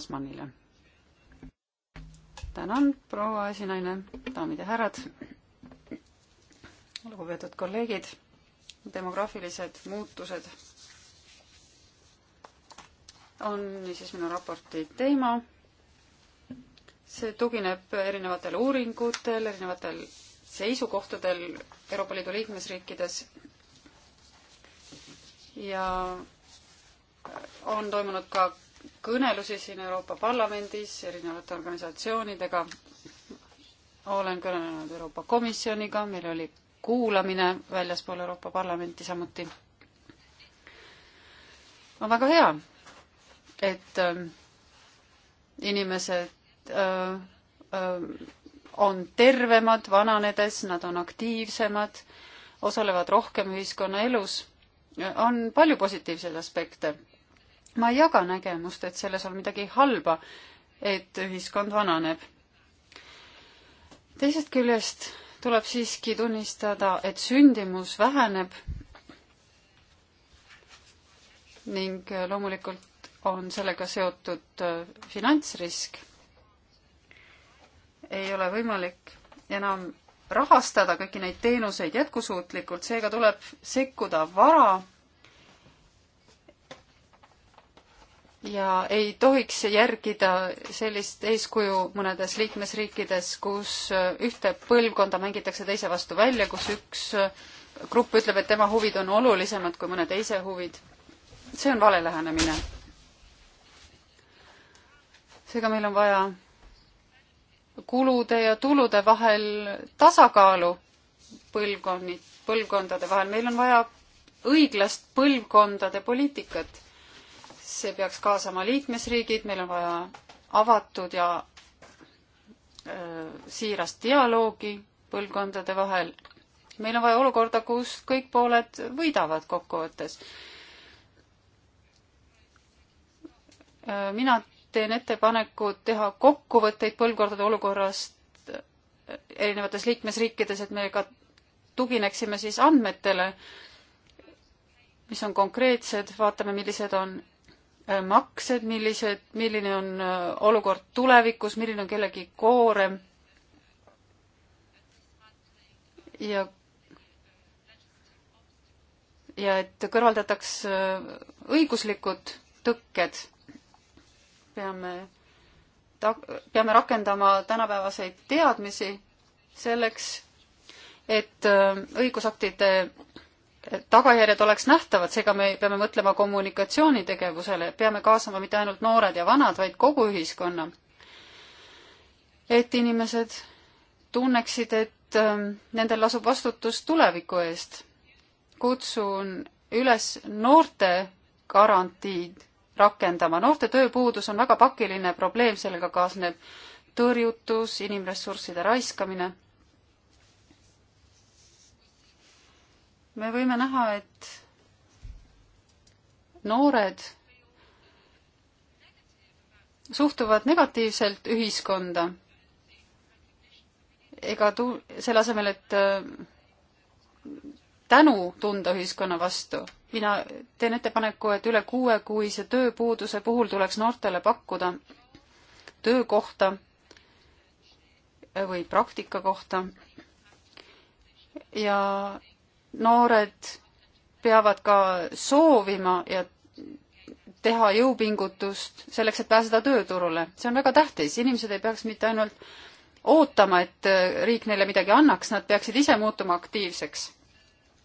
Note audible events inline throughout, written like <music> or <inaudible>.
Osmanile. tänan, proua esinaine, daamid ja härrad, lugupeetud kolleegid, demograafilised muutused on niisiis minu raporti teema. see tugineb erinevatele uuringutel, erinevatel seisukohtadel Euroopa Liidu liikmesriikides ja on toimunud ka kõnelusi siin Euroopa Parlamendis erinevate organisatsioonidega. olen kõnelenud Euroopa Komisjoniga, meil oli kuulamine väljaspool Euroopa Parlamenti samuti. on väga hea, et äh, inimesed äh, äh, on tervemad vananedes, nad on aktiivsemad, osalevad rohkem ühiskonnaelus. on palju positiivseid aspekte ma ei jaga nägemust, et selles on midagi halba, et ühiskond vananeb. teisest küljest tuleb siiski tunnistada, et sündimus väheneb ning loomulikult on sellega seotud äh, finantsrisk. ei ole võimalik enam rahastada kõiki neid teenuseid jätkusuutlikult, seega tuleb sekkuda vara ja ei tohiks järgida sellist eeskuju mõnedes liikmesriikides, kus ühte põlvkonda mängitakse teise vastu välja, kus üks grupp ütleb, et tema huvid on olulisemad kui mõne teise huvid. see on vale lähenemine. seega meil on vaja kulude ja tulude vahel tasakaalu põlvkonni, põlvkondade vahel, meil on vaja õiglast põlvkondade poliitikat see peaks kaasama liikmesriigid, meil on vaja avatud ja siirast dialoogi põlvkondade vahel. meil on vaja olukorda, kus kõik pooled võidavad kokkuvõttes. mina teen ettepaneku teha kokkuvõtteid põlvkondade olukorrast erinevates liikmesriikides, et me ka tugineksime siis andmetele, mis on konkreetsed, vaatame, millised on Äh, maksed, millised, milline on äh, olukord tulevikus, milline on kellegi koorem. ja, ja et kõrvaldataks äh, õiguslikud tõkked. peame ta-, peame rakendama tänapäevaseid teadmisi selleks, et õigusaktide tagajärjed oleks nähtavad, seega me peame mõtlema kommunikatsioonitegevusele, peame kaasama mitte ainult noored ja vanad, vaid kogu ühiskonna. et inimesed tunneksid, et ähm, nendel lasub vastutus tuleviku eest. kutsun üles noorte garantiid rakendama. noorte tööpuudus on väga pakiline probleem, sellega kaasneb tõrjutus, inimressursside raiskamine me võime näha, et noored suhtuvad negatiivselt ühiskonda. ega tu-, selle asemel, et äh, tänu tunda ühiskonna vastu, mina teen ettepaneku, et üle kuuekuise tööpuuduse puhul tuleks noortele pakkuda töökohta või praktikakohta ja noored peavad ka soovima ja teha jõupingutust selleks, et pääseda tööturule. see on väga tähtis, inimesed ei peaks mitte ainult ootama, et riik neile midagi annaks, nad peaksid ise muutuma aktiivseks.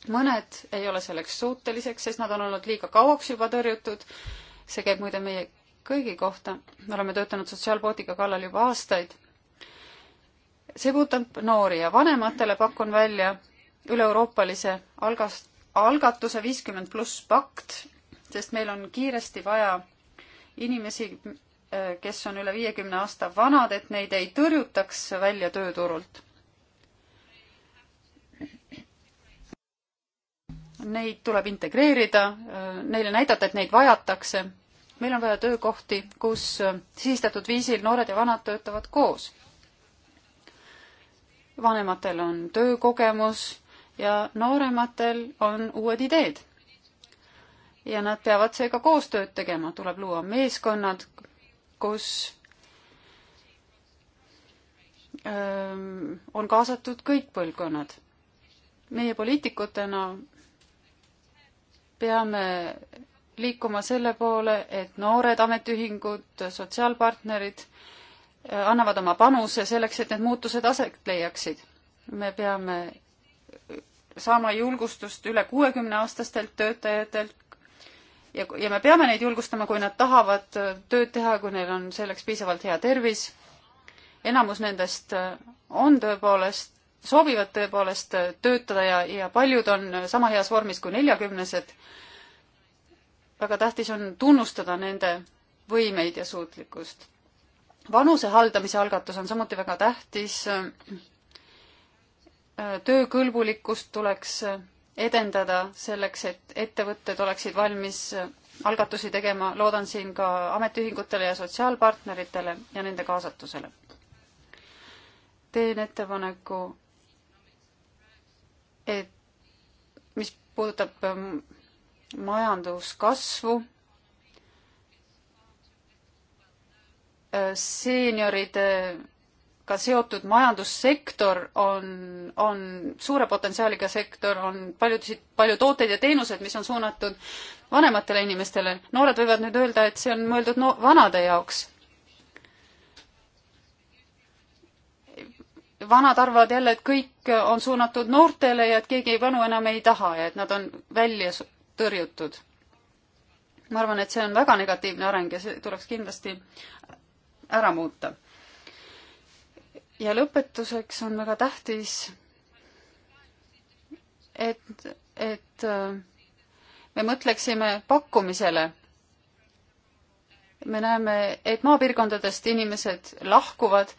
mõned ei ole selleks suuteliseks, sest nad on olnud liiga kauaks juba tõrjutud. see käib muide meie kõigi kohta. me oleme töötanud sotsiaalpoodiga kallal juba aastaid. see puudutab noori ja vanematele pakun välja üle-euroopalise algas, algatuse viiskümmend pluss pakt, sest meil on kiiresti vaja inimesi, äh, kes on üle viiekümne aasta vanad, et neid ei tõrjutaks välja tööturult. Neid tuleb integreerida, äh, neile näidata, et neid vajatakse. meil on vaja töökohti, kus äh, sihistatud viisil noored ja vanad töötavad koos. vanematel on töökogemus ja noorematel on uued ideed. ja nad peavad seega koostööd tegema, tuleb luua meeskonnad, kus öö, ähm, on kaasatud kõik põlvkonnad. meie poliitikutena peame liikuma selle poole, et noored ametiühingud, sotsiaalpartnerid äh, annavad oma panuse selleks, et need muutused aset leiaksid. me peame saama julgustust üle kuuekümneaastastelt töötajatelt ja, ja me peame neid julgustama, kui nad tahavad tööd teha, kui neil on selleks piisavalt hea tervis. enamus nendest on tõepoolest, soovivad tõepoolest töötada ja, ja paljud on sama heas vormis kui neljakümnesed. väga tähtis on tunnustada nende võimeid ja suutlikkust. vanuse haldamise algatus on samuti väga tähtis Äh, töökõlbulikkust tuleks äh, edendada selleks, et ettevõtted oleksid valmis äh, algatusi tegema, loodan siin ka ametiühingutele ja sotsiaalpartneritele ja nende kaasatusele. teen ettepaneku, et mis puudutab ähm, majanduskasvu, seenioride ka seotud majandussektor on, on suure potentsiaaliga sektor, on paljusid, palju tooteid ja teenuseid, mis on suunatud vanematele inimestele. noored võivad nüüd öelda, et see on mõeldud no vanade jaoks. vanad arvavad jälle, et kõik on suunatud noortele ja et keegi vanu enam ei taha ja et nad on välja tõrjutud. ma arvan, et see on väga negatiivne areng ja see tuleks kindlasti ära muuta ja lõpetuseks on väga tähtis, et, et äh, me mõtleksime pakkumisele. me näeme, et maapiirkondadest inimesed lahkuvad,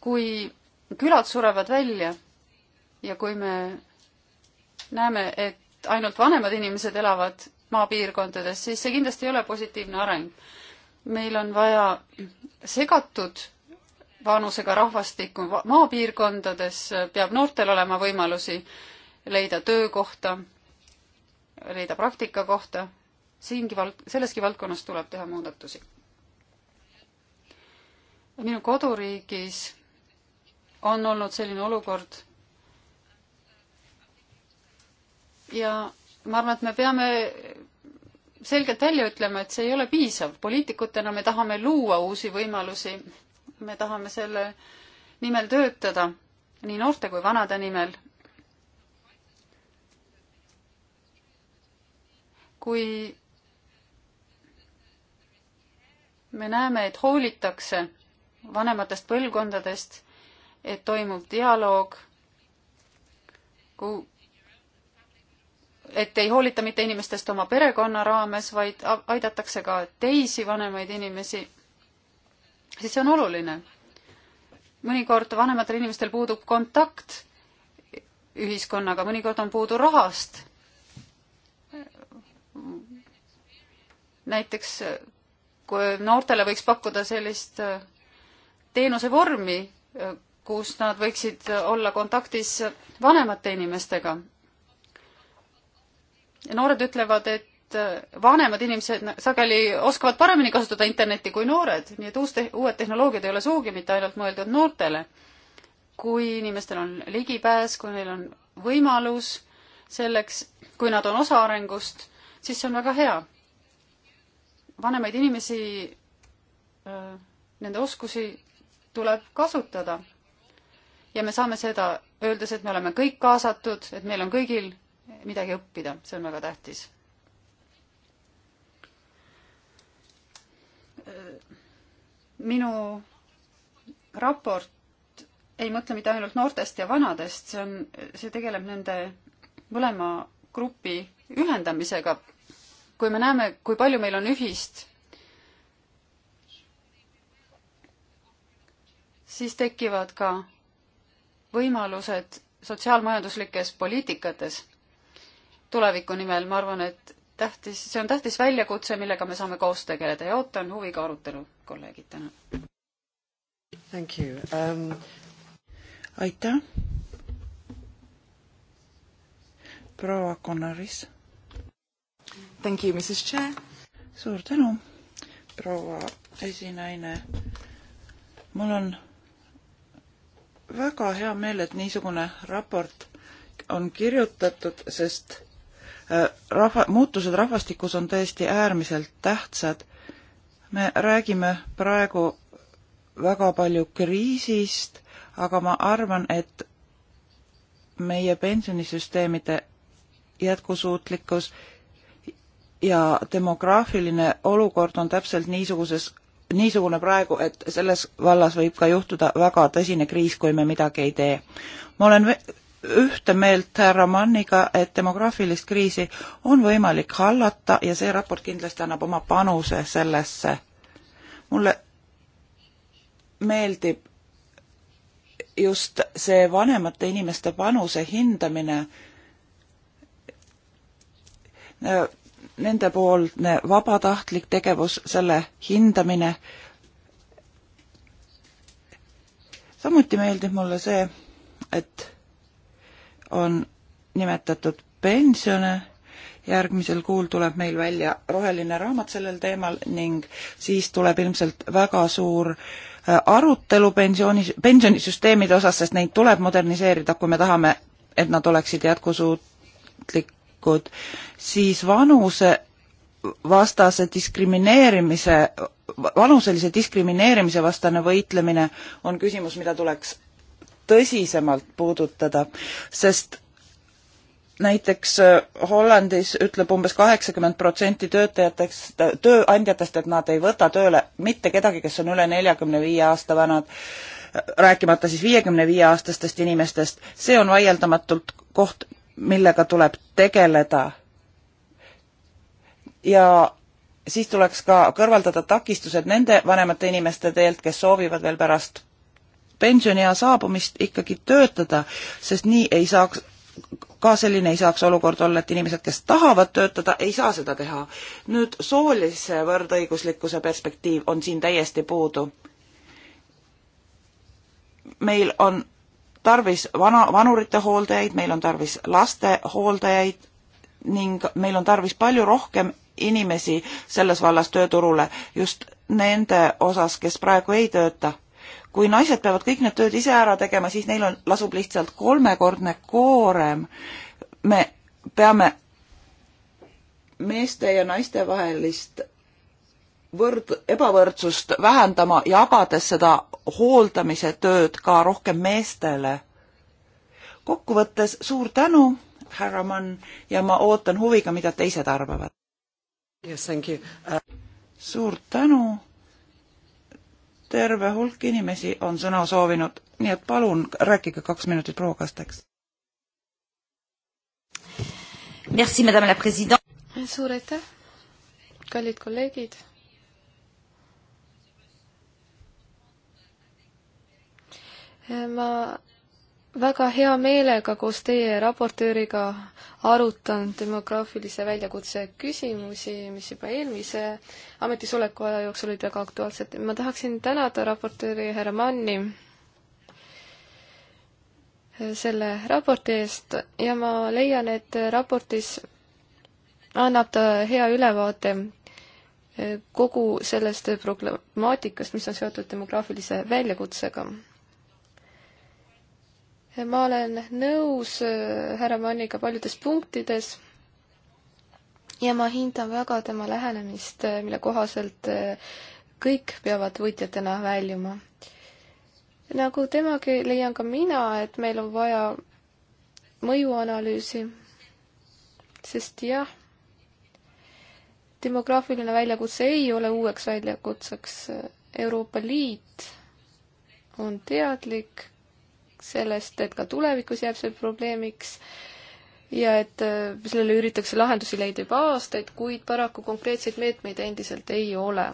kui külad surevad välja ja kui me näeme, et ainult vanemad inimesed elavad maapiirkondades, siis see kindlasti ei ole positiivne areng. meil on vaja segatud vanusega rahvastikku maapiirkondades, peab noortel olema võimalusi leida töökohta, leida praktikakohta, siingi vald-, selleski valdkonnas tuleb teha muudatusi. minu koduriigis on olnud selline olukord ja ma arvan, et me peame selgelt välja ütlema, et see ei ole piisav. poliitikutena me tahame luua uusi võimalusi me tahame selle nimel töötada, nii noorte kui vanade nimel. kui me näeme, et hoolitakse vanematest põlvkondadest, et toimub dialoog, et ei hoolita mitte inimestest oma perekonna raames, vaid aidatakse ka teisi vanemaid inimesi siis see on oluline. mõnikord vanematel inimestel puudub kontakt ühiskonnaga, mõnikord on puudu rahast. näiteks kui noortele võiks pakkuda sellist äh, teenusevormi, äh, kus nad võiksid äh, olla kontaktis vanemate inimestega. noored ütlevad, et et äh, vanemad inimesed sageli oskavad paremini kasutada Internetti kui noored, nii et uus te-, uued tehnoloogiad ei ole sugugi mitte ainult mõeldud noortele. kui inimestel on ligipääs, kui neil on võimalus selleks, kui nad on osa arengust, siis see on väga hea. vanemaid inimesi, äh, nende oskusi tuleb kasutada. ja me saame seda öeldes, et me oleme kõik kaasatud, et meil on kõigil midagi õppida, see on väga tähtis minu raport ei mõtle mitte ainult noortest ja vanadest, see on, see tegeleb nende mõlema grupi ühendamisega. kui me näeme, kui palju meil on ühist, siis tekivad ka võimalused sotsiaalmajanduslikes poliitikates tuleviku nimel, ma arvan, et tähtis, see on tähtis väljakutse, millega me saame koos tegeleda ja ootan huviga arutelu kolleegid täna. Um... aitäh. proua Konaris. Thank you, Mrs Chair. suur tänu, proua esinaine. mul on väga hea meel, et niisugune raport on kirjutatud, sest äh, rahva, muutused rahvastikus on tõesti äärmiselt tähtsad me räägime praegu väga palju kriisist, aga ma arvan, et meie pensionisüsteemide jätkusuutlikkus ja demograafiline olukord on täpselt niisuguses, niisugune praegu, et selles vallas võib ka juhtuda väga tõsine kriis, kui me midagi ei tee. ma olen ühte meelt härra Manniga, et demograafilist kriisi on võimalik hallata ja see raport kindlasti annab oma panuse sellesse. mulle meeldib just see vanemate inimeste panuse hindamine, nendepoolne vabatahtlik tegevus, selle hindamine. samuti meeldib mulle see, et on nimetatud pensione. järgmisel kuul tuleb meil välja roheline raamat sellel teemal ning siis tuleb ilmselt väga suur äh, arutelu pensioni, pensionisüsteemide osas, sest neid tuleb moderniseerida, kui me tahame, et nad oleksid jätkusuutlikud, siis vanuse vastase diskrimineerimise, vanuselise diskrimineerimise vastane võitlemine on küsimus, mida tuleks tõsisemalt puudutada, sest näiteks äh, Hollandis ütleb umbes kaheksakümmend protsenti töötajatest, tööandjatest, et nad ei võta tööle mitte kedagi, kes on üle neljakümne viie aasta vanad, rääkimata siis viiekümne viie aastastest inimestest, see on vaieldamatult koht, millega tuleb tegeleda. ja siis tuleks ka kõrvaldada takistused nende vanemate inimeste teelt, kes soovivad veel pärast pensioniea saabumist ikkagi töötada, sest nii ei saaks, ka selline ei saaks olukord olla, et inimesed, kes tahavad töötada, ei saa seda teha. nüüd soolise võrdõiguslikkuse perspektiiv on siin täiesti puudu. meil on tarvis vana, vanurite hooldajaid, meil on tarvis laste hooldajaid ning meil on tarvis palju rohkem inimesi selles vallas tööturule just nende osas, kes praegu ei tööta kui naised peavad kõik need tööd ise ära tegema, siis neil on, lasub lihtsalt kolmekordne koorem. me peame meeste ja naiste vahelist võrd-, ebavõrdsust vähendama, jagades seda hooldamise tööd ka rohkem meestele. kokkuvõttes suur tänu, härra Mann, ja ma ootan huviga, mida teised arvavad. Yes, thank you uh.... suur tänu terve hulk inimesi on sõna soovinud, nii et palun rääkige kaks minutit proua Kasteks. suur aitäh, kallid kolleegid. ma väga hea meelega koos teie raportööriga arutan demograafilise väljakutse küsimusi, mis juba eelmise ametisoleku aja jooksul olid väga aktuaalsed. ma tahaksin tänada raportööri härra Manni selle raporti eest ja ma leian, et raportis annab ta hea ülevaate kogu sellest problemaatikast, mis on seotud demograafilise väljakutsega ma olen nõus äh, härra Manniga paljudes punktides ja ma hindan väga tema lähenemist, äh, mille kohaselt äh, kõik peavad võitjatena väljuma. nagu temagi, leian ka mina, et meil on vaja mõjuanalüüsi, sest jah, demograafiline väljakutse ei ole uueks väljakutseks. Euroopa Liit on teadlik sellest, et ka tulevikus jääb see probleemiks ja et äh, sellele üritatakse lahendusi leida juba aastaid, kuid paraku konkreetseid meetmeid endiselt ei ole.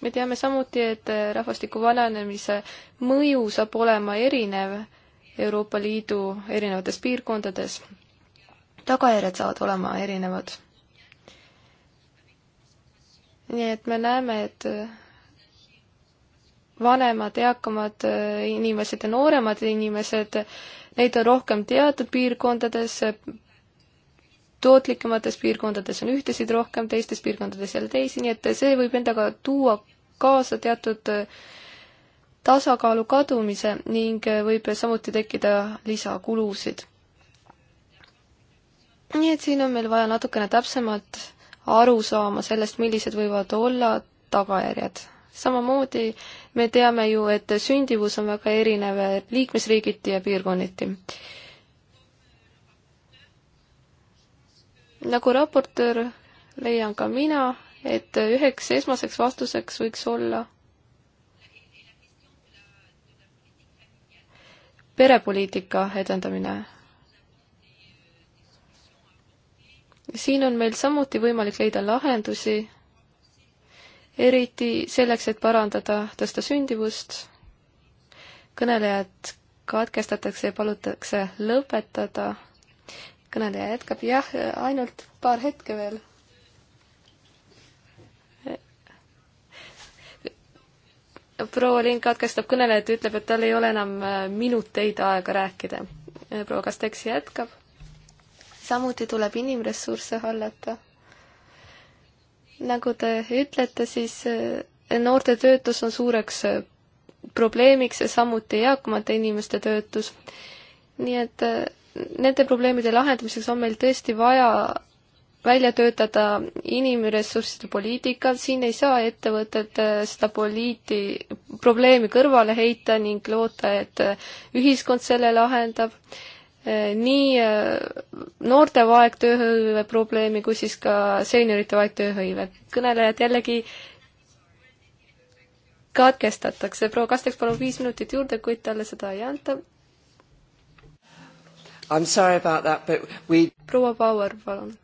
me teame samuti, et äh, rahvastiku vananemise mõju saab olema erinev Euroopa Liidu erinevates piirkondades. tagajärjed saavad olema erinevad. nii et me näeme, et äh, vanemad, eakamad äh, inimesed ja nooremad inimesed, neid on rohkem teatud piirkondades, tootlikumates piirkondades on ühtesid rohkem, teistes piirkondades jälle teisi, nii et see võib endaga tuua kaasa teatud äh, tasakaalu kadumise ning äh, võib samuti tekkida lisakulusid. nii et siin on meil vaja natukene täpsemat arusaama sellest, millised võivad olla tagajärjed samamoodi me teame ju, et sündivus on väga erinev liikmesriigiti ja piirkonniti. nagu raportöör leian ka mina, et üheks esmaseks vastuseks võiks olla perepoliitika edendamine. siin on meil samuti võimalik leida lahendusi eriti selleks, et parandada, tõsta sündivust. kõnelejad katkestatakse ja palutakse lõpetada. kõneleja jätkab, jah, ainult paar hetke veel. proua Lind katkestab kõnelejat ja ütleb, et tal ei ole enam äh, minuteid aega rääkida. Äh, proua Kasteks jätkab. samuti tuleb inimressursse hallata nagu te ütlete, siis eh, noorte töötus on suureks eh, probleemiks ja samuti eakamate inimeste töötus. nii et eh, nende probleemide lahendamiseks on meil tõesti vaja välja töötada inimressursside poliitika, siin ei saa ettevõtted seda poliiti, probleemi kõrvale heita ning loota, et ühiskond selle lahendab. Eh, nii eh, noorte vaegtööhõive probleemi kui siis ka seeniorite vaegtööhõive. kõnelejad jällegi katkestatakse. proua Kasteks palub viis minutit juurde, kuid talle seda ei anta. We... proua Bauer, palun.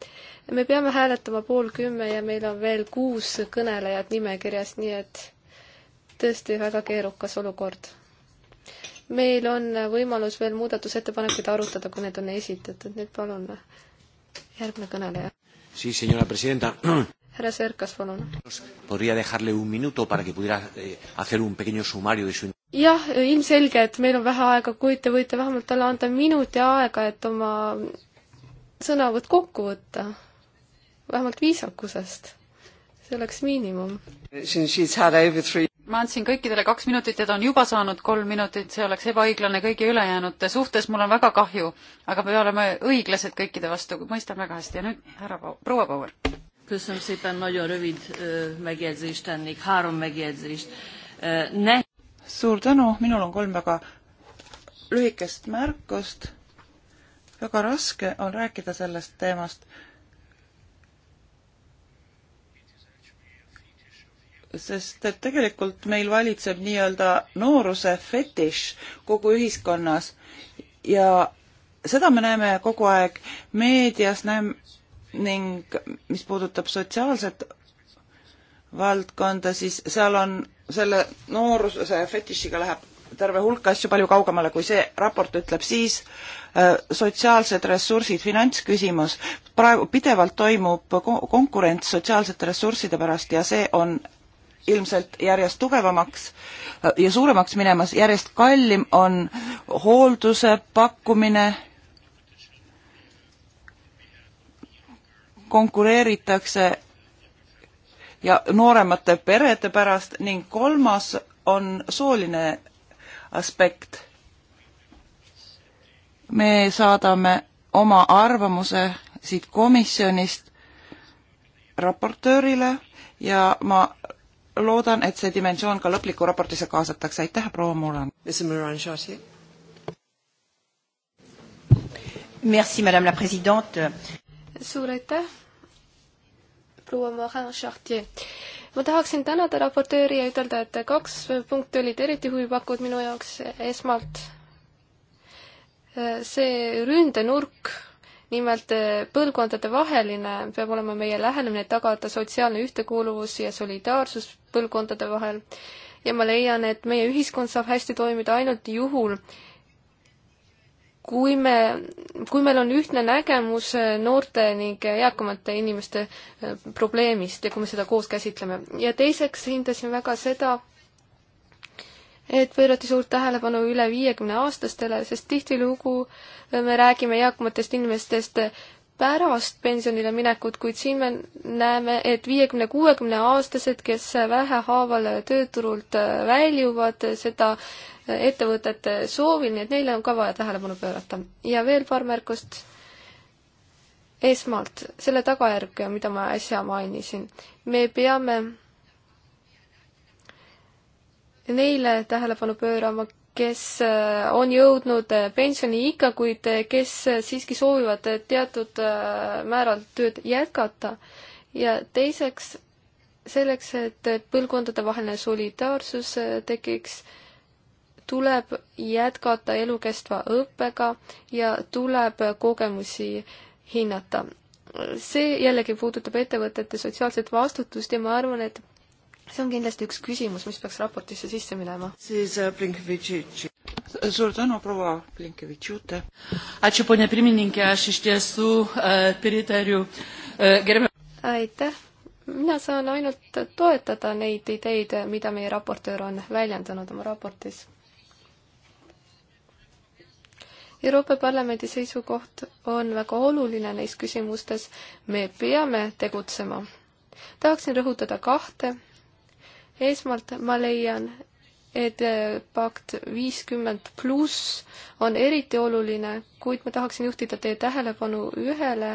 me peame hääletama pool kümme ja meil on veel kuus kõnelejat nimekirjas, nii et tõesti väga keerukas olukord meil on võimalus veel muudatusettepanekuid arutada, kui need on esitatud, nüüd palun järgmine kõneleja. Sí, señora presidenta. <clears throat> Härra Serkas, palun. Podría dejarle un minuto para que pudiera eh, hacer un pequeño sumario de su jah, ilmselge, et meil on vähe aega, kuid te võite vähemalt talle anda minuti aega, et oma sõnavõtt kokku võtta. vähemalt viisakusest. see oleks miinimum ma andsin kõikidele kaks minutit ja ta on juba saanud kolm minutit, see oleks ebaõiglane kõigi ülejäänute suhtes, mul on väga kahju. aga me oleme õiglased kõikide vastu, mõistan väga hästi ja nüüd härra Pau-, proua Power. köszönöm szépen, nagyon rövid megjegyzést tennék, három megjegyzést. Ne-. suur tänu, minul on kolm väga lühikest märkust. väga raske on rääkida sellest teemast sest et tegelikult meil valitseb nii-öelda nooruse fetiš kogu ühiskonnas ja seda me näeme kogu aeg meedias näem- ning mis puudutab sotsiaalset valdkonda, siis seal on selle nooruse fetišiga läheb terve hulk asju palju kaugemale, kui see raport ütleb, siis äh, sotsiaalsed ressursid, finantsküsimus, praegu pidevalt toimub konkurents sotsiaalsete ressursside pärast ja see on ilmselt järjest tugevamaks ja suuremaks minemas, järjest kallim on hoolduse pakkumine, konkureeritakse ja nooremate perede pärast ning kolmas on sooline aspekt. me saadame oma arvamuse siit komisjonist raportöörile ja ma loodan, et see dimensioon ka lõpliku raportisse kaasatakse, aitäh, proua Mulan! suur aitäh, proua Morin-Chartier! ma tahaksin tänada raportööri ja ütelda, et kaks punkti olid eriti huvipakkuvad minu jaoks, esmalt see ründenurk, nimelt eh, põlvkondade vaheline peab olema meie lähenemine, et tagada sotsiaalne ühtekuuluvus ja solidaarsus põlvkondade vahel. ja ma leian, et meie ühiskond saab hästi toimida ainult juhul, kui me, kui meil on ühtne nägemus eh, noorte ning eakamate inimeste eh, probleemist ja kui me seda koos käsitleme. ja teiseks hindasin väga seda, et pöörati suurt tähelepanu üle viiekümne aastastele, sest tihtilugu äh, me räägime eakamatest inimestest pärast pensionile minekut, kuid siin me näeme, et viiekümne, kuuekümne aastased, kes vähehaaval tööturult äh, väljuvad, seda äh, ettevõtete soovil, nii et neile on ka vaja tähelepanu pöörata. ja veel paar märkust esmalt selle tagajärg, mida ma äsja mainisin, me peame neile tähelepanu pöörama, kes äh, on jõudnud äh, pensioniikka, kuid äh, kes siiski soovivad teatud määral tööd jätkata. ja teiseks, selleks, et põlvkondadevaheline solidaarsus tekiks, tuleb jätkata elukestva õppega ja tuleb kogemusi hinnata. see jällegi puudutab ettevõtete sotsiaalset vastutust ja ma arvan, et see on kindlasti üks küsimus, mis peaks raportisse sisse minema. siis äh, Blinkevitš. suur tänu, proua Blinkevitš-Jute. E, e, aitäh, mina saan ainult toetada neid ideid, mida meie raportöör on väljendanud oma raportis. Euroopa Parlamendi seisukoht on väga oluline neis küsimustes, me peame tegutsema. tahaksin rõhutada kahte esmalt ma leian, et äh, pakt viiskümmend pluss on eriti oluline, kuid ma tahaksin juhtida teie tähelepanu ühele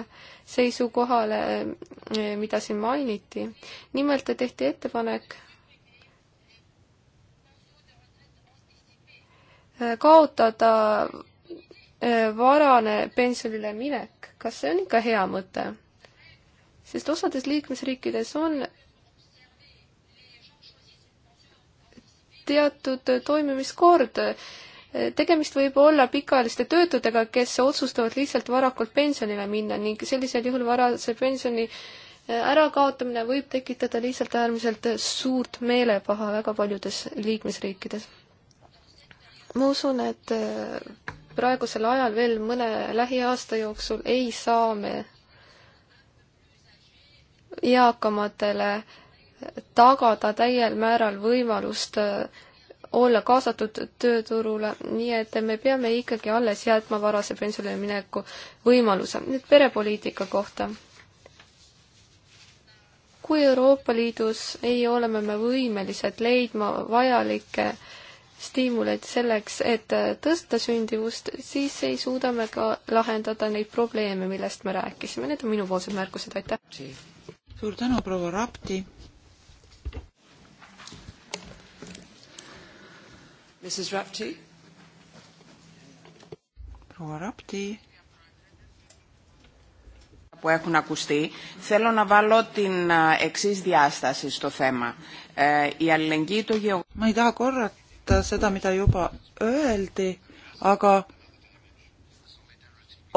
seisukohale, äh, äh, mida siin mainiti. nimelt tehti ettepanek kaotada varane pensionile minek. kas see on ikka hea mõte? sest osades liikmesriikides on teatud toimimiskord. tegemist võib olla pikaajaliste töötudega, kes otsustavad lihtsalt varakult pensionile minna ning sellisel juhul varase pensioni äh, ärakaotamine võib tekitada lihtsalt äärmiselt suurt meelepaha väga paljudes liikmesriikides. ma usun, et äh, praegusel ajal veel mõne lähiaasta jooksul ei saa me eakamatele tagada täiel määral võimalust äh, olla kaasatud tööturule, nii et me peame ikkagi alles jätma varase pensionile mineku võimaluse. nüüd perepoliitika kohta. kui Euroopa Liidus ei ole me võimelised leidma vajalikke stiimuleid selleks, et äh, tõsta sündivust, siis ei suuda me ka lahendada neid probleeme, millest me rääkisime. Need on minupoolsed märkused, aitäh! suur tänu, proua Rapti! Mrs Rapti. proua Rapti. που έχουν ακουστεί, θέλω να βάλω την εξής διάσταση στο θέμα. Ε, η αλληλεγγύη του γεωγράφου... Μα ei taha korrata seda, mida juba öeldi, aga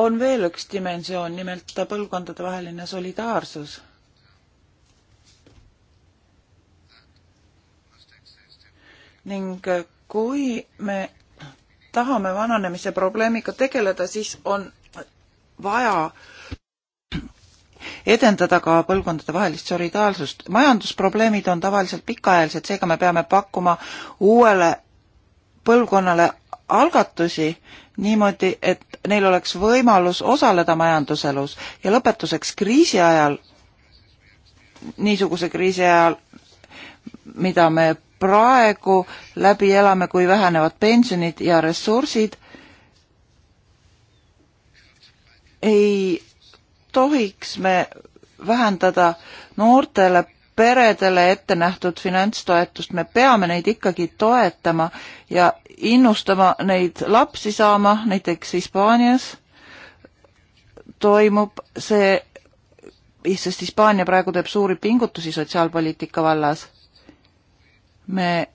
on veel üks dimensioon, nimelt põlvkondade vaheline solidaarsus. ning kui me tahame vananemise probleemiga tegeleda, siis on vaja edendada ka põlvkondadevahelist solidaarsust. majandusprobleemid on tavaliselt pikaajalised, seega me peame pakkuma uuele põlvkonnale algatusi niimoodi, et neil oleks võimalus osaleda majanduselus ja lõpetuseks kriisi ajal, niisuguse kriisi ajal, mida me praegu läbi elame, kui vähenevad pensionid ja ressursid, ei tohiks me vähendada noortele peredele ette nähtud finantstoetust, me peame neid ikkagi toetama ja innustama neid lapsi saama, näiteks Hispaanias toimub see, sest Hispaania praegu teeb suuri pingutusi sotsiaalpoliitika vallas me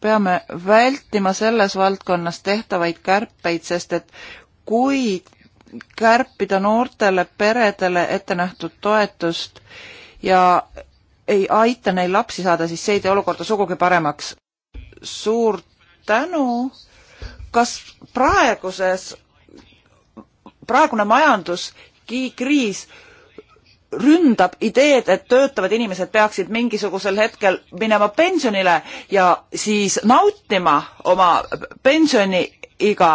peame vältima selles valdkonnas tehtavaid kärpeid, sest et kui kärpida noortele peredele ette nähtud toetust ja ei aita neil lapsi saada, siis see ei tee olukorda sugugi paremaks. suur tänu. kas praeguses, praegune majanduskriis ründab ideed, et töötavad inimesed peaksid mingisugusel hetkel minema pensionile ja siis nautima oma pensioniiga,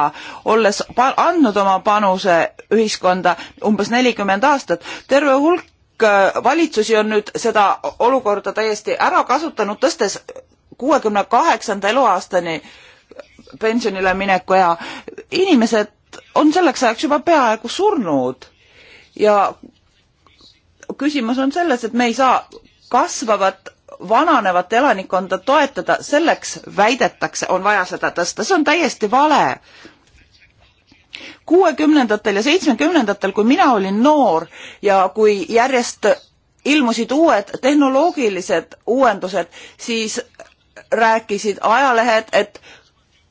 olles andnud oma panuse ühiskonda umbes nelikümmend aastat. terve hulk äh, valitsusi on nüüd seda olukorda täiesti ära kasutanud, tõstes kuuekümne kaheksanda eluaastani pensionile mineku ja inimesed on selleks ajaks juba peaaegu surnud ja küsimus on selles, et me ei saa kasvavat vananevat elanikkonda toetada, selleks väidetakse, on vaja seda tõsta, see on täiesti vale. kuuekümnendatel ja seitsmekümnendatel, kui mina olin noor ja kui järjest ilmusid uued tehnoloogilised uuendused, siis rääkisid ajalehed, et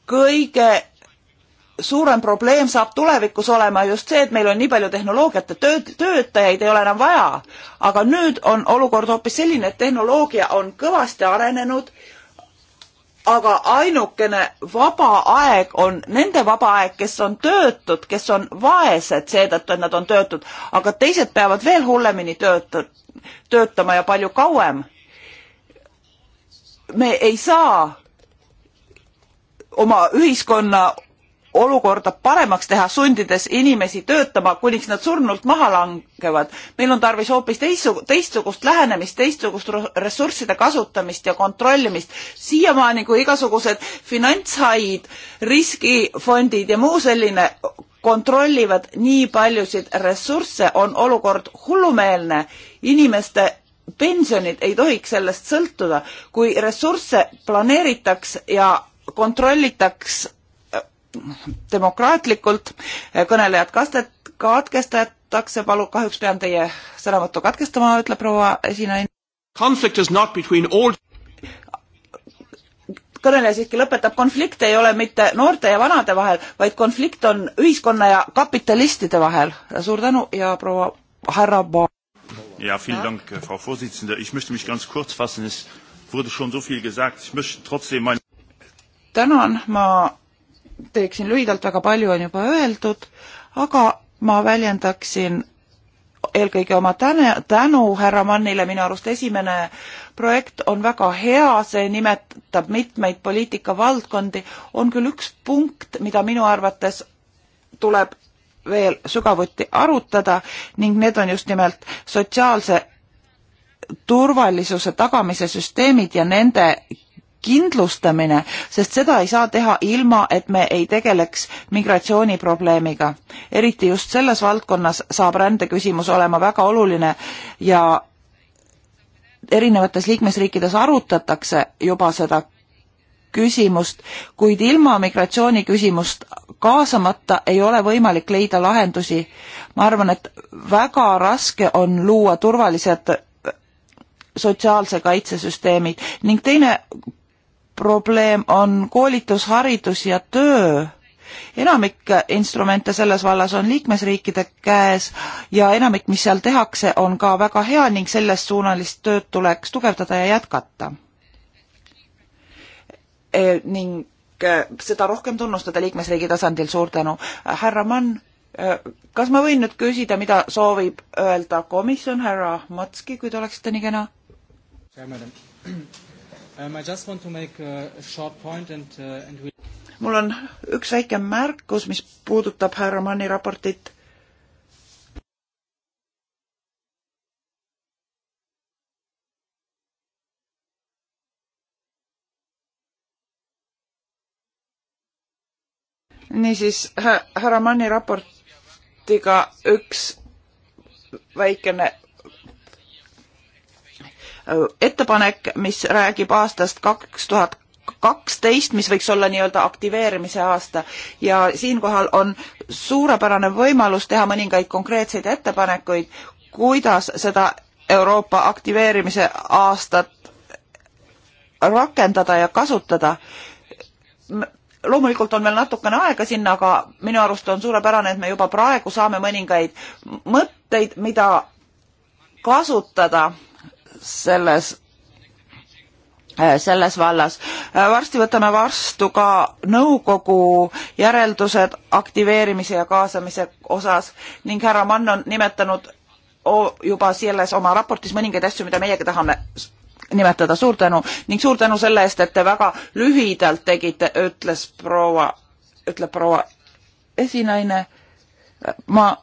kõige suurem probleem saab tulevikus olema just see, et meil on nii palju tehnoloogiat ja tööd, töötajaid ei ole enam vaja. aga nüüd on olukord hoopis selline, et tehnoloogia on kõvasti arenenud, aga ainukene vaba aeg on nende vaba aeg, kes on töötud, kes on vaesed seetõttu, et nad on töötud, aga teised peavad veel hullemini töötu-, töötama ja palju kauem. me ei saa oma ühiskonna olukorda paremaks teha, sundides inimesi töötama, kuniks nad surnult maha langevad. meil on tarvis hoopis teistsugust, teistsugust lähenemist, teistsugust ressursside kasutamist ja kontrollimist. siiamaani, kui igasugused finantshaid, riskifondid ja muu selline kontrollivad nii paljusid ressursse, on olukord hullumeelne. inimeste pensionid ei tohiks sellest sõltuda, kui ressursse planeeritaks ja kontrollitaks demokraatlikult. kõnelejad kastet-, katkestatakse, palu-, kahjuks pean teie sõnavõttu katkestama, ütleb proua esinaine. Conflict is not between all kõneleja siiski lõpetab, konflikt ei ole mitte noorte ja vanade vahel, vaid konflikt on ühiskonna ja kapitalistide vahel. suur tänu ja proua härra Ba-. Ja, vielen Dank, äh, Frau Vorsitzende. Ich möchte mich ganz kurz fassen. Es wurde schon so viel gesagt. Ich möchte trotzdem mein tänan, ma teeksin lühidalt, väga palju on juba öeldud, aga ma väljendaksin eelkõige oma täne, tänu härra Mannile, minu arust esimene projekt on väga hea, see nimetab mitmeid poliitikavaldkondi, on küll üks punkt, mida minu arvates tuleb veel sügavuti arutada ning need on just nimelt sotsiaalse turvalisuse tagamise süsteemid ja nende kindlustamine, sest seda ei saa teha ilma, et me ei tegeleks migratsiooniprobleemiga. eriti just selles valdkonnas saab rändeküsimus olema väga oluline ja erinevates liikmesriikides arutatakse juba seda küsimust, kuid ilma migratsiooniküsimust kaasamata ei ole võimalik leida lahendusi. ma arvan, et väga raske on luua turvalised sotsiaalse kaitse süsteemid ning teine probleem on koolitus, haridus ja töö. enamik instrumente selles vallas on liikmesriikide käes ja enamik, mis seal tehakse, on ka väga hea ning selles suunalist tööd tuleks tugevdada ja jätkata e,. ning e, seda rohkem tunnustada liikmesriigi tasandil, suur tänu. härra Mann, e, kas ma võin nüüd küsida, mida soovib öelda komisjon, härra Matski, kui te oleksite nii kena? Um, I just want to make a short point and, uh, and we... mul on üks väike märkus, mis puudutab härra Manni raportit. niisiis, härra Manni raportiga üks väikene Äh, ettepanek, mis räägib aastast kaks tuhat kaksteist, mis võiks olla nii-öelda aktiveerimise aasta ja siinkohal on suurepärane võimalus teha mõningaid konkreetseid ettepanekuid, kuidas seda Euroopa aktiveerimise aastat rakendada ja kasutada. loomulikult on veel natukene aega sinna, aga minu arust on suurepärane, et me juba praegu saame mõningaid mõtteid, mida kasutada selles äh, selles vallas. Äh, varsti võtame varstu ka nõukogu järeldused aktiveerimise ja kaasamise osas ning härra Mann on nimetanud juba selles oma raportis mõningaid asju, mida meiegi tahame nimetada. suur tänu ning suur tänu selle eest, et te väga lühidalt tegite, ütles proua, ütleb proua esinaine. ma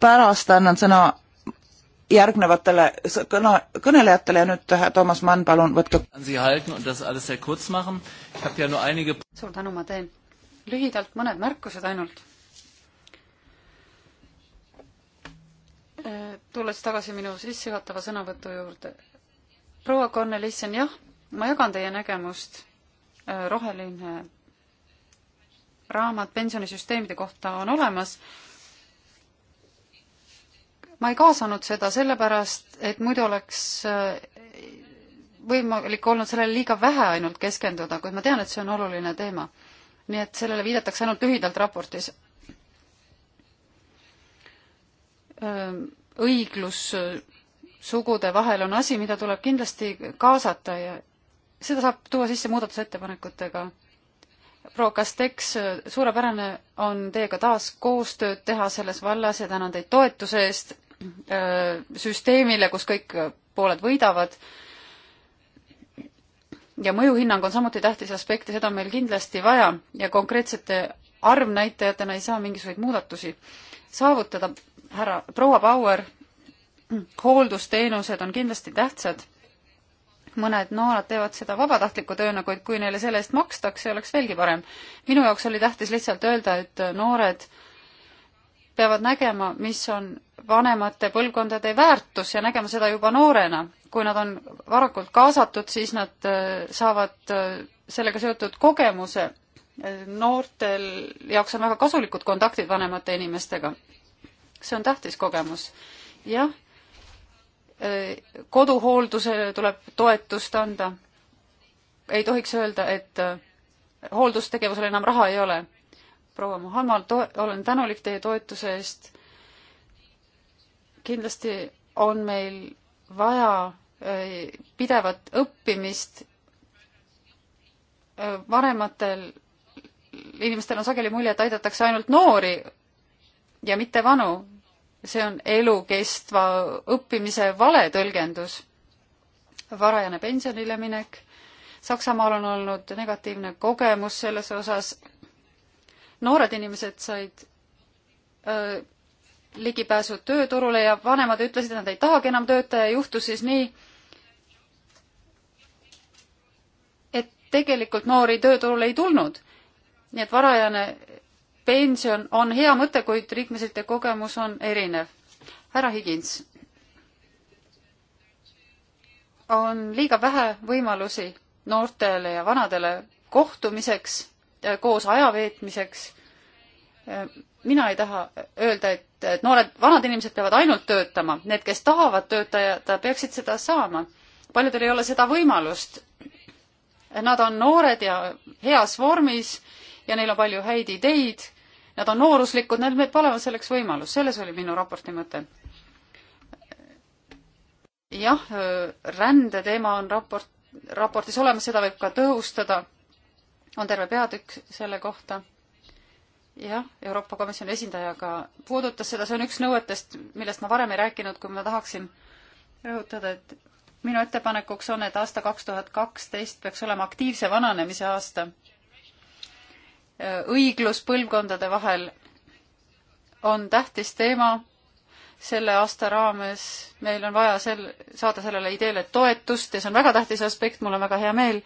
pärast annan sõna järgnevatele kõne, kõnelejatele ja nüüd Toomas Mann, palun võtke. suur tänu, ma teen lühidalt mõned märkused ainult. Äh, tulles tagasi minu sissejuhatava sõnavõtu juurde. proua Kornelissen, jah, ma jagan teie nägemust. Äh, roheline raamat pensionisüsteemide kohta on olemas ma ei kaasanud seda sellepärast, et muidu oleks äh, võimalik olnud sellele liiga vähe ainult keskenduda, kuid ma tean, et see on oluline teema. nii et sellele viidatakse ainult lühidalt raportis. Äh, õiglus sugude vahel on asi, mida tuleb kindlasti kaasata ja seda saab tuua sisse muudatusettepanekutega. proua Kasteks, suurepärane on teiega taas koostööd teha selles vallas ja tänan teid toetuse eest Äh, süsteemile, kus kõik pooled võidavad. ja mõjuhinnang on samuti tähtis aspekt ja seda on meil kindlasti vaja ja konkreetsete arvnäitajatena ei saa mingisuguseid muudatusi saavutada. härra proua Bauer, hooldusteenused on kindlasti tähtsad. mõned noored teevad seda vabatahtliku tööna, kuid kui neile selle eest makstakse, oleks veelgi parem. minu jaoks oli tähtis lihtsalt öelda, et noored peavad nägema, mis on vanemate põlvkondade väärtus ja nägema seda juba noorena. kui nad on varakult kaasatud, siis nad äh, saavad äh, sellega seotud kogemuse. noortel jaoks on väga kasulikud kontaktid vanemate inimestega. see on tähtis kogemus. jah, äh, koduhooldusele tuleb toetust anda. ei tohiks öelda, et hooldustegevusele enam raha ei ole. proua Muhammad, olen tänulik teie toetuse eest kindlasti on meil vaja äh, pidevat õppimist. Äh, vanematel inimestel on sageli mulje, et aidatakse ainult noori ja mitte vanu. see on elukestva õppimise vale tõlgendus. varajane pensionile minek. Saksamaal on olnud negatiivne kogemus selles osas. noored inimesed said öö, äh, ligipääsu tööturule ja vanemad ütlesid, et nad ei tahagi enam töötaja, juhtus siis nii, et tegelikult noori tööturule ei tulnud. nii et varajane pension on hea mõte, kuid liikmesriikide kogemus on erinev. härra Higins, on liiga vähe võimalusi noortele ja vanadele kohtumiseks, koos aja veetmiseks mina ei taha öelda, et noored, vanad inimesed peavad ainult töötama, need, kes tahavad töötajada, peaksid seda saama. paljudel ei ole seda võimalust. Nad on noored ja heas vormis ja neil on palju häid ideid. Nad on nooruslikud, neil peab olema selleks võimalus, selles oli minu raporti mõte. jah, rändeteema on raport, raportis olemas, seda võib ka tõhustada. on terve peatükk selle kohta jah, Euroopa Komisjoni esindajaga puudutas seda, see on üks nõuetest, millest ma varem ei rääkinud, kui ma tahaksin rõhutada, et minu ettepanekuks on, et aasta kaks tuhat kaksteist peaks olema aktiivse vananemise aasta. õiglus põlvkondade vahel on tähtis teema selle aasta raames, meil on vaja sel-, saada sellele ideele toetust ja see on väga tähtis aspekt, mul on väga hea meel,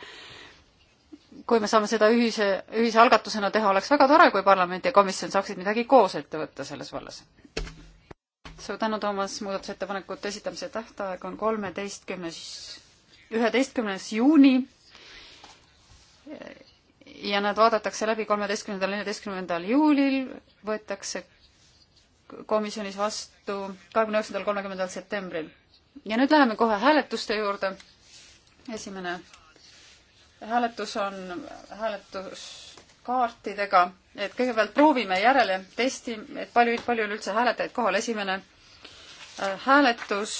kui me saame seda ühise, ühise algatusena teha, oleks väga tore, kui parlament ja komisjon saaksid midagi koos ette võtta selles vallas. suur tänu, Toomas, muudatusettepanekute esitamise tähtaeg on kolmeteistkümnes, üheteistkümnes juuni ja nad vaadatakse läbi kolmeteistkümnendal, neljateistkümnendal juulil, võetakse komisjonis vastu kahekümne üheksandal, kolmekümnendal septembril. ja nüüd läheme kohe hääletuste juurde. esimene hääletus on hääletuskaartidega, et kõigepealt proovime järele, testi, et palju, palju on üldse hääletajaid kohal, esimene äh, hääletus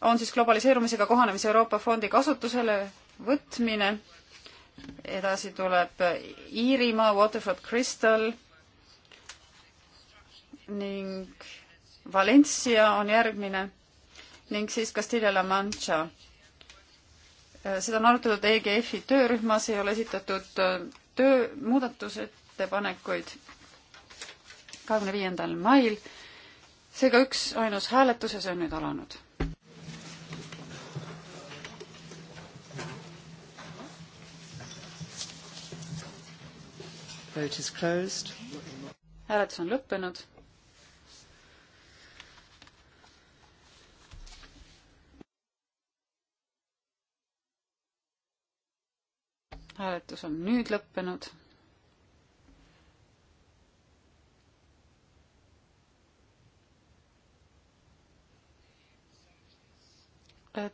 on siis globaliseerumisega kohanemise Euroopa Fondi kasutusele võtmine. edasi tuleb Iirimaa, Waterford Crystal ning Valencia on järgmine ning siis Castilla-La Mancha Äh, seda on arutatud EGF-i töörühmas, ei ole esitatud äh, töö, muudatusettepanekuid kahekümne viiendal mail. seega üks ainus hääletus ja see on nüüd alanud. hääletus on lõppenud hääletus on nüüd lõppenud.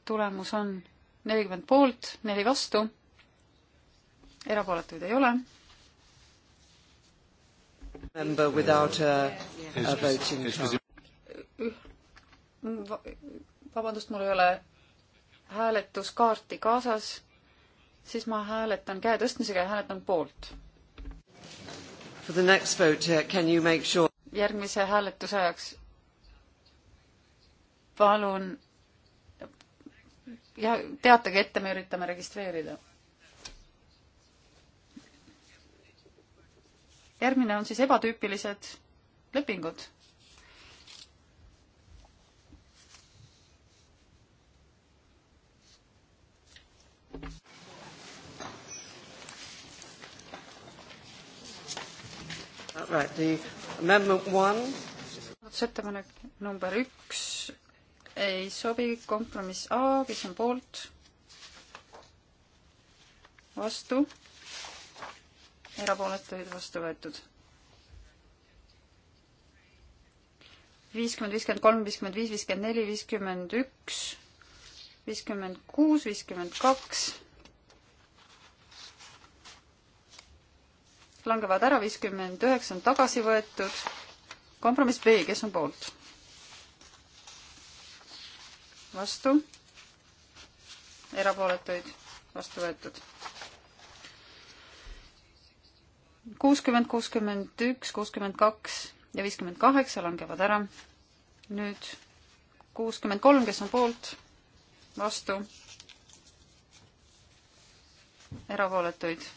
tulemus on nelikümmend poolt, neli vastu. erapooletuid ei ole. vabandust, mul ei ole hääletuskaarti kaasas siis ma hääletan käe tõstmisega ja hääletan poolt. Sure... järgmise hääletuse ajaks palun ja teatage ette, me üritame registreerida. järgmine on siis ebatüüpilised lepingud Right, the amendment one. muudatusettepanek number üks ei sobi, kompromiss A, kes on poolt? vastu? erapooletuid vastu võetud. viiskümmend, viiskümmend kolm, viiskümmend viis, viiskümmend neli, viiskümmend üks, viiskümmend kuus, viiskümmend kaks langevad ära, viiskümmend üheksa on tagasi võetud. kompromiss B, kes on poolt? vastu. erapooletuid vastu võetud. kuuskümmend, kuuskümmend üks, kuuskümmend kaks ja viiskümmend kaheksa langevad ära. nüüd kuuskümmend kolm, kes on poolt, vastu, erapooletuid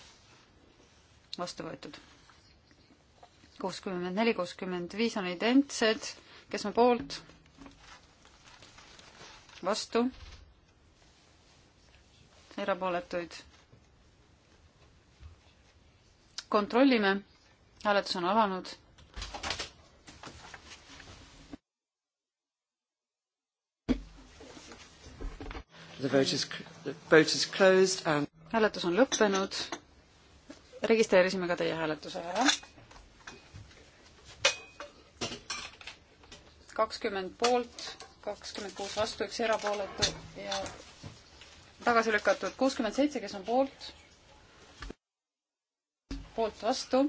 vastu võetud. kuuskümmend neli, kuuskümmend viis on identsed, kes on poolt, vastu, erapooletuid. kontrollime, hääletus on alanud The vote is, the vote is closed and hääletus on lõppenud registreerisime ka teie hääletuse ära. kakskümmend poolt, kakskümmend kuus vastu, üks erapooletu ja tagasi lükatud kuuskümmend seitse, kes on poolt, poolt vastu,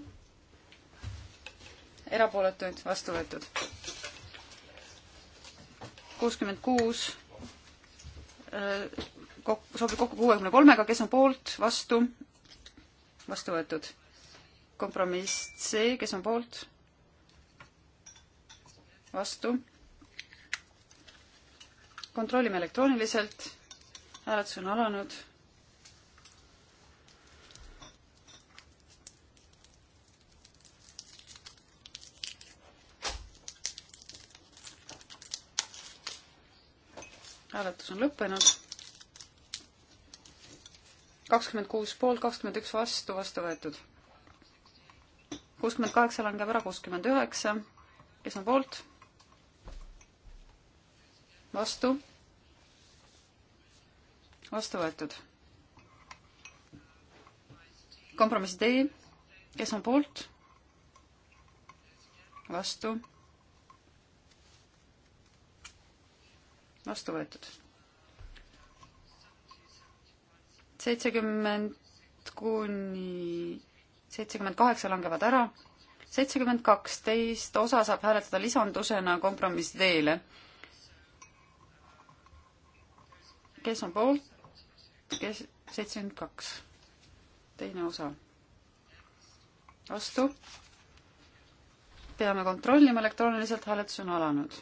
erapooletuid vastu võetud. kuuskümmend kuus äh, kok-, sobib kokku kuuekümne kolmega, kes on poolt, vastu, vastu võetud. kompromiss C, kes on poolt? vastu. kontrollime elektrooniliselt. hääletus on alanud. hääletus on lõppenud kakskümmend kuus poolt, kakskümmend üks vastu, vastu võetud. kuuskümmend kaheksa langeb ära, kuuskümmend üheksa, kes on poolt? vastu? vastu võetud. kompromissi tee, kes on poolt? vastu? vastu võetud seitsekümmend kuni seitsekümmend kaheksa langevad ära, seitsekümmend kaksteist osa saab hääletada lisandusena kompromissi teele. kes on poolt, kes, seitsekümmend kaks, teine osa. vastu. peame kontrollima, elektrooniliselt hääletus on alanud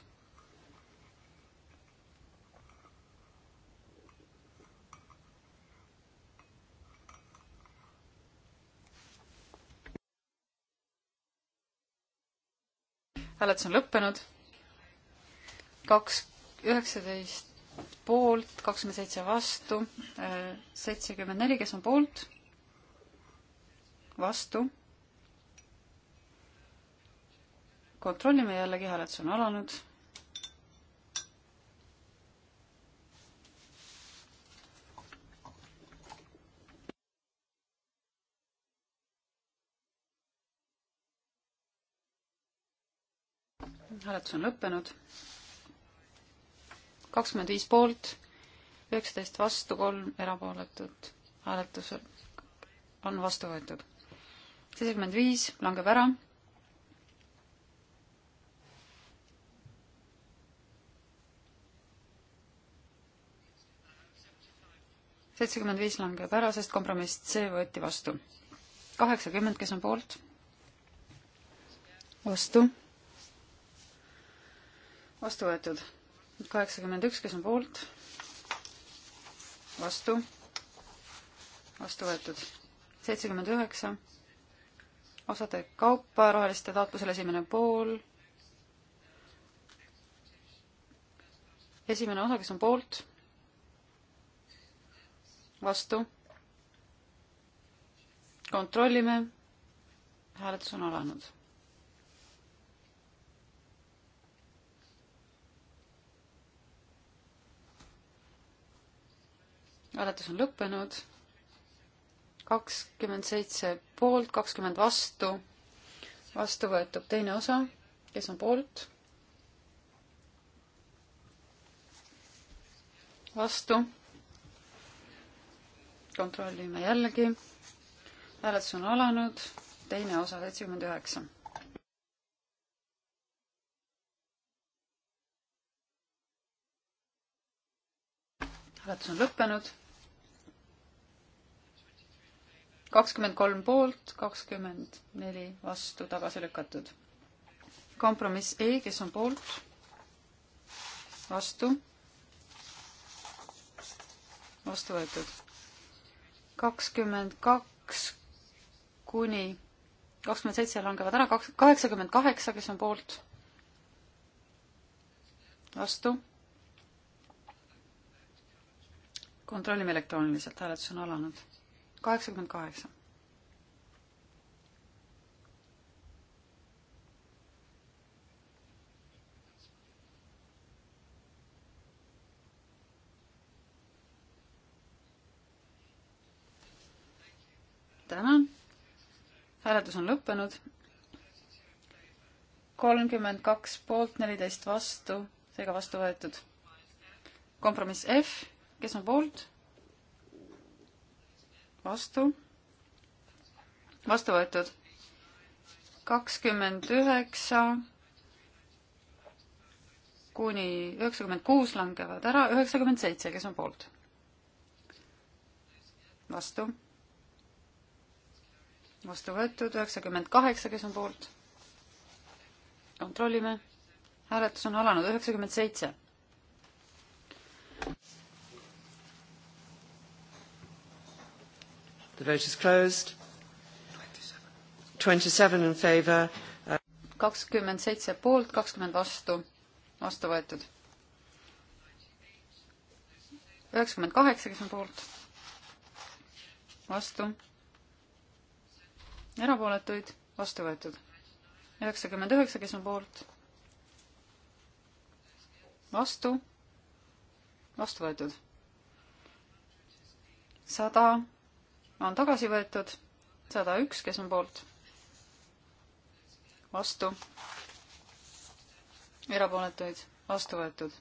hääletus on lõppenud. kaks, üheksateist poolt, kakskümmend seitse vastu, seitsekümmend neli, kes on poolt, vastu. kontrollime jällegi, hääletus on alanud hääletus on lõppenud. kakskümmend viis poolt, üheksateist vastu, kolm erapooletut. hääletus on vastu võetud. seitsekümmend viis langeb ära. seitsekümmend viis langeb ära, sest kompromiss C võeti vastu. kaheksakümmend, kes on poolt? vastu vastu võetud. kaheksakümmend üks, kes on poolt, vastu, vastu võetud. seitsekümmend üheksa, osade kaupa roheliste taotlusel esimene pool. esimene osa, kes on poolt, vastu, kontrollime, hääletus on alanud hääletus on lõppenud. kakskümmend seitse poolt, kakskümmend vastu, vastu võetud teine osa, kes on poolt? vastu. kontrollime jällegi. hääletus on alanud, teine osa seitsekümmend üheksa. hääletus on lõppenud kakskümmend kolm poolt, kakskümmend neli vastu, tagasi lükatud. kompromiss E, kes on poolt, vastu, vastu võetud. kakskümmend kaks kuni kakskümmend seitse langevad ära, kaks, kaheksakümmend kaheksa, kes on poolt, vastu. kontrollime elektrooniliselt, hääletus on alanud kaheksakümmend kaheksa. tänan. hääletus on lõppenud. kolmkümmend kaks poolt, neliteist vastu, seega vastu võetud. kompromiss F, kes on poolt? vastu, vastu võetud. kakskümmend üheksa kuni üheksakümmend kuus langevad ära, üheksakümmend seitse, kes on poolt? vastu. vastu võetud, üheksakümmend kaheksa, kes on poolt? kontrollime. hääletus on alanud, üheksakümmend seitse. The vote is closed. Twenty-seven in favor. kakskümmend seitse poolt, kakskümmend vastu, vastu võetud. üheksakümmend kaheksa, kes on poolt, vastu, erapooletuid, vastu võetud. üheksakümmend üheksa, kes on poolt, vastu, vastu võetud. sada on tagasi võetud, sada üks, kes on poolt, vastu, erapooletuid, vastu võetud.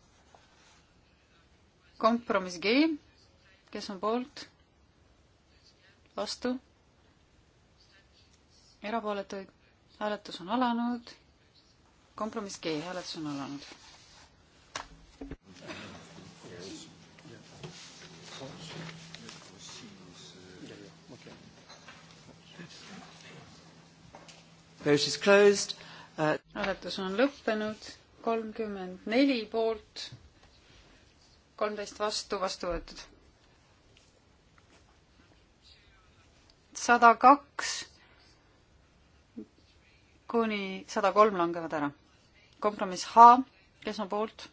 kompromiss G, kes on poolt, vastu, erapooletuid, hääletus on alanud, kompromiss G, hääletus on alanud Vote is closed uh.... hääletus on lõppenud, kolmkümmend neli poolt, kolmteist vastu, vastu võetud. sada kaks kuni sada kolm langevad ära. kompromiss H, kes on poolt?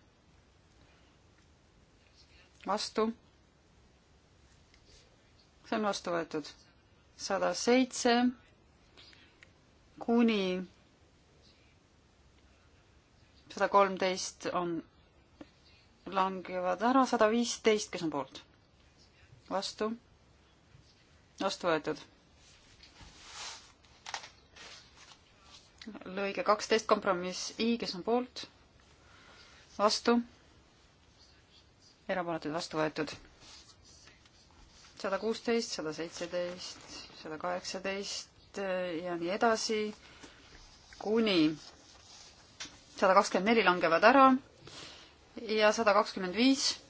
vastu? see on vastu võetud. sada seitse kuni sada kolmteist on, langevad ära, sada viisteist, kes on poolt? vastu? vastu võetud. lõige kaksteist, kompromiss I, kes on poolt? vastu? erapooletud vastu võetud. sada kuusteist, sada seitseteist, sada kaheksateist, viisteist äh, ja nii edasi, kuni sada kakskümmend neli langevad ära ja sada kakskümmend viis.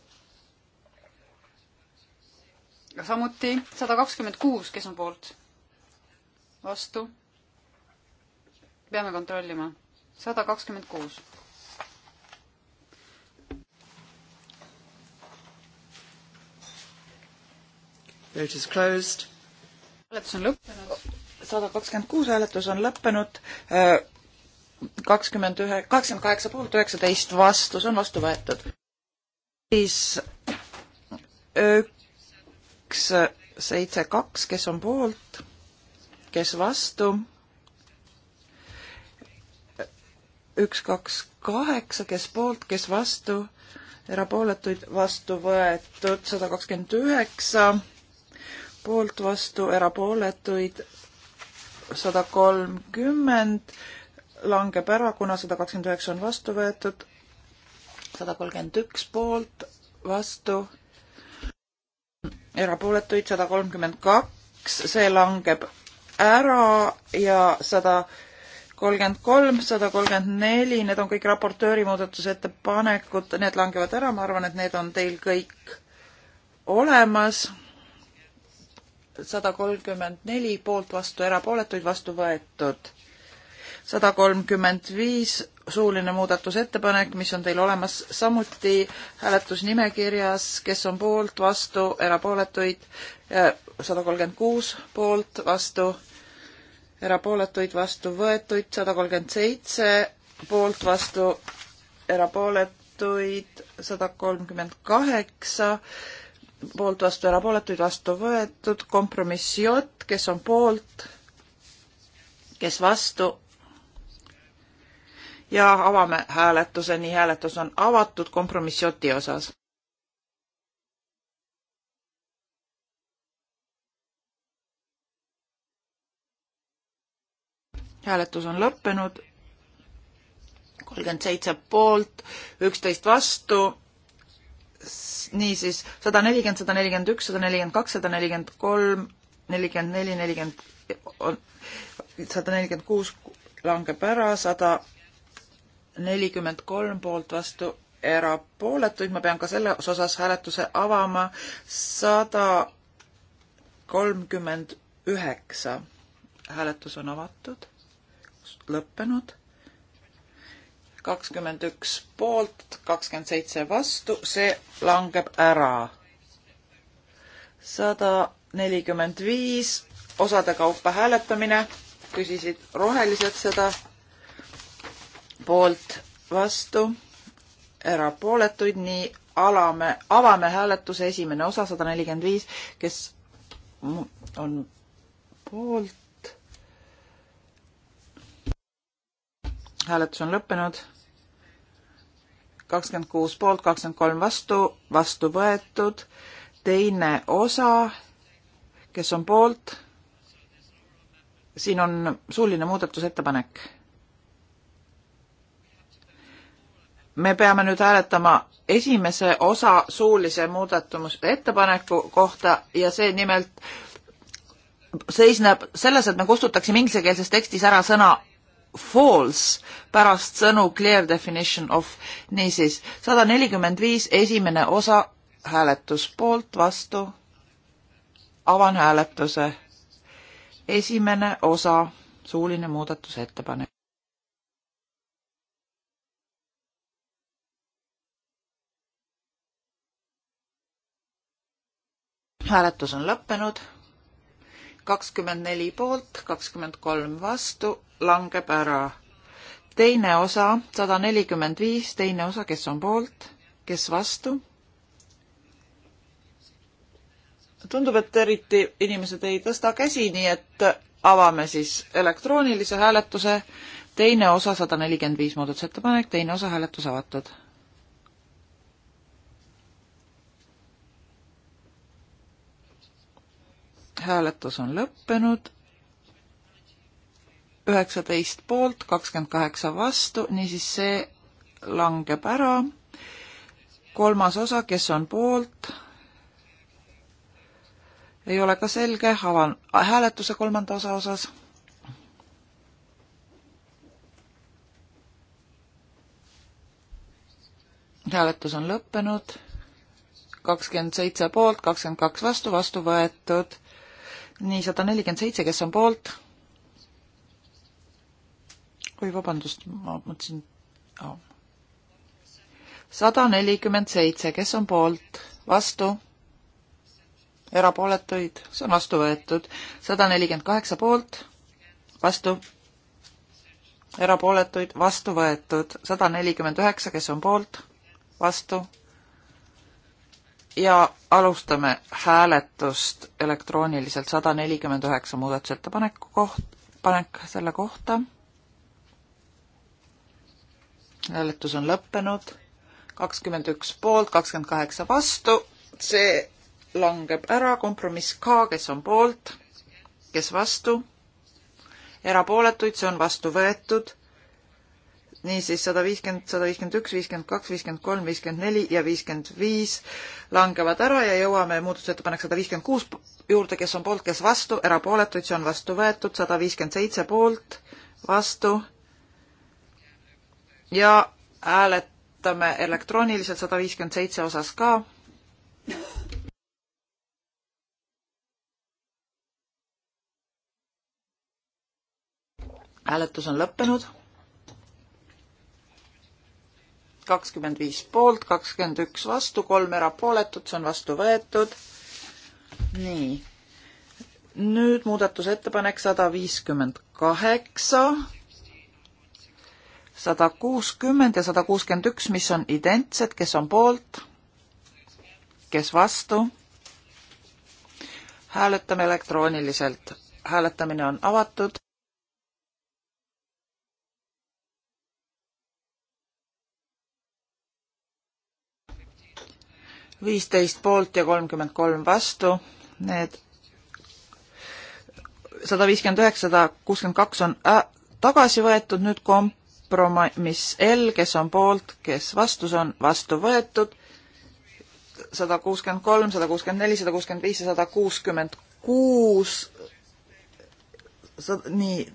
samuti sada kakskümmend kuus, kes on poolt? vastu? peame kontrollima. sada kakskümmend kuus. Vote is closed. hääletus on lõppenud sada kakskümmend kuus hääletus on lõppenud, äh, kakskümmend ühe, kakskümmend kaheksa poolt, üheksateist vastu, see on vastu võetud. siis üks, seitse, kaks, kes on poolt, kes vastu, üks, kaks, kaheksa, kes poolt, kes vastu, erapooletuid vastu võetud sada kakskümmend üheksa, poolt vastu, erapooletuid sada kolmkümmend langeb ära, kuna sada kakskümmend üheksa on vastu võetud, sada kolmkümmend üks poolt, vastu, erapooletuid sada kolmkümmend kaks, see langeb ära ja sada kolmkümmend kolm, sada kolmkümmend neli, need on kõik raportööri muudatusettepanekud, need langevad ära, ma arvan, et need on teil kõik olemas sada kolmkümmend neli poolt vastu, erapooletuid vastu võetud. sada kolmkümmend viis suuline muudatusettepanek, mis on teil olemas samuti hääletusnimekirjas, kes on poolt, vastu, erapooletuid, äh, sada kolmkümmend kuus poolt, vastu, erapooletuid, vastu võetuid, sada kolmkümmend seitse poolt, vastu, erapooletuid, sada kolmkümmend kaheksa poolt, vastu, erapooletuid, vastu võetud, kompromiss J, kes on poolt, kes vastu. ja avame hääletuse, nii hääletus on avatud kompromiss J osas. hääletus on lõppenud, kolmkümmend seitse poolt, üksteist vastu niisiis sada nelikümmend, sada nelikümmend üks, sada nelikümmend kaks, sada nelikümmend kolm, nelikümmend neli, nelikümmend, sada nelikümmend kuus langeb ära, sada nelikümmend kolm poolt vastu erapooletuid, ma pean ka selles osas hääletuse avama, sada kolmkümmend üheksa hääletus on avatud, lõppenud kakskümmend üks poolt, kakskümmend seitse vastu, see langeb ära. sada nelikümmend viis osade kaupa hääletamine, küsisid rohelised seda, poolt, vastu, erapooletuid, nii alame, avame hääletuse esimene osa, sada nelikümmend viis, kes on poolt. hääletus on lõppenud kakskümmend kuus poolt, kakskümmend kolm vastu, vastu võetud. teine osa, kes on poolt? siin on suuline muudatusettepanek. me peame nüüd hääletama esimese osa suulise muudatumuste ettepaneku kohta ja see nimelt seisneb selles, et me kustutaksime inglisekeelses tekstis ära sõna false pärast sõnu clear definition of, niisiis sada nelikümmend viis esimene osa hääletus poolt, vastu, avan hääletuse. esimene osa, suuline muudatusettepanek. hääletus on lõppenud kakskümmend neli poolt, kakskümmend kolm vastu, langeb ära. teine osa, sada nelikümmend viis, teine osa, kes on poolt, kes vastu? tundub, et eriti inimesed ei tõsta käsi, nii et avame siis elektroonilise hääletuse. teine osa, sada nelikümmend viis muudatusettepanek, teine osa hääletus avatud hääletus on lõppenud. üheksateist poolt, kakskümmend kaheksa vastu, niisiis see langeb ära. kolmas osa, kes on poolt, ei ole ka selge, avan hääletuse kolmanda osa osas. hääletus on lõppenud kakskümmend seitse poolt, kakskümmend kaks vastu, vastu võetud nii, sada nelikümmend seitse, kes on poolt? oi, vabandust, ma mõtlesin oh.. sada nelikümmend seitse, kes on poolt, vastu? erapooletuid, see on vastu võetud. sada nelikümmend kaheksa poolt, vastu? erapooletuid, vastu võetud. sada nelikümmend üheksa, kes on poolt, vastu? ja alustame hääletust elektrooniliselt sada nelikümmend üheksa muudatusettepaneku koht, panek selle kohta. hääletus on lõppenud, kakskümmend üks poolt, kakskümmend kaheksa vastu, see langeb ära, kompromiss K, kes on poolt, kes vastu, erapooletuid, see on vastu võetud niisiis sada viiskümmend, sada viiskümmend üks, viiskümmend kaks, viiskümmend kolm, viiskümmend neli ja viiskümmend viis langevad ära ja jõuame muudatusettepanek sada viiskümmend kuus juurde, kes on poolt, kes vastu, erapooletuid, see on vastu võetud, sada viiskümmend seitse poolt, vastu ja hääletame elektrooniliselt sada viiskümmend seitse osas ka. hääletus on lõppenud kakskümmend viis poolt, kakskümmend üks vastu, kolm erapooletut, see on vastu võetud. nii. nüüd muudatusettepanek sada viiskümmend kaheksa, sada kuuskümmend ja sada kuuskümmend üks, mis on identsed, kes on poolt, kes vastu. hääletame elektrooniliselt, hääletamine on avatud. viisteist poolt ja kolmkümmend kolm vastu. Need sada viiskümmend üheksa, sada kuuskümmend kaks on äh, tagasi võetud, nüüd kompromiss L, kes on poolt, kes vastu, see on vastu võetud. sada kuuskümmend kolm, sada kuuskümmend neli, sada kuuskümmend viis ja sada kuuskümmend kuus. nii,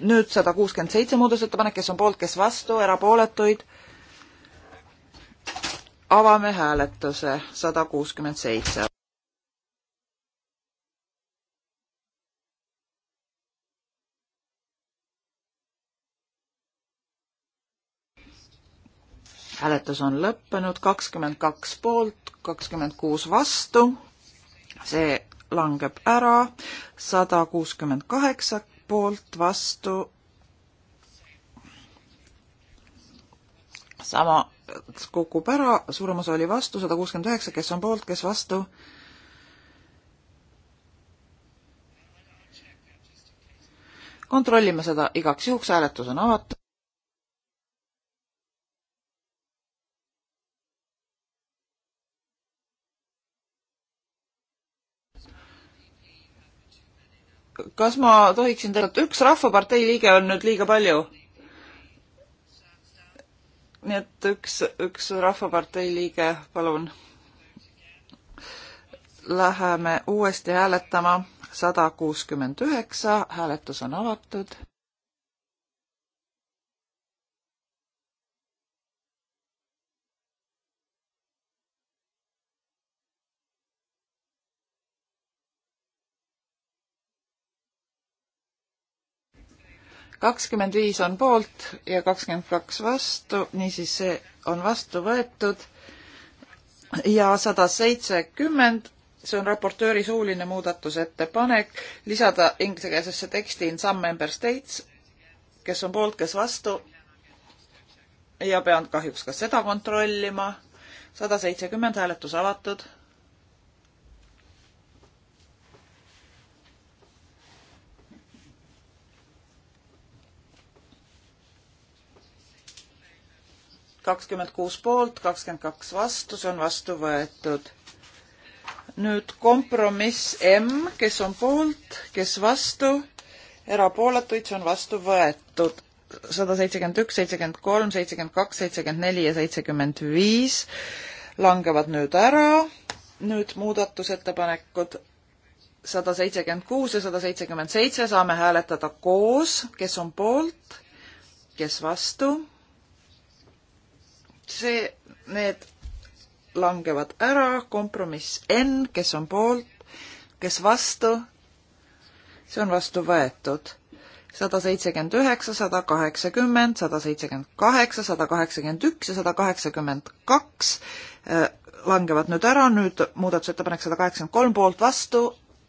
nüüd sada kuuskümmend seitse muudatusettepanek, kes on poolt, kes vastu, erapooletuid avame hääletuse sada kuuskümmend seitse. hääletus on lõppenud, kakskümmend kaks poolt, kakskümmend kuus vastu. see langeb ära, sada kuuskümmend kaheksa poolt, vastu sama kukub ära, suurem osa oli vastu, sada kuuskümmend üheksa, kes on poolt, kes vastu. kontrollime seda igaks juhuks, hääletus on avatud. kas ma tohiksin tegelikult, üks Rahvapartei liige on nüüd liiga palju nii et üks, üks Rahvapartei liige, palun. Läheme uuesti hääletama sada kuuskümmend üheksa, hääletus on avatud. kakskümmend viis on poolt ja kakskümmend kaks vastu, niisiis see on vastu võetud. ja sada seitsekümmend, see on raportööri suuline muudatusettepanek, lisada inglisekeelsesse teksti in some member states, kes on poolt, kes vastu. ja pean kahjuks ka seda kontrollima. sada seitsekümmend hääletus avatud kakskümmend kuus poolt, kakskümmend kaks vastu, see on vastu võetud. nüüd kompromiss M, kes on poolt, kes vastu, erapooletuid, see on vastu võetud. sada seitsekümmend üks, seitsekümmend kolm, seitsekümmend kaks, seitsekümmend neli ja seitsekümmend viis langevad nüüd ära. nüüd muudatusettepanekud sada seitsekümmend kuus ja sada seitsekümmend seitse saame hääletada koos, kes on poolt, kes vastu, see, need langevad ära, kompromiss N, kes on poolt, kes vastu, see on vastu võetud. sada seitsekümmend üheksa, sada kaheksakümmend, sada seitsekümmend kaheksa, sada kaheksakümmend üks ja sada kaheksakümmend kaks äh, langevad nüüd ära, nüüd muudatusettepanek sada kaheksakümmend kolm poolt vastu,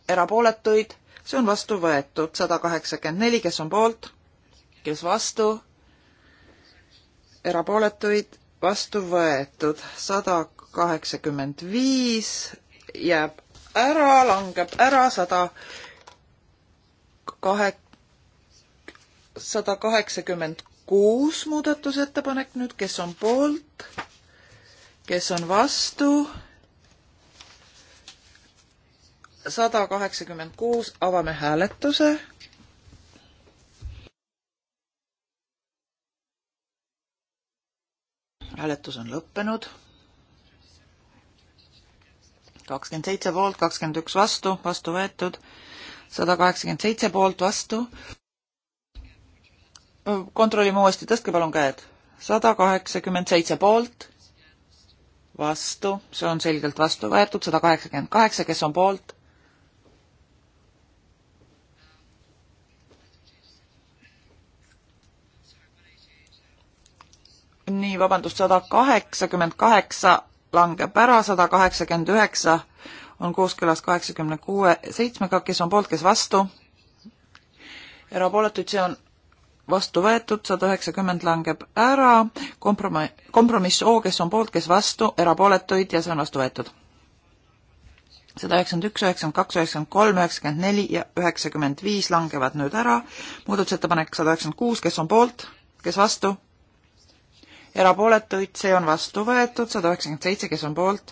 erapooletuid, see on vastu võetud, sada kaheksakümmend neli, kes on poolt, kes vastu, erapooletuid vastu võetud, sada kaheksakümmend viis jääb ära, langeb ära, sada kahe, sada kaheksakümmend kuus muudatusettepanek nüüd, kes on poolt, kes on vastu, sada kaheksakümmend kuus, avame hääletuse hääletus on lõppenud. kakskümmend seitse poolt, kakskümmend üks vastu, vastu võetud, sada kaheksakümmend seitse poolt, vastu. kontrollime uuesti, tõstke palun käed. sada kaheksakümmend seitse poolt, vastu, see on selgelt vastu võetud, sada kaheksakümmend kaheksa, kes on poolt nii, vabandust, sada kaheksakümmend kaheksa langeb ära, sada kaheksakümmend üheksa on kooskõlas kaheksakümne kuue seitsmega, kes on poolt, kes vastu. erapooletuid, see on vastu võetud, sada üheksakümmend langeb ära, kompromiss, kompromiss O, kes on poolt, kes vastu, erapooletuid ja see on vastu võetud. sada üheksakümmend üks, üheksakümmend kaks, üheksakümmend kolm, üheksakümmend neli ja üheksakümmend viis langevad nüüd ära, muudatusettepanek sada üheksakümmend kuus, kes on poolt, kes vastu erapooletuid, see on vastu võetud, sada üheksakümmend seitse, kes on poolt,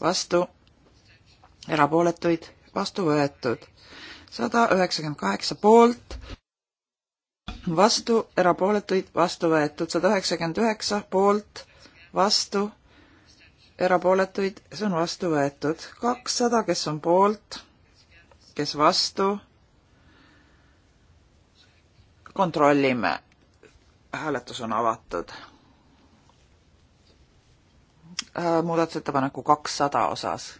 vastu, erapooletuid, vastu võetud. sada üheksakümmend kaheksa poolt, vastu, erapooletuid, vastu võetud, sada üheksakümmend üheksa poolt, vastu, erapooletuid, see on vastu võetud. kakssada, kes on poolt, kes vastu, kontrollime. hääletus on avatud Äh, muudatusettepaneku kakssada osas.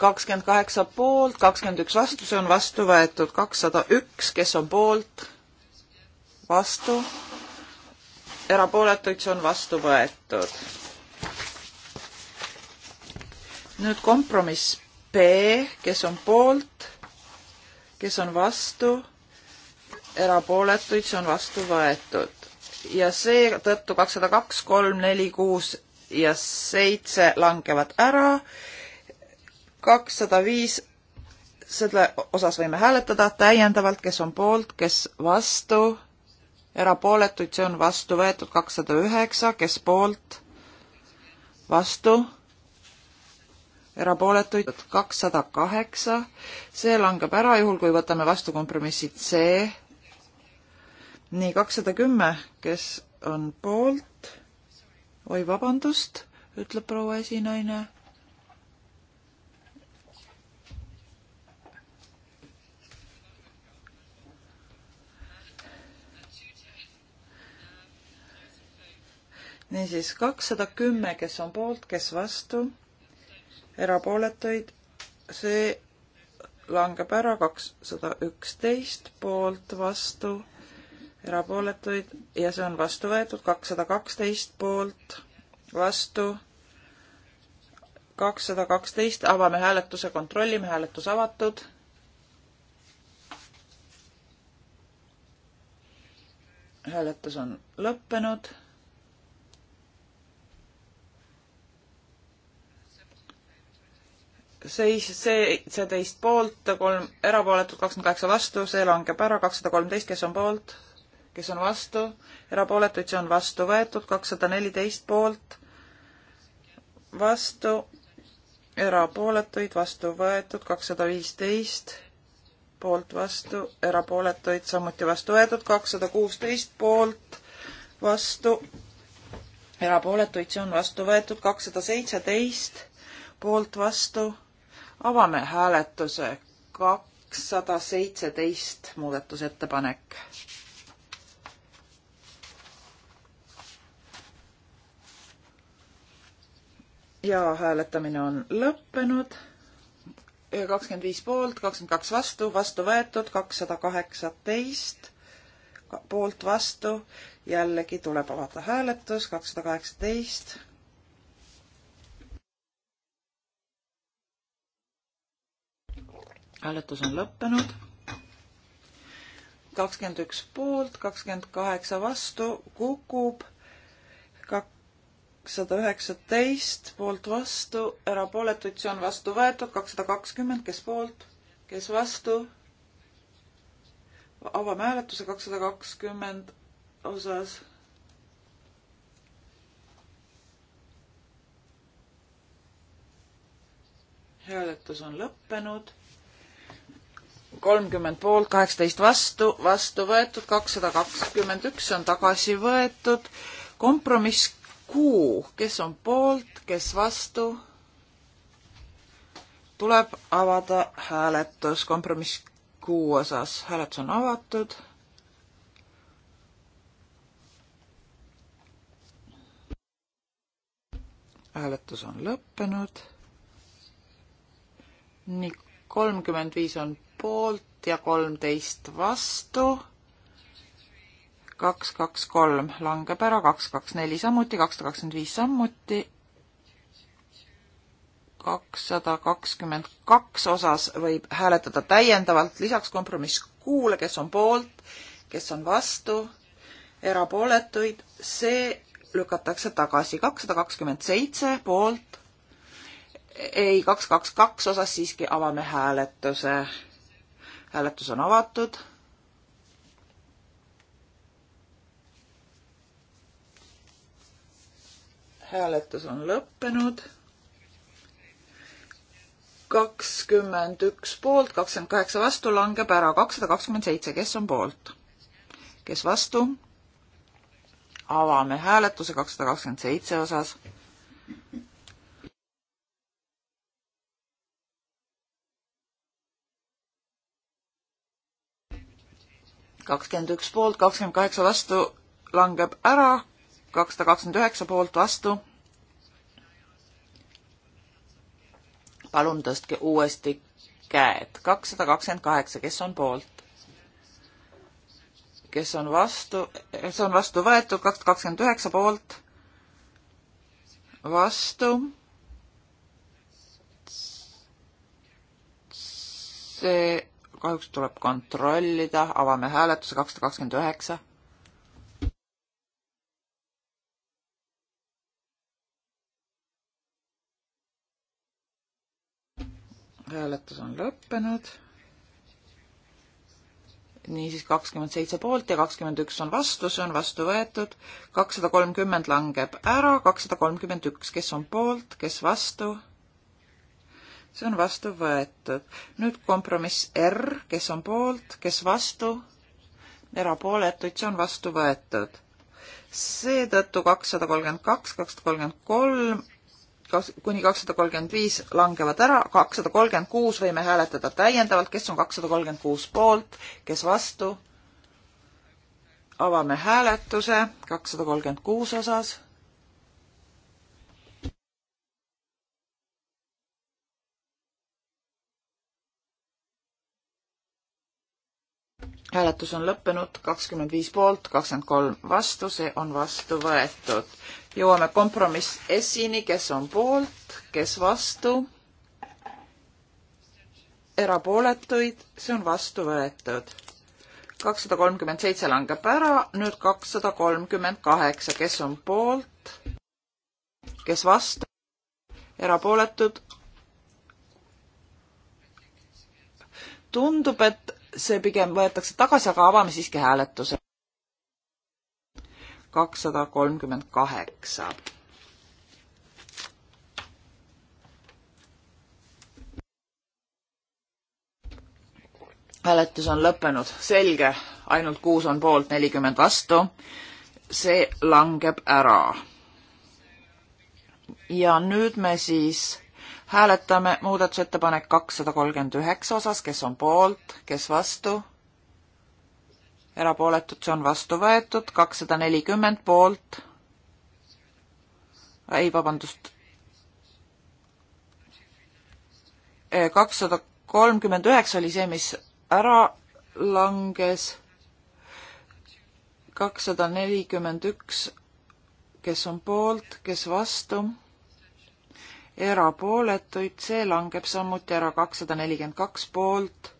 kakskümmend kaheksa poolt, kakskümmend üks vastu, see on vastu võetud kakssada üks, kes on poolt, vastu, erapooletuid, see on vastu võetud. nüüd kompromiss B, kes on poolt, kes on vastu erapooletuid, see on vastu võetud. ja seetõttu kakssada kaks, kolm, neli, kuus ja seitse langevad ära. kakssada viis, selle osas võime hääletada täiendavalt, kes on poolt, kes vastu, erapooletuid, see on vastu võetud kakssada üheksa, kes poolt, vastu erapooletuid kakssada kaheksa. see langeb ära, juhul kui võtame vastu kompromissi C nii, kakssada kümme, kes on poolt? oi, vabandust, ütleb proua esinaine. niisiis, kakssada kümme, kes on poolt, kes vastu, erapooletuid, see langeb ära, kakssada üksteist poolt, vastu erapooletuid ja see on vastu võetud kakssada kaksteist poolt, vastu kakssada kaksteist, avame hääletuse, kontrollime, hääletus avatud. hääletus on lõppenud. seis, seitseteist poolt, kolm erapooletut, kakskümmend kaheksa vastu, see langeb ära, kakssada kolmteist, kes on poolt kes on vastu, erapooletuid, see on vastu võetud, kakssada neliteist poolt, vastu, erapooletuid, vastu võetud, kakssada viisteist poolt vastu, erapooletuid samuti vastu võetud, kakssada kuusteist poolt vastu, erapooletuid, see on vastu võetud, kakssada seitseteist poolt vastu. avame hääletuse, kakssada seitseteist muudatusettepanek ja hääletamine on lõppenud. kakskümmend viis poolt, kakskümmend kaks vastu, vastu võetud kakssada kaheksateist poolt vastu. jällegi tuleb avada hääletus, kakssada kaheksateist. hääletus on lõppenud. kakskümmend üks poolt, kakskümmend kaheksa vastu, kukub kakssada üheksateist poolt vastu, erapooletuid, see on vastu võetud, kakssada kakskümmend, kes poolt, kes vastu. avame hääletuse kakssada kakskümmend osas. hääletus on lõppenud. kolmkümmend poolt, kaheksateist vastu, vastu võetud, kakssada kakskümmend üks on tagasi võetud. kompromiss kuu, kes on poolt, kes vastu, tuleb avada hääletus kompromiss kuu osas. hääletus on avatud. hääletus on lõppenud. nii, kolmkümmend viis on poolt ja kolmteist vastu kaks, kaks, kolm langeb ära, kaks, kaks, neli samuti, kakssada kakskümmend viis samuti, kakssada kakskümmend kaks osas võib hääletada täiendavalt, lisaks kompromiss kuule, kes on poolt, kes on vastu, erapooletuid, see lükatakse tagasi, kakssada kakskümmend seitse poolt, ei, kaks, kaks, kaks osas siiski avame hääletuse. hääletus on avatud hääletus on lõppenud. kakskümmend üks poolt, kakskümmend kaheksa vastu langeb ära, kakssada kakskümmend seitse, kes on poolt? kes vastu? avame hääletuse kakssada kakskümmend seitse osas. kakskümmend üks poolt, kakskümmend kaheksa vastu langeb ära, kakssada kakskümmend üheksa poolt vastu. palun tõstke uuesti käed, kakssada kakskümmend kaheksa, kes on poolt? kes on vastu, see on vastu võetud, kakssada kakskümmend üheksa poolt, vastu. see kahjuks tuleb kontrollida, avame hääletuse kakssada kakskümmend üheksa hääletus on lõppenud. niisiis kakskümmend seitse poolt ja kakskümmend üks on vastu, see on vastu võetud. kakssada kolmkümmend langeb ära, kakssada kolmkümmend üks, kes on poolt, kes vastu? see on vastu võetud. nüüd kompromiss R, kes on poolt, kes vastu? erapooletuid, see on vastu võetud seetõttu kakssada kolmkümmend kaks, kakssada kolmkümmend kolm kuni kakssada kolmkümmend viis langevad ära, kakssada kolmkümmend kuus võime hääletada täiendavalt, kes on kakssada kolmkümmend kuus poolt, kes vastu. avame hääletuse kakssada kolmkümmend kuus osas hääletus on lõppenud, kakskümmend viis poolt, kakskümmend kolm vastu, see on vastu võetud. jõuame kompromiss S-ini, kes on poolt, kes vastu, erapooletuid, see on vastu võetud. kakssada kolmkümmend seitse langeb ära, nüüd kakssada kolmkümmend kaheksa, kes on poolt, kes vastu, erapooletud, tundub, et see pigem võetakse tagasi, aga avame siiski hääletuse. kakssada kolmkümmend kaheksa. hääletus on lõppenud, selge, ainult kuus on poolt, nelikümmend vastu. see langeb ära. ja nüüd me siis hääletame muudatusettepanek kakssada kolmkümmend üheksa osas, kes on poolt, kes vastu, erapooletud, see on vastu võetud, kakssada nelikümmend poolt, ei, vabandust, äh, kakssada kolmkümmend üheksa oli see, mis ära langes, kakssada nelikümmend üks, kes on poolt, kes vastu erapooletuid, see langeb samuti ära kakssada nelikümmend kaks poolt,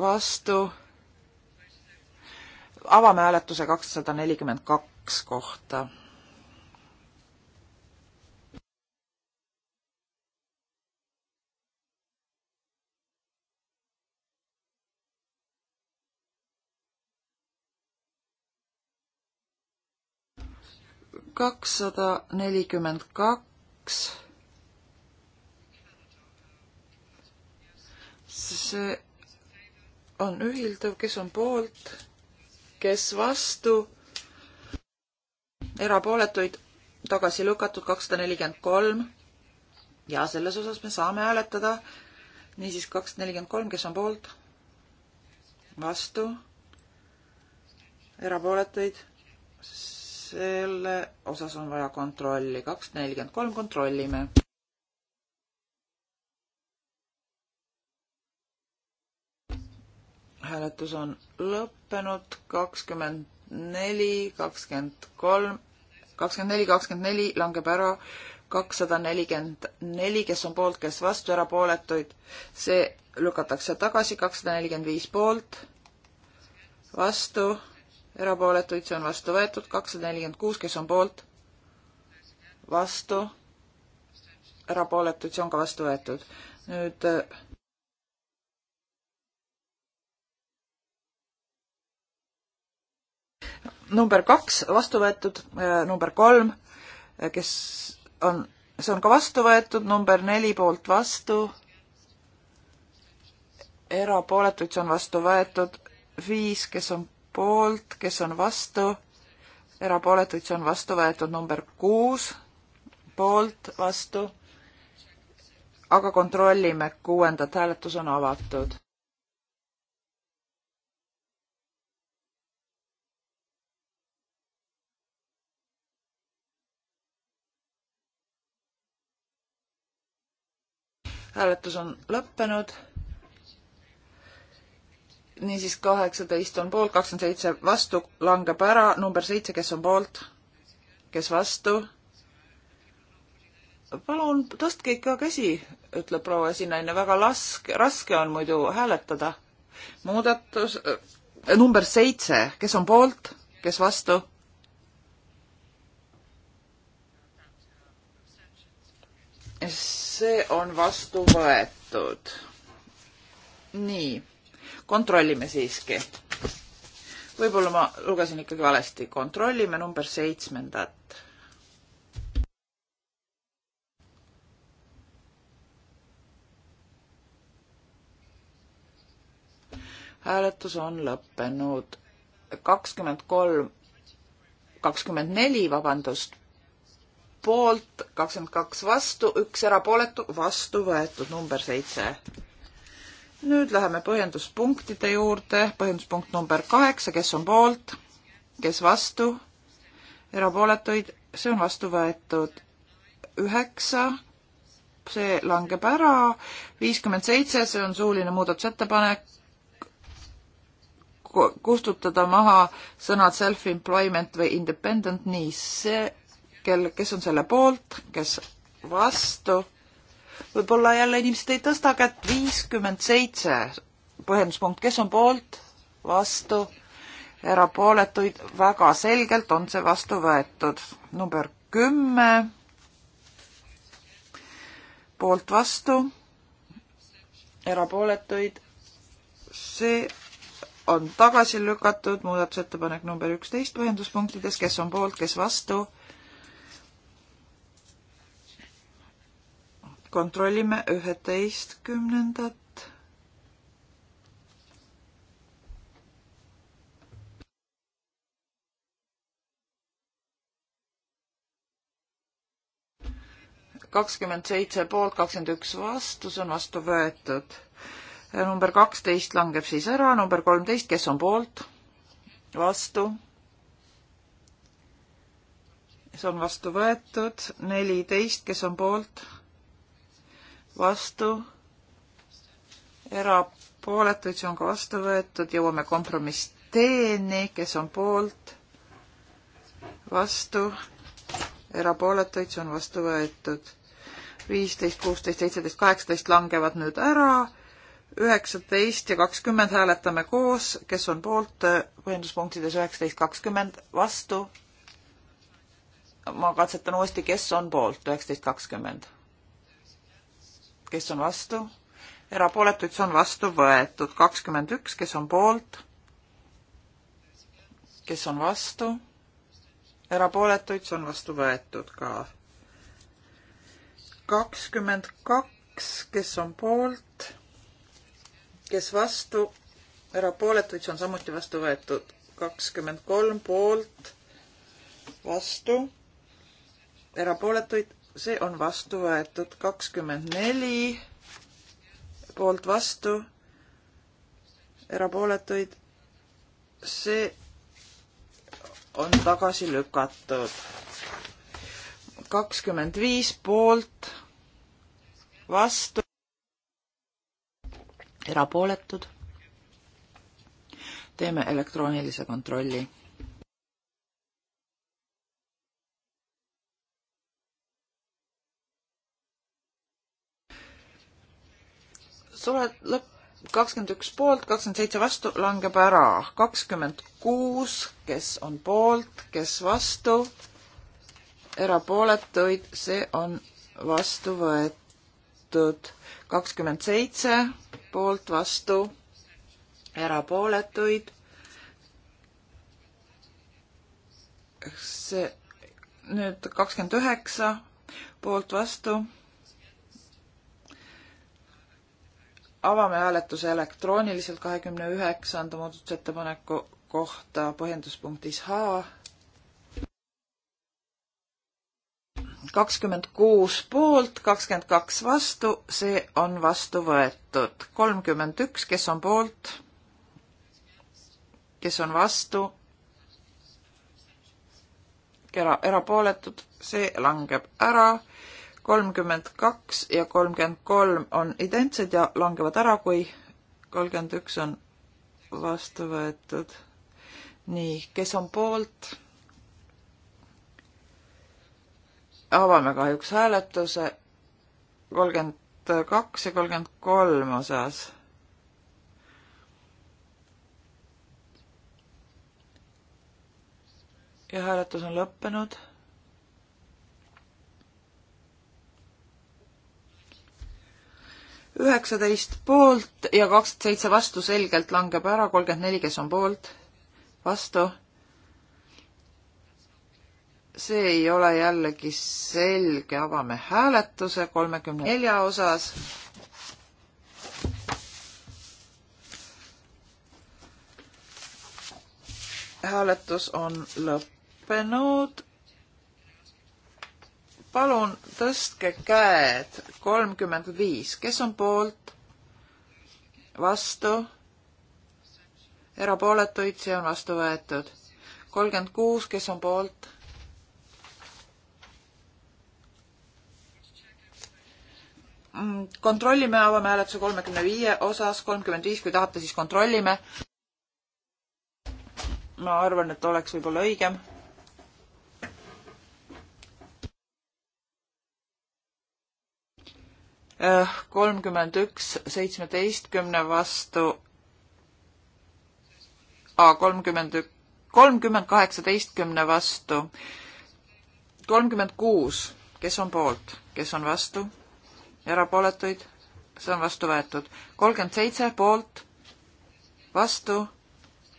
vastu. avame hääletuse kakssada nelikümmend kaks kohta. kakssada nelikümmend kaks kaks. see on ühildav, kes on poolt, kes vastu, erapooletuid tagasi lükatud kakssada nelikümmend kolm ja selles osas me saame hääletada. niisiis kakssada nelikümmend kolm, kes on poolt, vastu, erapooletuid selle osas on vaja kontrolli. kaks nelikümmend kolm kontrollime. hääletus on lõppenud, kakskümmend neli, kakskümmend kolm, kakskümmend neli, kakskümmend neli langeb ära, kakssada nelikümmend neli, kes on poolt, kes vastu, erapooletuid. see lükatakse tagasi, kakssada nelikümmend viis poolt, vastu erapooletuid, see on vastu võetud, kakssada nelikümmend kuus, kes on poolt, vastu, erapooletuid, see on ka vastu võetud. nüüd äh, number kaks vastu võetud, äh, number kolm, äh, kes on, see on ka vastu võetud, number neli poolt vastu, erapooletuid, see on vastu võetud, viis, kes on poolt, kes on vastu, erapooletuid, see on vastu võetud number kuus, poolt, vastu. aga kontrollime, kuuendat hääletus on avatud. hääletus on lõppenud niisiis kaheksateist on poolt, kakskümmend seitse vastu langeb ära, number seitse, kes on poolt, kes vastu. palun tõstke ikka käsi, ütleb proua esinaine, väga laske, raske on muidu hääletada. muudatus äh, number seitse, kes on poolt, kes vastu? see on vastu võetud. nii kontrollime siiski. võib-olla ma lugesin ikkagi valesti, kontrollime number seitsmendat. hääletus on lõppenud. kakskümmend kolm, kakskümmend neli, vabandust, poolt, kakskümmend kaks vastu, üks erapooletu, vastu võetud number seitse nüüd läheme põhjenduspunktide juurde, põhjenduspunkt number kaheksa, kes on poolt, kes vastu, erapooletuid, see on vastu võetud üheksa, see langeb ära, viiskümmend seitse, see on suuline muudatusettepanek, kustutada maha sõnad self-employment või independent, nii see, kel, kes on selle poolt, kes vastu võib-olla jälle inimesed ei tõsta kätt, viiskümmend seitse põhjenduspunkt, kes on poolt, vastu, erapooletuid, väga selgelt on see vastu võetud. number kümme, poolt vastu, erapooletuid, see on tagasi lükatud, muudatusettepanek number üksteist põhjenduspunktides, kes on poolt, kes vastu kontrollime üheteistkümnendat. kakskümmend seitse poolt, kakskümmend üks vastu, see on vastu võetud. number kaksteist langeb siis ära, number kolmteist, kes on poolt? vastu see on vastu võetud, neliteist, kes on poolt, vastu, erapooletuid, see on ka vastu võetud, jõuame kompromiss D-ni, kes on poolt, vastu, erapooletuid, see on vastu võetud. viisteist, kuusteist, seitseteist, kaheksateist langevad nüüd ära, üheksateist ja kakskümmend hääletame koos, kes on poolt põhjenduspunktides üheksateist, kakskümmend, vastu. ma katsetan uuesti, kes on poolt üheksateist, kakskümmend kes on vastu, erapooletuid, see on vastu võetud, kakskümmend üks, kes on poolt, kes on vastu, erapooletuid, see on vastu võetud ka. kakskümmend kaks, kes on poolt, kes vastu, erapooletuid, see on samuti vastu võetud, kakskümmend kolm poolt, vastu, erapooletuid see on vastu võetud kakskümmend neli poolt vastu, erapooletuid. see on tagasi lükatud. kakskümmend viis poolt vastu, erapooletud. teeme elektroonilise kontrolli sulet-, lõpp, kakskümmend üks poolt, kakskümmend seitse vastu langeb ära. kakskümmend kuus, kes on poolt, kes vastu, erapooletuid, see on vastu võetud. kakskümmend seitse poolt, vastu, erapooletuid. see nüüd kakskümmend üheksa poolt, vastu avame hääletuse elektrooniliselt kahekümne üheksanda muudatusettepaneku kohta põhjenduspunktis H. kakskümmend kuus poolt, kakskümmend kaks vastu, see on vastu võetud. kolmkümmend üks, kes on poolt, kes on vastu, era-, erapooletud, see langeb ära kolmkümmend kaks ja kolmkümmend kolm on identsed ja langevad ära, kui kolmkümmend üks on vastu võetud. nii, kes on poolt? avame kahjuks hääletuse kolmkümmend kaks ja kolmkümmend kolm osas ja hääletus on lõppenud üheksateist poolt ja kakskümmend seitse vastu selgelt langeb ära, kolmkümmend neli, kes on poolt, vastu. see ei ole jällegi selge, avame hääletuse kolmekümne nelja osas. hääletus on lõppenud palun tõstke käed, kolmkümmend viis, kes on poolt, vastu, erapooletuid, see on vastu võetud. kolmkümmend kuus, kes on poolt? Mm, kontrollime, avame hääletuse kolmekümne viie osas, kolmkümmend viis, kui tahate, siis kontrollime. ma arvan, et oleks võib-olla õigem Eh, kolmkümmend üks seitsmeteistkümne vastu A kolmkümmend, kolmkümmend kaheksateistkümne vastu. kolmkümmend kuus, kes on poolt, kes on vastu, erapooletuid, see on vastu võetud. kolmkümmend seitse poolt, vastu,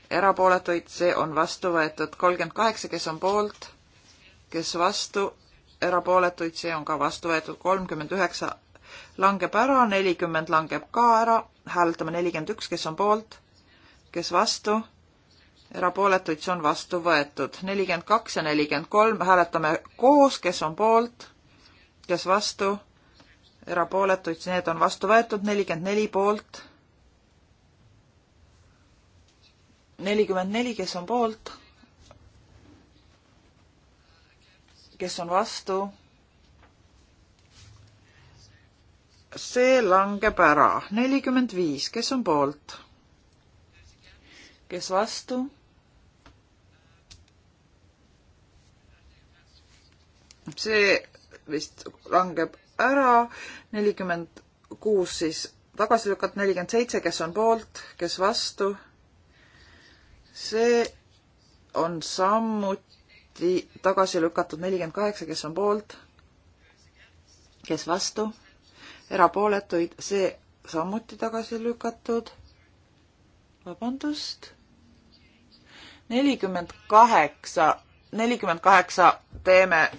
erapooletuid, see on vastu võetud. kolmkümmend kaheksa, kes on poolt, kes vastu, erapooletuid, see on ka vastu võetud. kolmkümmend üheksa langeb ära, nelikümmend langeb ka ära, hääletame nelikümmend üks, kes on poolt, kes vastu, erapooletuid, see on vastu võetud. nelikümmend kaks ja nelikümmend kolm, hääletame koos, kes on poolt, kes vastu, erapooletuid, need on vastu võetud, nelikümmend neli poolt, nelikümmend neli, kes on poolt, kes on vastu see langeb ära. nelikümmend viis, kes on poolt? kes vastu? see vist langeb ära, nelikümmend kuus siis tagasi lükata, nelikümmend seitse, kes on poolt, kes vastu. see on samuti tagasi lükatud, nelikümmend kaheksa, kes on poolt, kes vastu erapooletuid, see samuti tagasi lükatud. vabandust. nelikümmend kaheksa, nelikümmend kaheksa teeme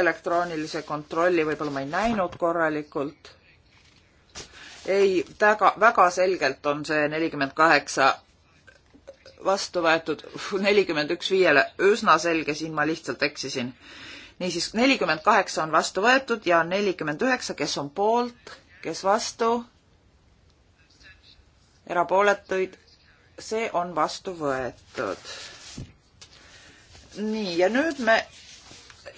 elektroonilise kontrolli, võib-olla ma ei näinud korralikult. ei, väga, väga selgelt on see nelikümmend kaheksa vastu võetud, nelikümmend üks viiele, üsna selge, siin ma lihtsalt eksisin. niisiis, nelikümmend kaheksa on vastu võetud ja nelikümmend üheksa, kes on poolt, kes vastu, erapooletuid, see on vastu võetud. nii, ja nüüd me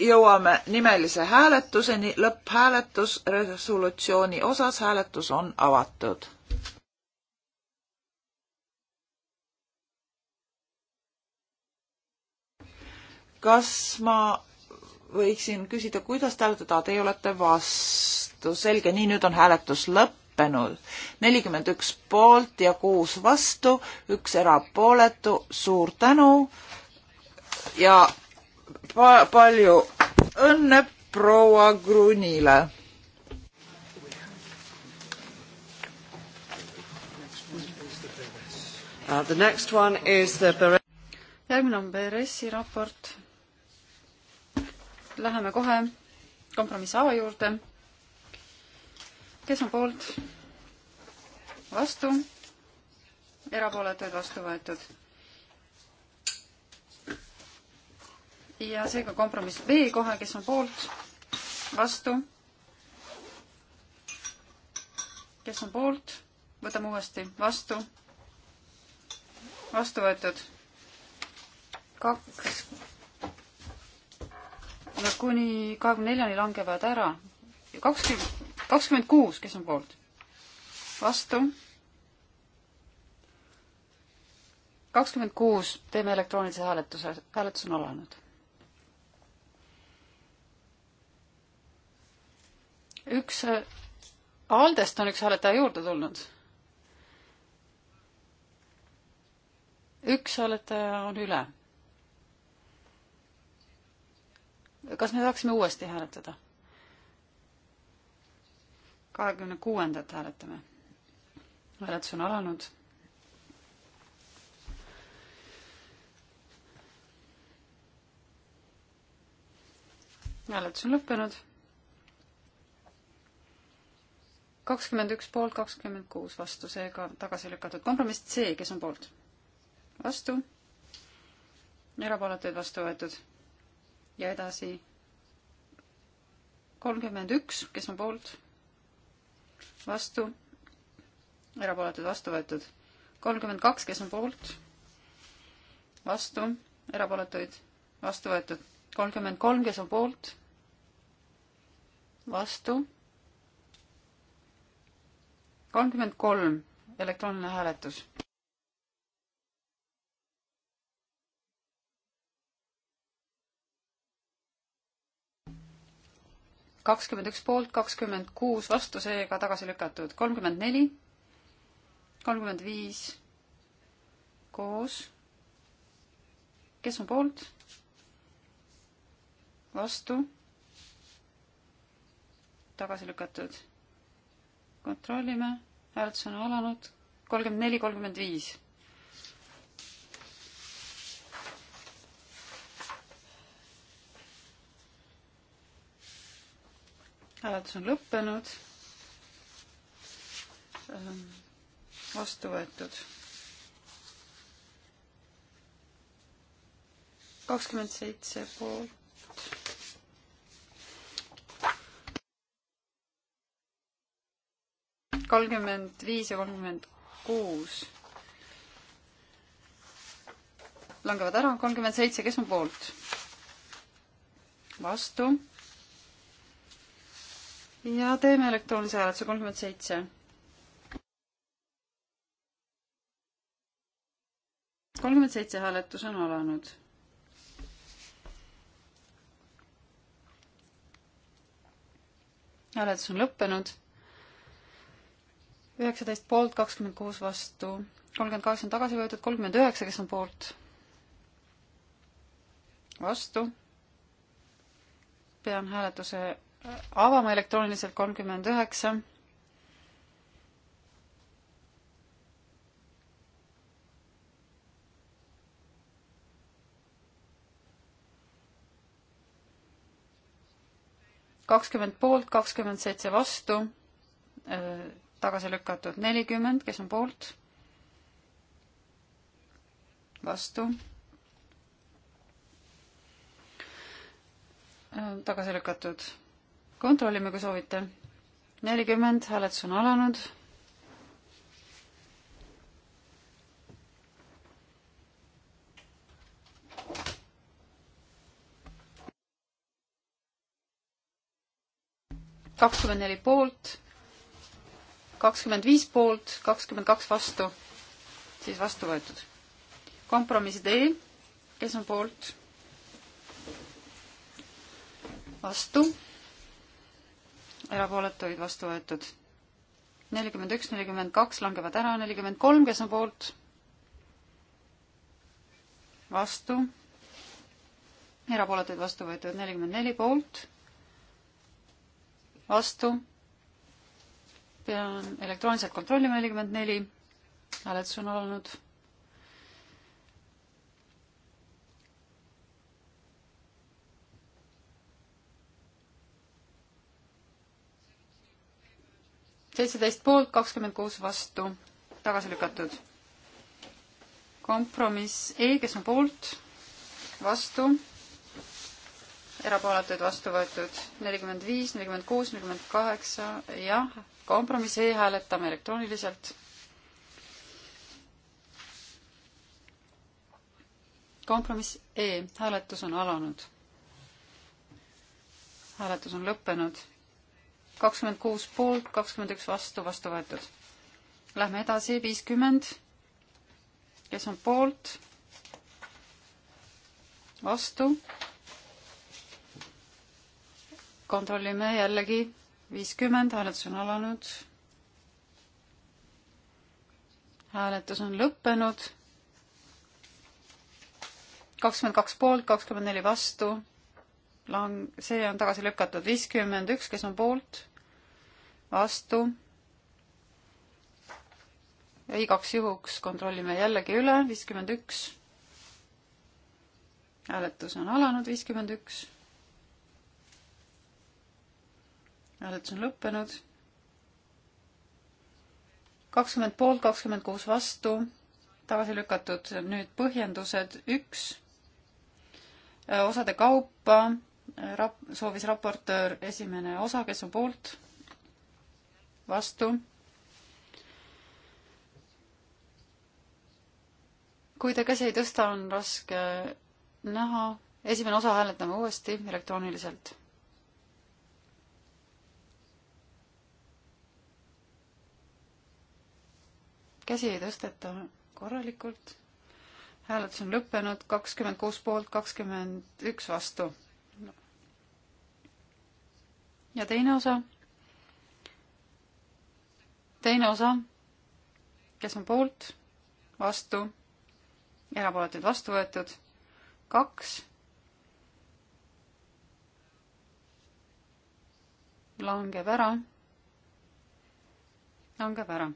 jõuame nimelise hääletuseni, lõpphääletus resolutsiooni osas, hääletus on avatud. kas ma võiksin küsida, kuidas te hääletate, teie olete vastu, selge, nii nüüd on hääletus lõppenud. nelikümmend üks poolt ja kuus vastu, üks erapooletu, suur tänu ja pa palju õnne proua Grunile. Uh, the next one is the järgmine on BRS-i raport läheme kohe kompromiss A juurde. kes on poolt? vastu? erapooletuid vastu võetud. ja seega kompromiss B kohe, kes on poolt? vastu? kes on poolt? võtame uuesti vastu. vastu võetud. kaks kuni kahekümne neljani langevad ära. kakskümmend, kakskümmend kuus, kes on poolt? vastu. kakskümmend kuus, teeme elektroonilise hääletuse, hääletus on alanud. üks, äh, Aldest on üks hääletaja juurde tulnud. üks hääletaja on üle kas me saaksime uuesti hääletada? kahekümne kuuendat hääletame. hääletus on alanud. hääletus on lõppenud. kakskümmend üks poolt, kakskümmend kuus vastu, seega tagasi lükatud kompromiss C, kes on poolt? vastu. erapooletuid vastu võetud ja edasi kolmkümmend üks, kes on poolt, vastu, erapooletud, vastu võetud. kolmkümmend kaks, kes on poolt, vastu, erapooletuid, vastu võetud. kolmkümmend kolm, kes on poolt, vastu, kolmkümmend kolm, elektrooniline hääletus kakskümmend üks poolt, kakskümmend kuus vastu, seega tagasi lükatud. kolmkümmend neli, kolmkümmend viis koos. kes on poolt? vastu. tagasi lükatud. kontrollime, hääletus on alanud. kolmkümmend neli, kolmkümmend viis hääletus on lõppenud. Ähm, vastu võetud. kakskümmend seitse poolt. kolmkümmend viis ja kolmkümmend kuus langevad ära, kolmkümmend seitse, kes on poolt? vastu ja teeme elektroonilise hääletuse kolmkümmend seitse. kolmkümmend seitse hääletus on alanud. hääletus on lõppenud. üheksateist poolt, kakskümmend kuus vastu, kolmkümmend kaheksa on tagasi võetud, kolmkümmend üheksa, kes on poolt? vastu. pean hääletuse avame elektrooniliselt kolmkümmend üheksa. kakskümmend poolt, kakskümmend seitse vastu, äh, tagasi lükatud nelikümmend, kes on poolt, vastu äh, tagasi lükatud kontrollime, kui soovite. nelikümmend, hääletus on alanud. kakskümmend neli poolt, kakskümmend viis poolt, kakskümmend kaks vastu, siis vastu võetud. kompromissi tee, kes on poolt? vastu erapooletuid vastu võetud. nelikümmend üks, nelikümmend kaks langevad ära, nelikümmend kolm, kes on poolt, vastu, erapooletuid vastu võetud, nelikümmend neli poolt, vastu, pean elektrooniliselt kontrollima, nelikümmend neli, hääletus on alanud seitseteist poolt, kakskümmend kuus vastu, tagasi lükatud. kompromiss E, kes on poolt, vastu, erapooletuid vastu võetud nelikümmend viis, nelikümmend kuus, nelikümmend kaheksa, jah, kompromiss E hääletame elektrooniliselt. kompromiss E, hääletus on alanud. hääletus on lõppenud kakskümmend kuus poolt, kakskümmend üks vastu, vastu võetud. Lähme edasi, viiskümmend. kes on poolt? vastu. kontrollime jällegi viiskümmend, hääletus on alanud. hääletus on lõppenud. kakskümmend kaks poolt, kakskümmend neli vastu lang-, see on tagasi lükatud. viiskümmend üks, kes on poolt, vastu. ja igaks juhuks kontrollime jällegi üle, viiskümmend üks. hääletus on alanud, viiskümmend üks. hääletus on lõppenud. kakskümmend poolt, kakskümmend kuus vastu, tagasi lükatud. nüüd põhjendused, üks osade kaupa rap-, soovis raportöör esimene osa, kes on poolt, vastu. kui te käsi ei tõsta, on raske näha. esimene osa hääletame uuesti elektrooniliselt käsi ei tõsteta korralikult. hääletus on lõppenud, kakskümmend kuus poolt, kakskümmend üks vastu ja teine osa, teine osa, kes on poolt, vastu, erapooletuid vastu võetud, kaks, langeb ära, langeb ära.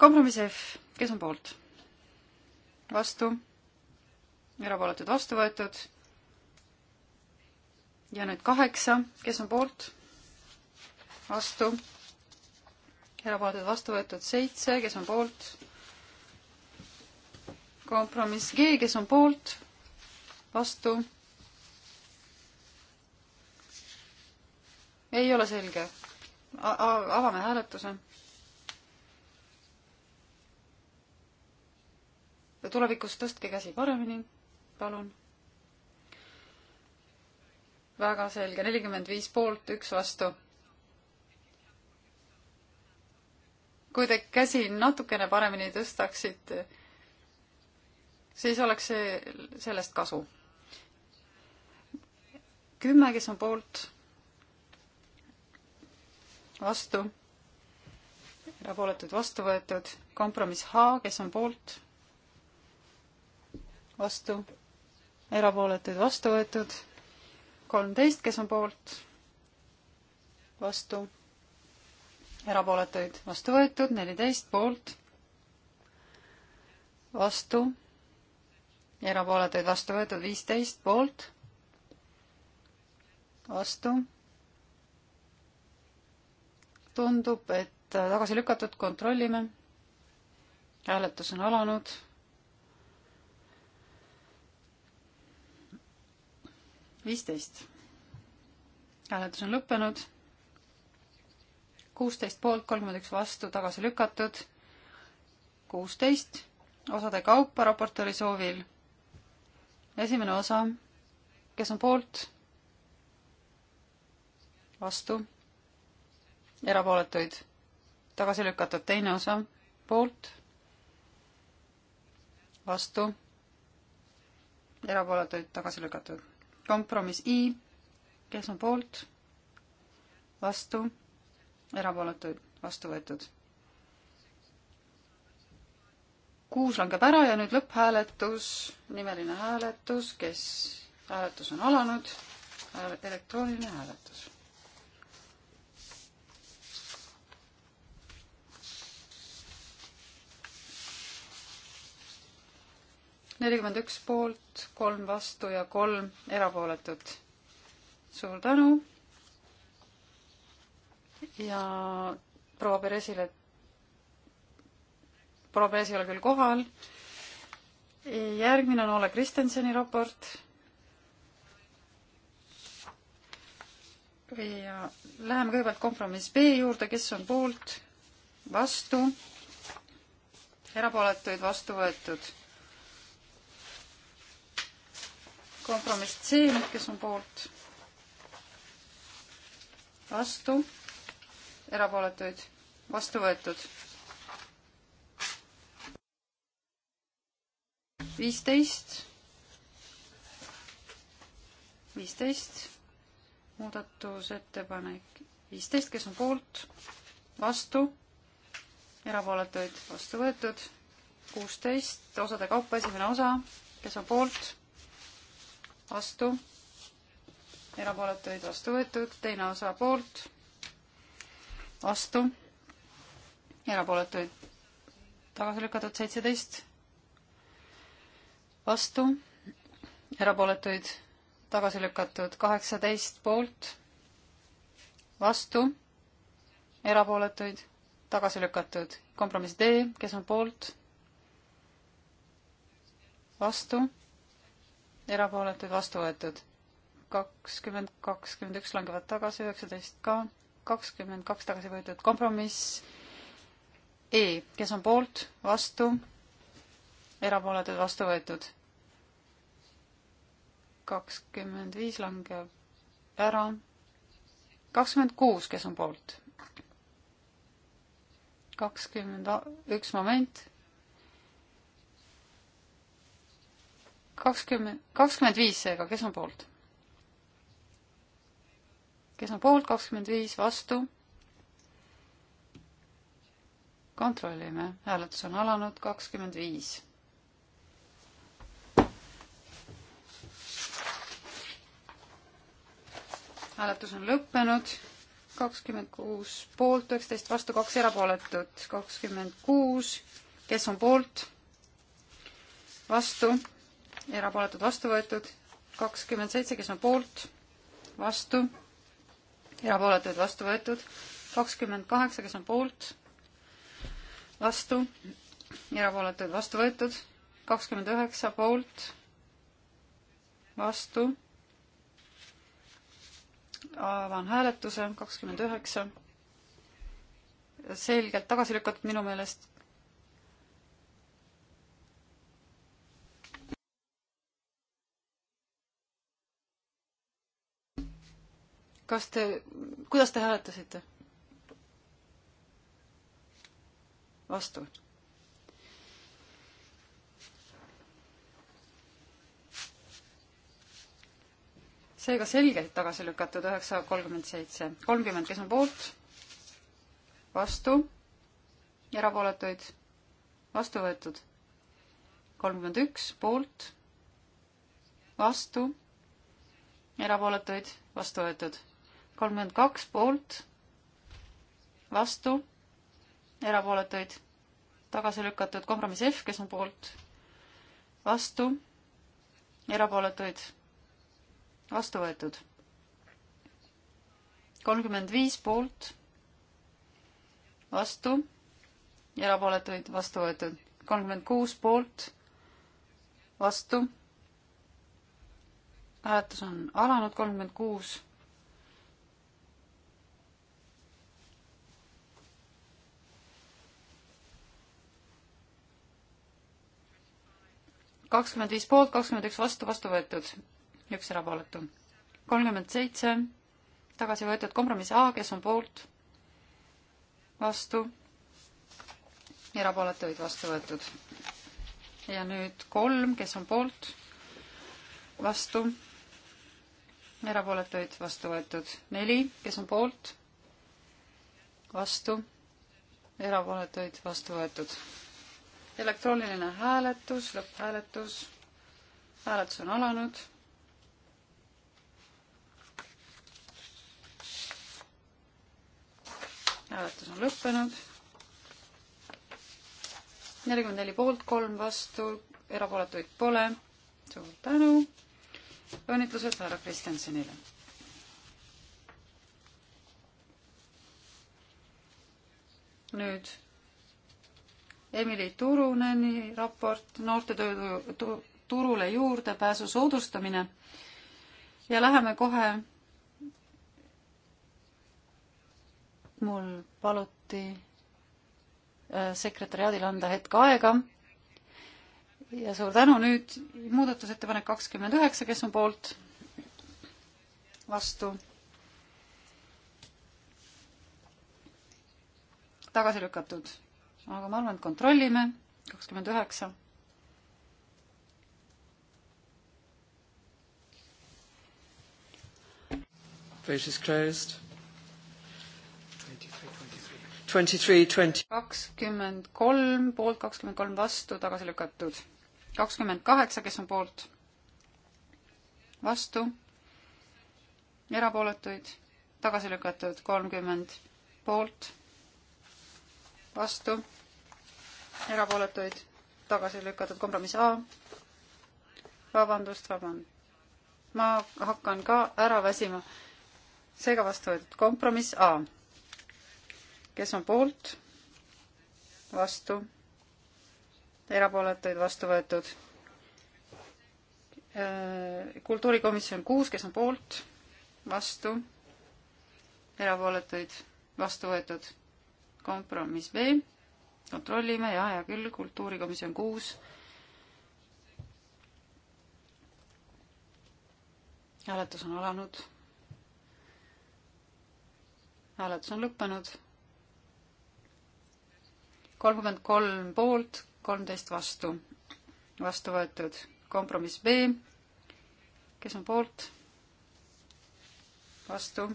kompromiss F, kes on poolt? vastu, erapooletud vastu võetud ja nüüd kaheksa, kes on poolt? vastu. erapooletud vastu võetud seitse, kes on poolt? kompromiss G, kes on poolt? vastu? ei ole selge. avame hääletuse. tulevikus tõstke käsi paremini, palun väga selge, nelikümmend viis poolt, üks vastu. kui te käsi natukene paremini tõstaksite, siis oleks see, sellest kasu. kümme, kes on poolt, vastu, erapooletud, vastu võetud, kompromiss H, kes on poolt, vastu, erapooletud, vastu võetud kolmteist, kes on poolt, vastu, erapooletuid vastu võetud, neliteist poolt, vastu, erapooletuid vastu võetud, viisteist poolt, vastu. tundub, et tagasi lükatud, kontrollime. hääletus on alanud viisteist. hääletus on lõppenud. kuusteist poolt, kolmkümmend üks vastu, tagasi lükatud. kuusteist osade kaupa raportööri soovil. esimene osa, kes on poolt? vastu? erapooletuid? tagasi lükatud teine osa, poolt? vastu? erapooletuid tagasi lükatud? kompromiss I, kes on poolt, vastu, erapooletuid, vastu võetud. kuus langeb ära ja nüüd lõpphääletus, nimeline hääletus, kes, hääletus on alanud, elektrooniline hääletus nelikümmend üks poolt, kolm vastu ja kolm erapooletut. suur tänu. ja proua Peresile, proua Peres ei ole küll kohal. järgmine on Ole Kristenseni raport ja läheme kõigepealt kompromiss B juurde, kes on poolt, vastu, erapooletuid vastu võetud. kompromiss C, kes on poolt, vastu, erapooletuid, vastu võetud. viisteist, viisteist, muudatusettepanek viisteist, kes on poolt, vastu, erapooletuid, vastu võetud, kuusteist, osade kaupa esimene osa, kes on poolt vastu, erapooletuid vastu võetud, teine osa poolt, vastu, erapooletuid tagasi lükatud seitseteist, vastu, erapooletuid tagasi lükatud kaheksateist poolt, vastu, erapooletuid tagasi lükatud, kompromiss D, kes on poolt, vastu erapooletuid vastu võetud. kakskümmend, kakskümmend üks langevad tagasi, üheksateist ka, kakskümmend kaks tagasi võetud kompromiss. E, kes on poolt, vastu, erapooletuid vastu võetud. kakskümmend viis langeb ära. kakskümmend kuus, kes on poolt. kakskümmend üks moment kakskümmend, kakskümmend viis seega, kes on poolt? kes on poolt, kakskümmend viis, vastu? kontrollime, hääletus on alanud, kakskümmend viis. hääletus on lõppenud, kakskümmend kuus poolt, üheksateist vastu, kaks erapooletut, kakskümmend kuus, kes on poolt? vastu erapooletud vastu võetud, kakskümmend seitse, kes on poolt, vastu, erapooletud vastu võetud, kakskümmend kaheksa, kes on poolt, vastu, erapooletud vastu võetud, kakskümmend üheksa poolt, vastu, avan hääletuse, kakskümmend üheksa, selgelt tagasi lükatud minu meelest kas te, kuidas te hääletasite? vastu. seega selgelt tagasi lükatud üheksa kolmkümmend seitse, kolmkümmend, kes on poolt, vastu, erapooletuid, vastu võetud, kolmkümmend üks poolt, vastu, erapooletuid, vastu võetud kolmkümmend kaks poolt, vastu, erapooletuid tagasi lükatud, kompromiss F, kes on poolt, vastu, erapooletuid vastu võetud. kolmkümmend viis poolt, vastu, erapooletuid vastu võetud, kolmkümmend kuus poolt, vastu, hääletus on alanud, kolmkümmend kuus kakskümmend viis poolt, kakskümmend üks vastu, vastu võetud. üks erapooletu. kolmkümmend seitse tagasi võetud kompromiss A, kes on poolt, vastu, erapooletuid vastu võetud. ja nüüd kolm, kes on poolt, vastu, erapooletuid vastu võetud. neli, kes on poolt, vastu, erapooletuid vastu võetud elektrooniline hääletus, lõpphääletus. hääletus on alanud. hääletus on lõppenud. nelikümmend neli poolt, kolm vastu, erapooletuid pole. suur tänu. õnnitlused härra Kristjansonile. nüüd Emily Turuneni raport Noorte töö turule juurdepääsu soodustamine. ja läheme kohe. mul paluti äh, sekretäriaadil anda hetk aega. ja suur tänu, nüüd muudatusettepanek kakskümmend üheksa, kes on poolt? vastu? tagasi lükatud aga ma arvan, et kontrollime. kakskümmend üheksa. Vote is closed. kakskümmend kolm poolt, kakskümmend kolm vastu, tagasi lükatud. kakskümmend kaheksa, kes on poolt? vastu. erapooletuid, tagasi lükatud, kolmkümmend poolt, vastu erapooletuid, tagasi lükatud kompromiss A. vabandust, vabandan. ma hakkan ka ära väsima. seega vastu võetud kompromiss A. kes on poolt? vastu. erapooletuid vastu võetud. Äh, kultuurikomisjon kuus, kes on poolt? vastu. erapooletuid vastu võetud. kompromiss B kontrollime ja hea küll, kultuurikomisjon kuus. hääletus on alanud. hääletus on lõppenud. kolmkümmend kolm poolt, kolmteist vastu. vastu võetud kompromiss B. kes on poolt? vastu,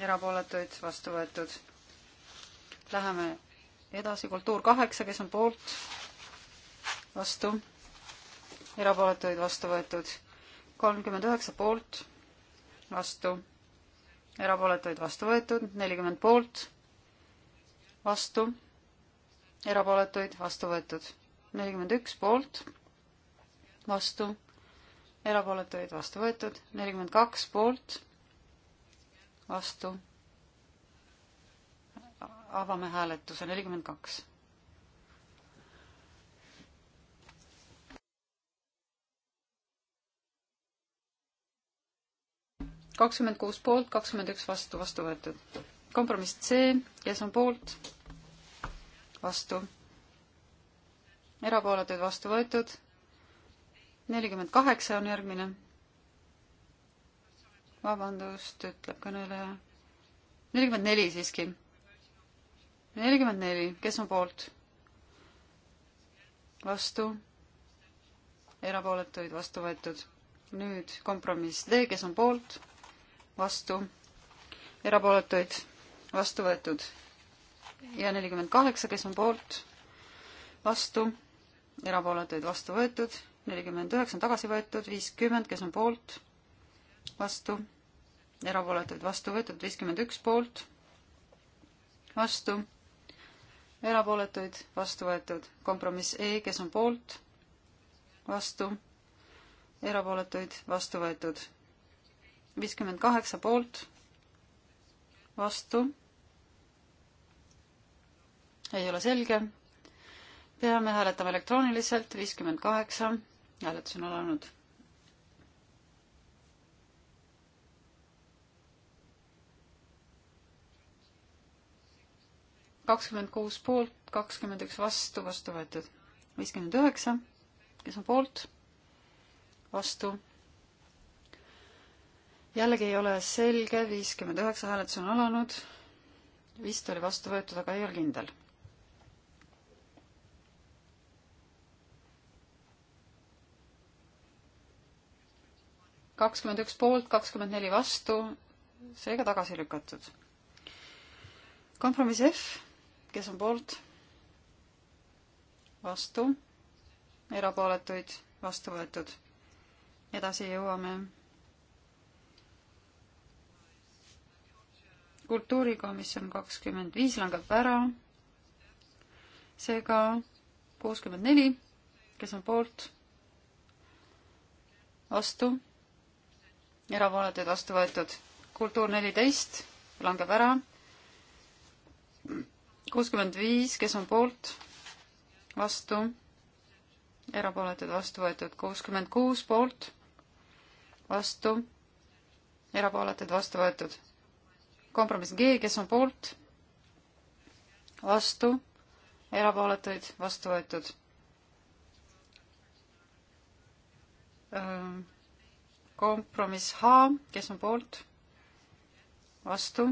erapooletuid vastu võetud. Läheme edasi kultuur kaheksa, kes on poolt, vastu, erapooletuid vastu võetud kolmkümmend üheksa poolt, vastu, erapooletuid vastu võetud, nelikümmend poolt, vastu, erapooletuid vastu võetud, nelikümmend üks poolt, vastu, erapooletuid vastu võetud, nelikümmend kaks poolt, vastu avame hääletuse nelikümmend kaks. kakskümmend kuus poolt, kakskümmend üks vastu, vastu võetud. kompromiss C, kes on poolt? vastu. erapooletuid vastu võetud. nelikümmend kaheksa on järgmine. vabandust, ütleb kõneleja. nelikümmend neli siiski nelikümmend neli, kes on poolt? vastu, erapooletuid vastu võetud. nüüd kompromiss D, kes on poolt, vastu, erapooletuid vastu võetud. ja nelikümmend kaheksa, kes on poolt, vastu, erapooletuid vastu võetud, nelikümmend üheksa on tagasi võetud, viiskümmend, kes on poolt, vastu, erapooletuid vastu võetud, viiskümmend üks poolt, vastu erapooletuid, vastu võetud. kompromiss E, kes on poolt, vastu, erapooletuid, vastu võetud. viiskümmend kaheksa poolt, vastu, ei ole selge. peame hääletama elektrooniliselt, viiskümmend kaheksa, hääletus on alanud kakskümmend kuus poolt, kakskümmend üks vastu, vastu võetud. viiskümmend üheksa, kes on poolt, vastu. jällegi ei ole selge, viiskümmend üheksa hääletus on alanud, vist oli vastu võetud, aga ei ole kindel. kakskümmend üks poolt, kakskümmend neli vastu, seega tagasi lükatud. kompromiss F kes on poolt? vastu. erapooletuid vastu võetud. edasi jõuame kultuurikomisjon kakskümmend viis langeb ära. seega kuuskümmend neli, kes on poolt, vastu, erapooletuid vastu võetud. kultuur neliteist langeb ära kuuskümmend viis, kes on poolt, vastu, erapooletud, vastu võetud, kuuskümmend kuus poolt, vastu, erapooletud, vastu võetud. kompromiss G, kes on poolt, vastu, erapooletuid, vastu võetud. kompromiss H, kes on poolt, vastu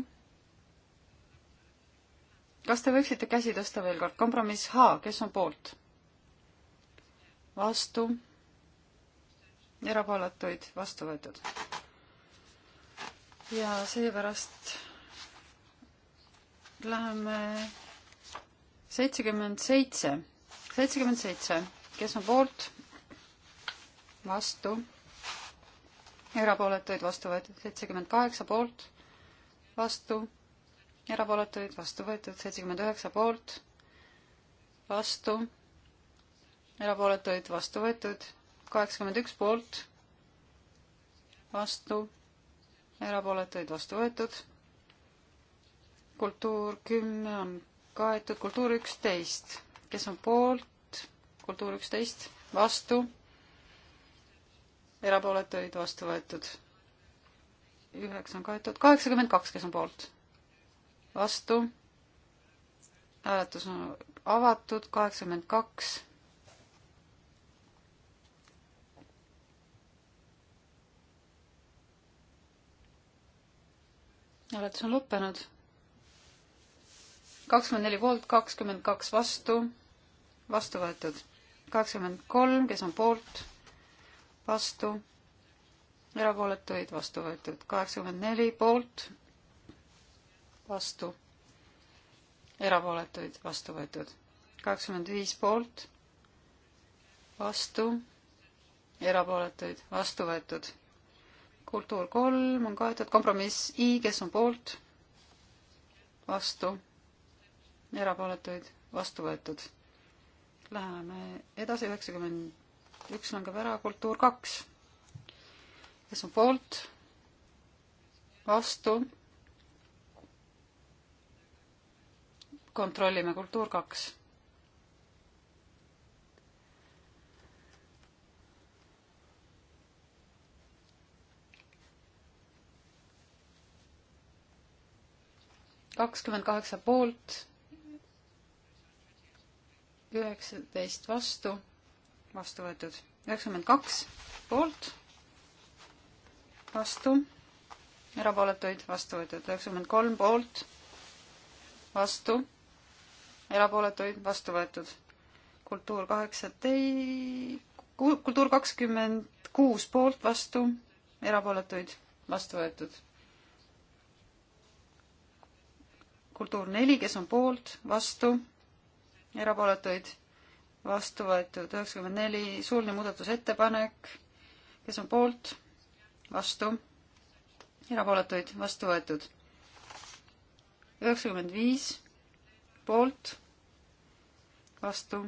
kas te võiksite käsi tõsta veel kord? kompromiss H, kes on poolt? vastu? erapooletuid vastu võetud. ja seepärast läheme seitsekümmend seitse, seitsekümmend seitse, kes on poolt? vastu? erapooletuid vastu võetud, seitsekümmend kaheksa poolt, vastu erapooletuid, vastu võetud seitsekümmend üheksa poolt, vastu, erapooletuid, vastu võetud kaheksakümmend üks poolt, vastu, erapooletuid, vastu võetud. kultuur kümme on kaetud, kultuur üksteist, kes on poolt, kultuur üksteist, vastu, erapooletuid, vastu võetud üheksa on kaetud, kaheksakümmend kaks, kes on poolt vastu. hääletus on avatud, kaheksakümmend kaks. hääletus on lõppenud. kakskümmend neli poolt, kakskümmend kaks vastu, vastu võetud. kaheksakümmend kolm, kes on poolt, vastu, erapooletuid vastu võetud. kaheksakümmend neli poolt vastu, erapooletuid vastu võetud. kakskümmend viis poolt, vastu, erapooletuid vastu võetud. kultuur kolm on kaetud, kompromiss I, kes on poolt, vastu, erapooletuid vastu võetud. Läheme edasi, üheksakümmend üks langeb ära, kultuur kaks, kes on poolt, vastu kontrollime Kultuur kaks. kakskümmend kaheksa poolt, üheksateist vastu, vastu võetud üheksakümmend kaks poolt, vastu, erapooletuid vastu võetud üheksakümmend kolm poolt, vastu erapooletuid vastu võetud. kultuur kaheksatei-, kultuur kakskümmend kuus poolt vastu, erapooletuid vastu võetud. kultuur neli, kes on poolt, vastu, erapooletuid vastu võetud, üheksakümmend neli, suuline muudatusettepanek, kes on poolt, vastu, erapooletuid vastu võetud. üheksakümmend viis poolt, vastu,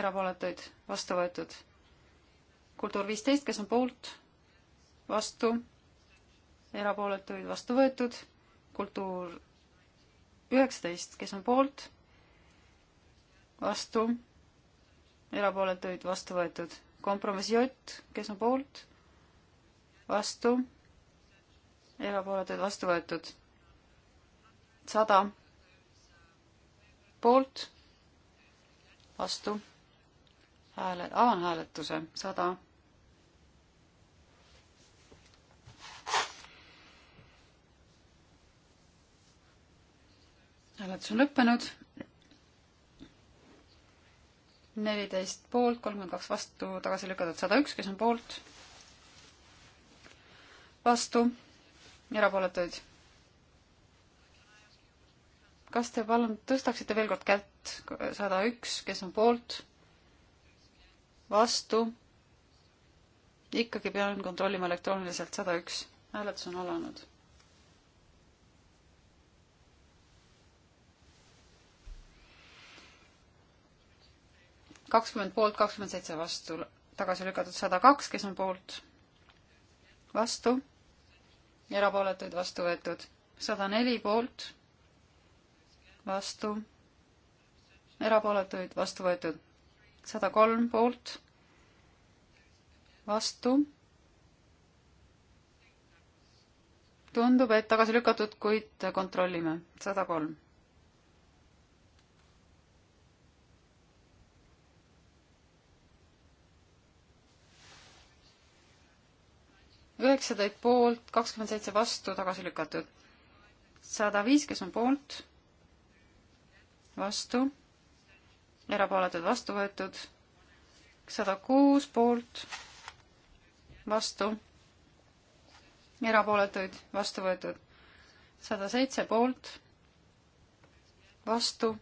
erapooletuid, vastu võetud. kultuur viisteist, kes on poolt, vastu, erapooletuid, vastu võetud. kultuur üheksateist, kes on poolt, vastu, erapooletuid, vastu võetud. kompromiss J, kes on poolt, vastu, erapooletuid, vastu võetud. sada poolt, vastu, hääle, avan hääletuse, sada. hääletus on lõppenud. neliteist poolt, kolmkümmend kaks vastu, tagasi lükatud sada üks, kes on poolt, vastu, erapooletuid kas te palun tõstaksite veel kord kätt sada üks, kes on poolt, vastu? ikkagi pean kontrollima elektrooniliselt sada üks, hääletus on alanud. kakskümmend poolt, kakskümmend seitse vastu, tagasi lükatud sada kaks, kes on poolt, vastu, erapooletuid vastu võetud, sada neli poolt vastu, erapooletuid vastu võetud sada kolm poolt, vastu. tundub, et tagasi lükatud, kuid kontrollime, sada kolm. üheksateist poolt, kakskümmend seitse vastu, tagasi lükatud. sada viis, kes on poolt vastu, erapooletud vastu võetud, sada kuus poolt, vastu, erapooletuid vastu võetud, sada seitse poolt, vastu,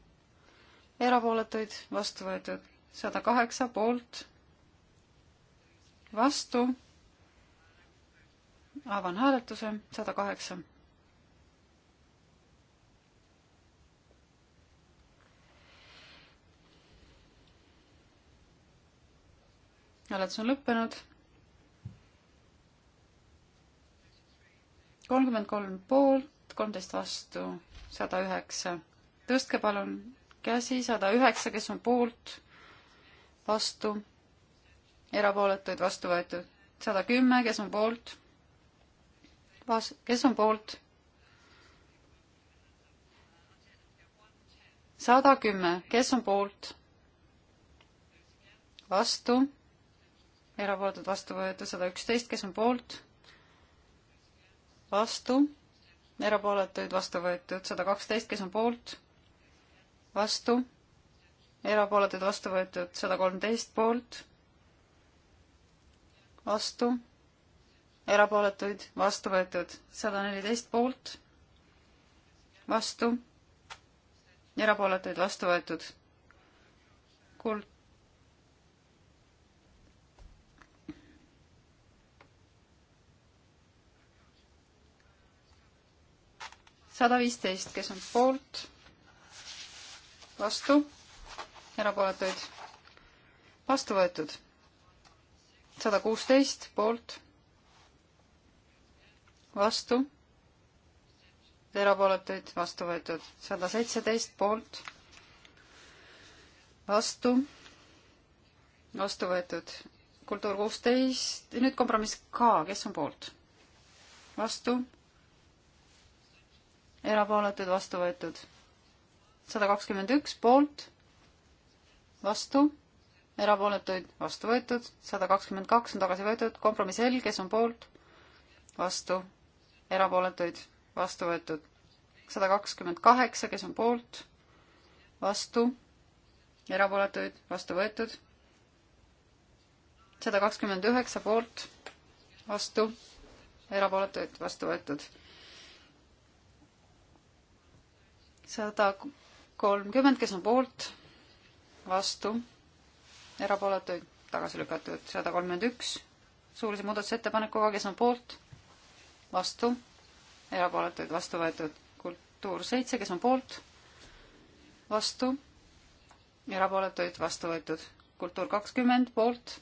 erapooletuid vastu võetud, sada kaheksa poolt, vastu, avan hääletuse, sada kaheksa hääletus on lõppenud. kolmkümmend kolm poolt, kolmteist vastu, sada üheksa. tõstke palun käsi, sada üheksa, kes on poolt, vastu, erapooletuid vastu võetud, sada kümme, kes on poolt, vas-, kes on poolt sada kümme, kes on poolt? vastu, erapooletud vastu võetud sada üksteist, kes on poolt, vastu, erapooletuid vastu võetud sada kaksteist, kes on poolt, vastu, erapooletuid vastu võetud sada kolmteist poolt, vastu, erapooletuid vastu võetud sada neliteist poolt, vastu, erapooletuid vastu võetud kuld sada viisteist, kes on poolt, vastu, erapooletuid, vastu võetud. sada kuusteist poolt, vastu, erapooletuid, vastu võetud. sada seitseteist poolt, vastu, vastu võetud. kultuur kuusteist, nüüd kompromiss ka, kes on poolt? vastu erapooletud, vastu võetud. sada kakskümmend üks poolt, vastu, erapooletuid, vastu võetud, sada kakskümmend kaks on tagasi võetud, kompromiss L, kes on poolt, vastu, erapooletuid, vastu võetud. sada kakskümmend kaheksa, kes on poolt, vastu, erapooletuid, vastu võetud sada kakskümmend üheksa poolt, vastu, erapooletuid vastu võetud. sada kolmkümmend, kes on poolt, vastu, erapooletuid tagasi lükatud, sada kolmkümmend üks suulise muudatusettepanekuga, kes on poolt, vastu, erapooletuid vastu võetud, kultuur seitse, kes on poolt, vastu, erapooletuid vastu võetud, kultuur kakskümmend poolt,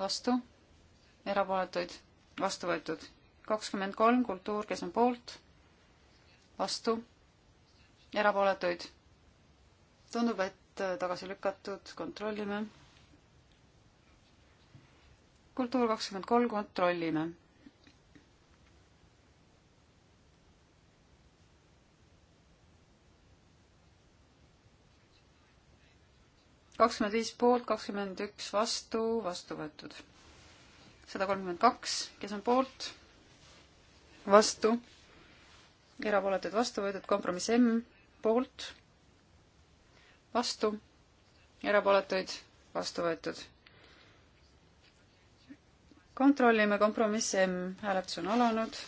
vastu, erapooletuid vastu võetud, kakskümmend kolm kultuur, kes on poolt, vastu erapooletuid. tundub, et äh, tagasi lükatud, kontrollime. kultuur kakskümmend kolm, kontrollime. kakskümmend viis poolt, kakskümmend üks vastu, vastu võetud. sada kolmkümmend kaks, kes on poolt? vastu erapooletud vastu võetud kompromiss M poolt, vastu, erapooletuid, vastu võetud. kontrollime kompromissi M, hääletus on alanud.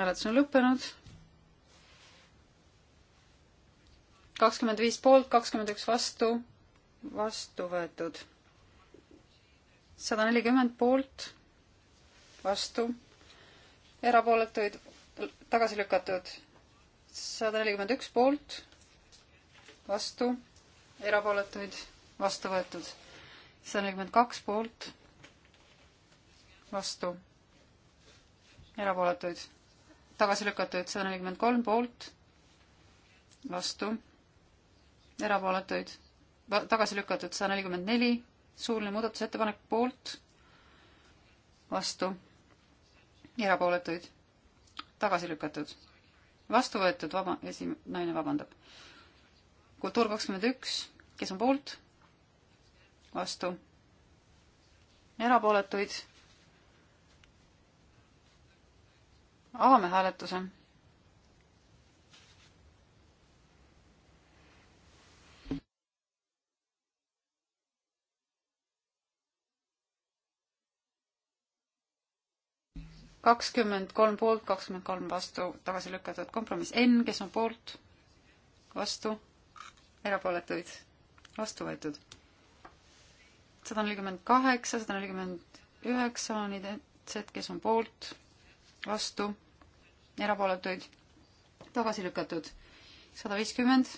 hääletus on lõppenud kakskümmend viis poolt, kakskümmend üks vastu, vastu võetud. sada nelikümmend poolt, vastu, erapooletuid tagasi lükatud. sada nelikümmend üks poolt, vastu, erapooletuid vastu võetud. sada nelikümmend kaks poolt, vastu, erapooletuid tagasi lükatud. sada nelikümmend kolm poolt, vastu, erapooletuid tagasi lükatud sada nelikümmend neli, suuline muudatusettepanek poolt, vastu, erapooletuid, tagasi lükatud, vastu võetud, vaba, esim-, naine vabandab. kultuur kakskümmend üks, kes on poolt, vastu, erapooletuid avame hääletuse kakskümmend kolm poolt, kakskümmend kolm vastu, tagasi lükatud kompromiss N, kes on poolt, vastu, erapooletuid, vastu võetud. sada nelikümmend kaheksa, sada nelikümmend üheksa on identsed, kes on poolt, vastu, erapooletuid, tagasi lükatud. sada viiskümmend.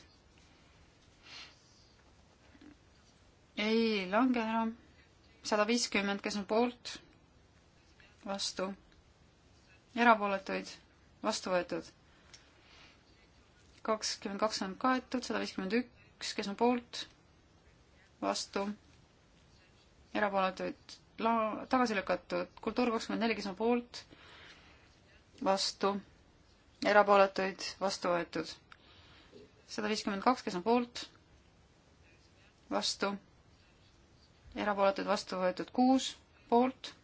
ei lange ära. sada viiskümmend, kes on poolt, vastu erapooletuid, vastu võetud. kakskümmend kaks on kaetud, sada viiskümmend üks, kes on poolt, vastu, erapooletuid la-, tagasi lükatud, kultuur kakskümmend neli, kes on poolt, vastu, erapooletuid, vastu võetud. sada viiskümmend kaks, kes on poolt, vastu, erapooletuid vastu võetud kuus, poolt,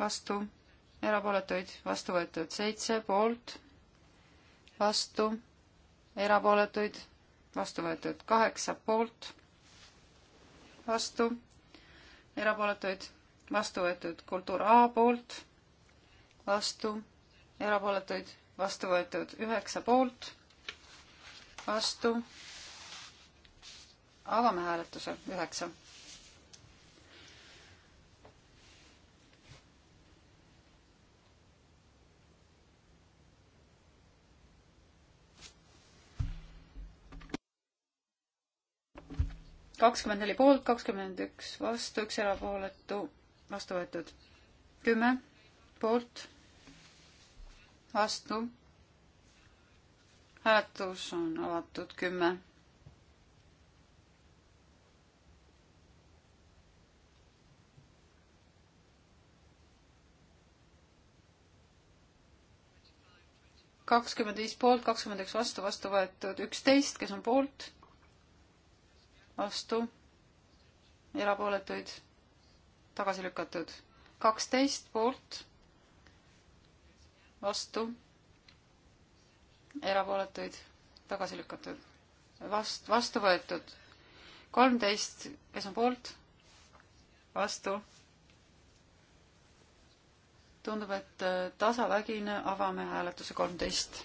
vastu erapooletuid, vastu võetud seitse poolt, vastu, erapooletuid, vastu võetud kaheksa poolt, vastu, erapooletuid, vastu võetud kultuur A poolt, vastu, erapooletuid, vastu võetud üheksa poolt, vastu, avame hääletuse üheksa kakskümmend neli poolt, kakskümmend üks vastu, üks erapooletu, vastu võetud. kümme poolt, vastu. hääletus on avatud kümme. kakskümmend viis poolt, kakskümmend üks vastu, vastu võetud üksteist, kes on poolt vastu, erapooletuid tagasi lükatud. kaksteist poolt, vastu, erapooletuid tagasi lükatud. Vast-, vastu võetud. kolmteist, kes on poolt, vastu. tundub, et äh, tasavägine, avame hääletuse kolmteist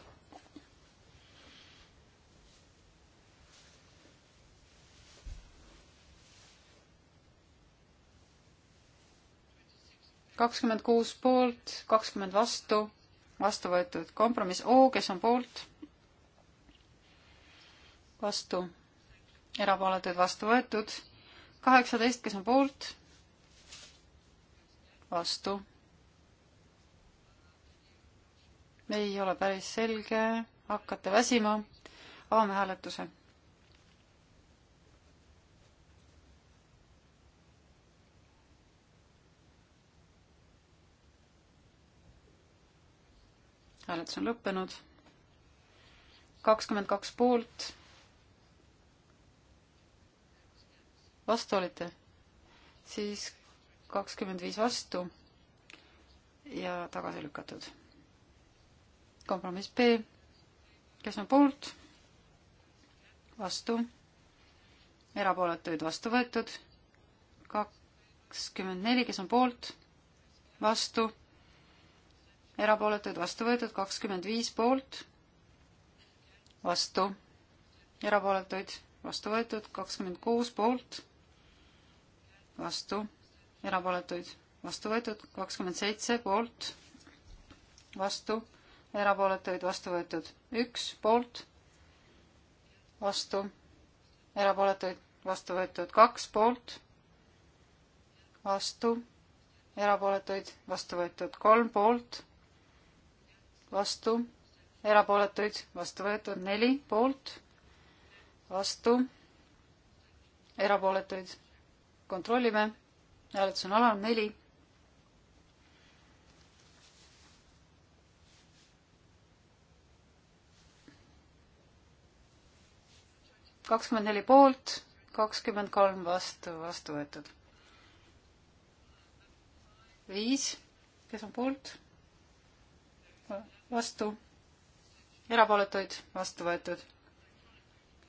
kakskümmend kuus poolt, kakskümmend vastu, vastu võetud kompromiss O, kes on poolt, vastu, erapooletud, vastu võetud, kaheksateist, kes on poolt, vastu. ei ole päris selge, hakkate väsima, avame hääletuse hääletus on lõppenud. kakskümmend kaks poolt. vastu olite? siis kakskümmend viis vastu ja tagasi lükatud. kompromiss B, kes on poolt? vastu, erapooletuid vastu võetud, kakskümmend neli, kes on poolt, vastu erapooletuid vastu võetud, kakskümmend viis poolt, vastu, erapooletuid vastu võetud, kakskümmend kuus poolt, vastu, erapooletuid vastu võetud, kakskümmend seitse poolt, vastu, erapooletuid vastu võetud, üks poolt, vastu, erapooletuid vastu võetud, kaks poolt, vastu, erapooletuid vastu võetud, kolm poolt vastu, erapooletuid, vastu võetud neli poolt, vastu, erapooletuid. kontrollime, hääletus on alanud neli. kakskümmend neli poolt, kakskümmend kolm vastu, vastu võetud. viis, kes on poolt? vastu, erapooletuid, vastu võetud.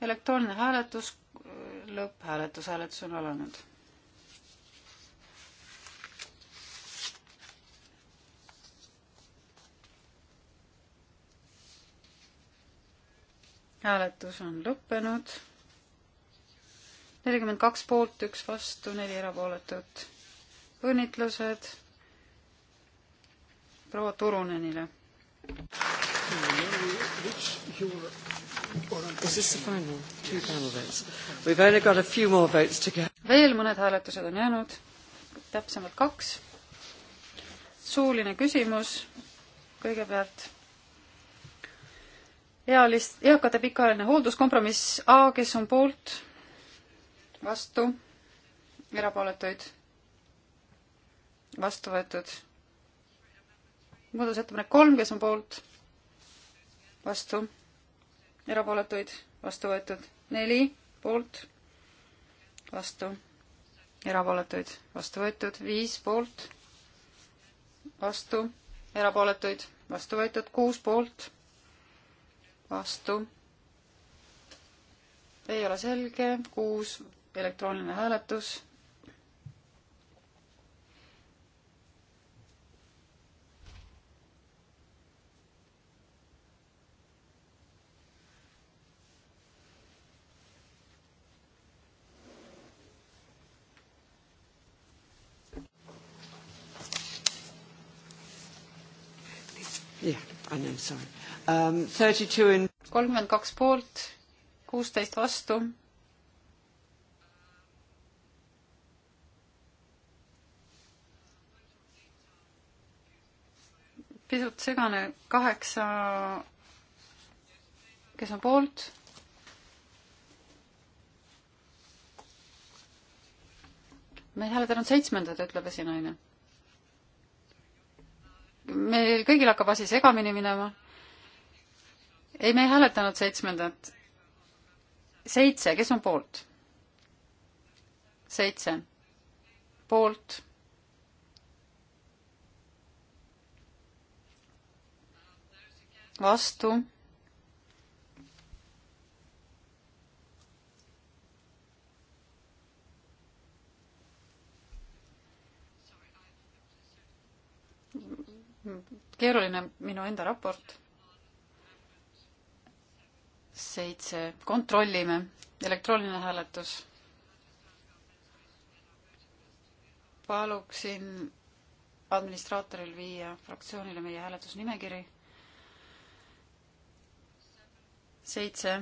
elektrooniline hääletus, lõpphääletus, hääletus on alanud. hääletus on lõppenud. nelikümmend kaks poolt, üks vastu, neli erapooletut. õnnitlused proua Turunenile veel mõned hääletused on jäänud, täpsemalt kaks. suuline küsimus kõigepealt ealist, eakate pikaajaline hoolduskompromiss A, kes on poolt, vastu, erapooletuid, vastu võetud muudatusettepanek kolm, kes on poolt? vastu. erapooletuid? vastu võetud. neli poolt, vastu. erapooletuid? vastu võetud. viis poolt, vastu. erapooletuid? vastu võetud. kuus poolt, vastu. ei ole selge. kuus elektrooniline hääletus Um, kolmkümmend kaks poolt, kuusteist vastu. pisut segane, kaheksa, kes on poolt ma ei hääletanud seitsmendat, ütleb esinaine meil kõigil hakkab asi segamini minema. ei, me ei hääletanud seitsmendat. seitse, kes on poolt? seitse. poolt. vastu keeruline minu enda raport. seitse, kontrollime, elektrooniline hääletus. paluksin administraatoril viia fraktsioonile meie hääletusnimekiri. seitse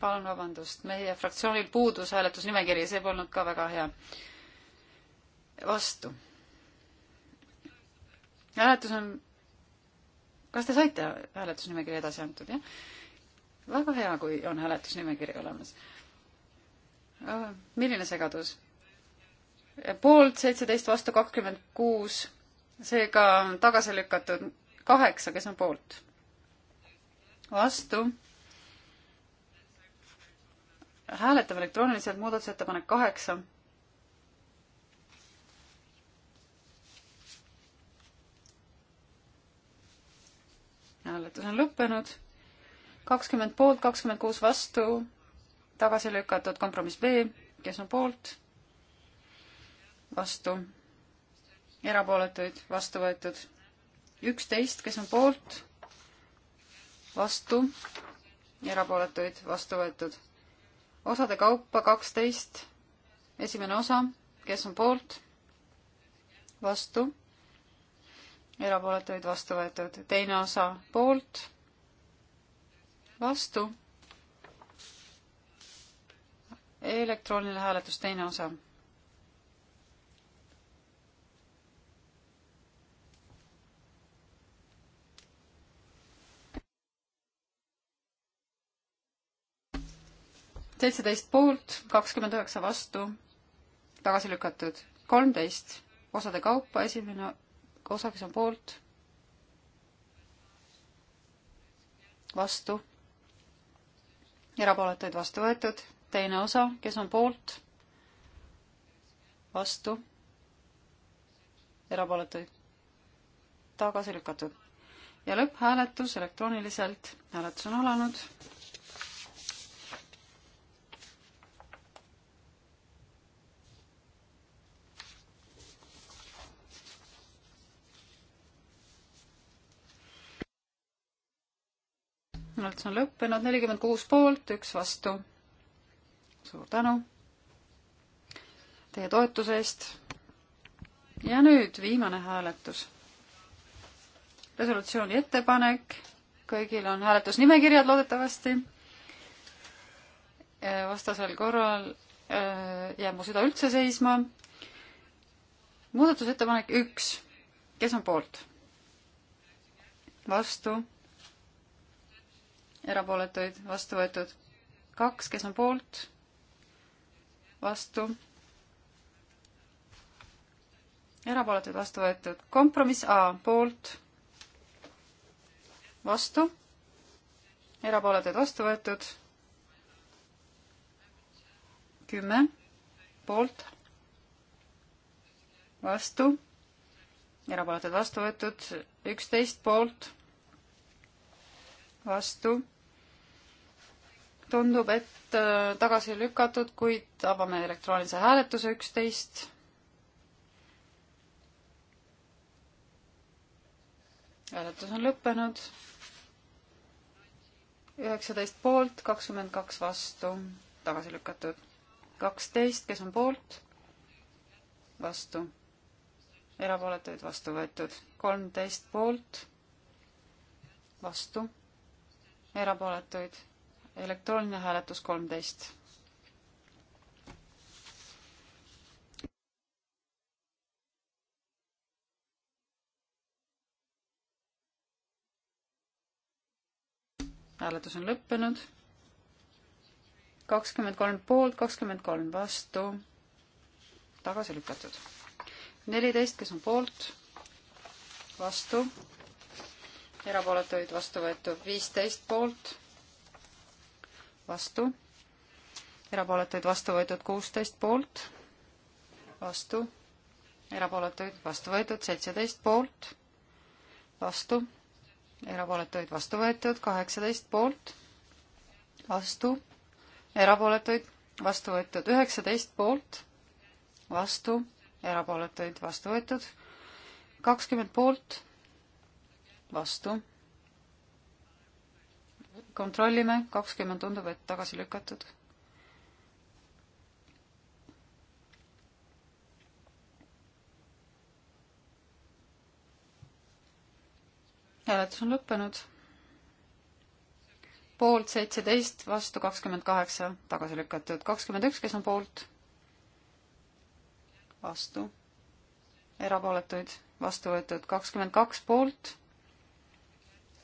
palun vabandust, meie fraktsioonil puudus hääletusnimekiri, see polnud ka väga hea. vastu. hääletus on, kas te saite hääletusnimekiri edasi antud, jah? väga hea, kui on hääletusnimekiri olemas. milline segadus? poolt seitseteist, vastu kakskümmend kuus, seega tagasi lükatud kaheksa, kes on poolt? vastu hääletame elektrooniliselt muudatusettepanek kaheksa. hääletus on lõppenud. kakskümmend poolt, kakskümmend kuus vastu, tagasi lükatud kompromiss B, kes on poolt, vastu, erapooletuid, vastu võetud. üksteist, kes on poolt, vastu, erapooletuid, vastu võetud osade kaupa kaksteist, esimene osa, kes on poolt, vastu, erapooletuid vastu võetud, teine osa poolt, vastu, elektrooniline hääletus, teine osa seitseteist poolt, kakskümmend üheksa vastu, tagasi lükatud. kolmteist osade kaupa, esimene osa, kes on poolt, vastu, erapooletuid vastu võetud, teine osa, kes on poolt, vastu, erapooletuid tagasi lükatud. ja lõpphääletus elektrooniliselt, hääletus on alanud hääletus on lõppenud, nelikümmend kuus poolt, üks vastu. suur tänu teie toetuse eest. ja nüüd viimane hääletus. resolutsiooni ettepanek, kõigil on hääletusnimekirjad loodetavasti. vastasel korral äh, jääb mu süda üldse seisma. muudatusettepanek üks, kes on poolt? vastu erapooletuid, vastu võetud. kaks, kes on poolt, vastu, erapooletuid, vastu võetud. kompromiss A, poolt, vastu, erapooletuid, vastu võetud. kümme, poolt, vastu, erapooletuid, vastu võetud. üksteist, poolt vastu, tundub, et äh, tagasi lükatud, kuid avame elektroonilise hääletuse üksteist. hääletus on lõppenud. üheksateist poolt, kakskümmend kaks vastu, tagasi lükatud. kaksteist, kes on poolt? vastu. erapooletuid vastu võetud. kolmteist poolt, vastu. erapooletuid elektrooniline hääletus kolmteist. hääletus on lõppenud. kakskümmend kolm poolt, kakskümmend kolm vastu. tagasi lükatud. neliteist, kes on poolt, vastu, erapooletuid vastu võetud viisteist poolt vastu, erapooletuid vastu võetud kuusteist poolt, vastu, erapooletuid vastu võetud seitseteist poolt, vastu, erapooletuid vastu võetud kaheksateist poolt, vastu, erapooletuid vastu võetud üheksateist poolt, vastu, erapooletuid vastu võetud kakskümmend poolt, vastu kontrollime, kakskümmend tundub, et tagasi lükatud. hääletus on lõppenud. poolt seitseteist, vastu kakskümmend kaheksa, tagasi lükatud. kakskümmend üks, kes on poolt? vastu. erapooletuid, vastu võetud. kakskümmend kaks poolt,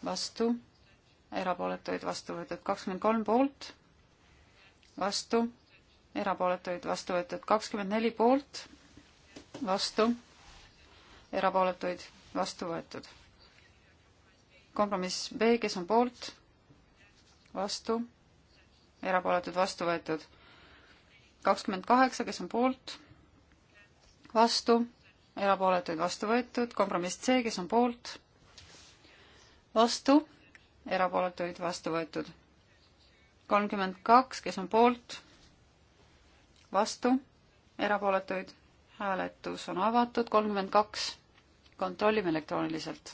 vastu erapooletuid vastu võetud kakskümmend kolm poolt, vastu, erapooletuid vastu võetud kakskümmend neli poolt, vastu, erapooletuid vastu võetud. kompromiss B, kes on poolt, vastu, erapooletud vastu võetud kakskümmend kaheksa, kes on poolt, vastu, erapooletuid vastu võetud, kompromiss C, kes on poolt, vastu erapooletuid vastu võetud. kolmkümmend kaks, kes on poolt, vastu, erapooletuid, hääletus on avatud, kolmkümmend kaks, kontrollime elektrooniliselt.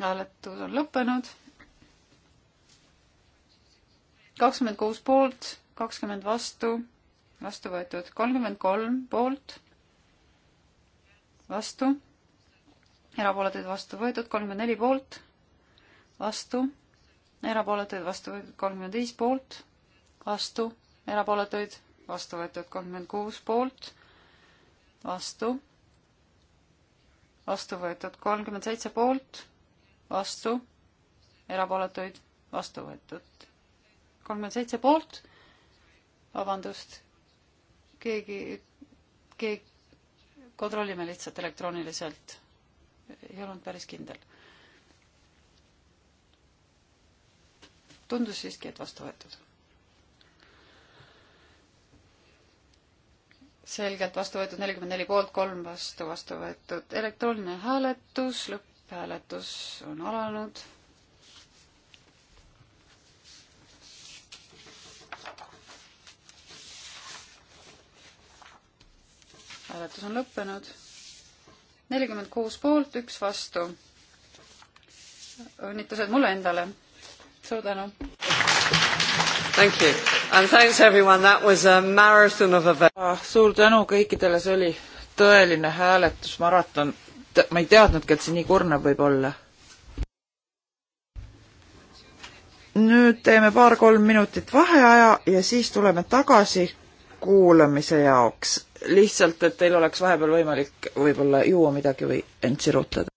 hääletus on lõppenud. kakskümmend kuus poolt, kakskümmend vastu, vastu võetud kolmkümmend kolm poolt vastu, erapooletuid vastu võetud kolmkümmend neli poolt, vastu, erapooletuid vastu võetud kolmkümmend viis poolt, vastu, erapooletuid vastu võetud kolmkümmend kuus poolt, vastu, vastu võetud kolmkümmend seitse poolt, vastu, erapooletuid vastu võetud kolmkümmend seitse poolt, vabandust, keegi, keegi kontrollime lihtsalt elektrooniliselt. ei olnud päris kindel. tundus siiski, et vastu võetud. selgelt vastu võetud nelikümmend neli poolt, kolm vastu, vastu võetud elektrooniline hääletus, lõpphääletus on alanud hääletus on lõppenud. nelikümmend kuus poolt, üks vastu. õnnitlused mulle endale. suur tänu. Thank you and thanks everyone, that was a marathon of events. Ah, suur tänu kõikidele, see oli tõeline hääletusmaraton. ma ei teadnudki, et see nii kurnav võib olla. nüüd teeme paar-kolm minutit vaheaja ja siis tuleme tagasi kuulamise jaoks lihtsalt, et teil oleks vahepeal võimalik võib-olla juua midagi või end sirutada.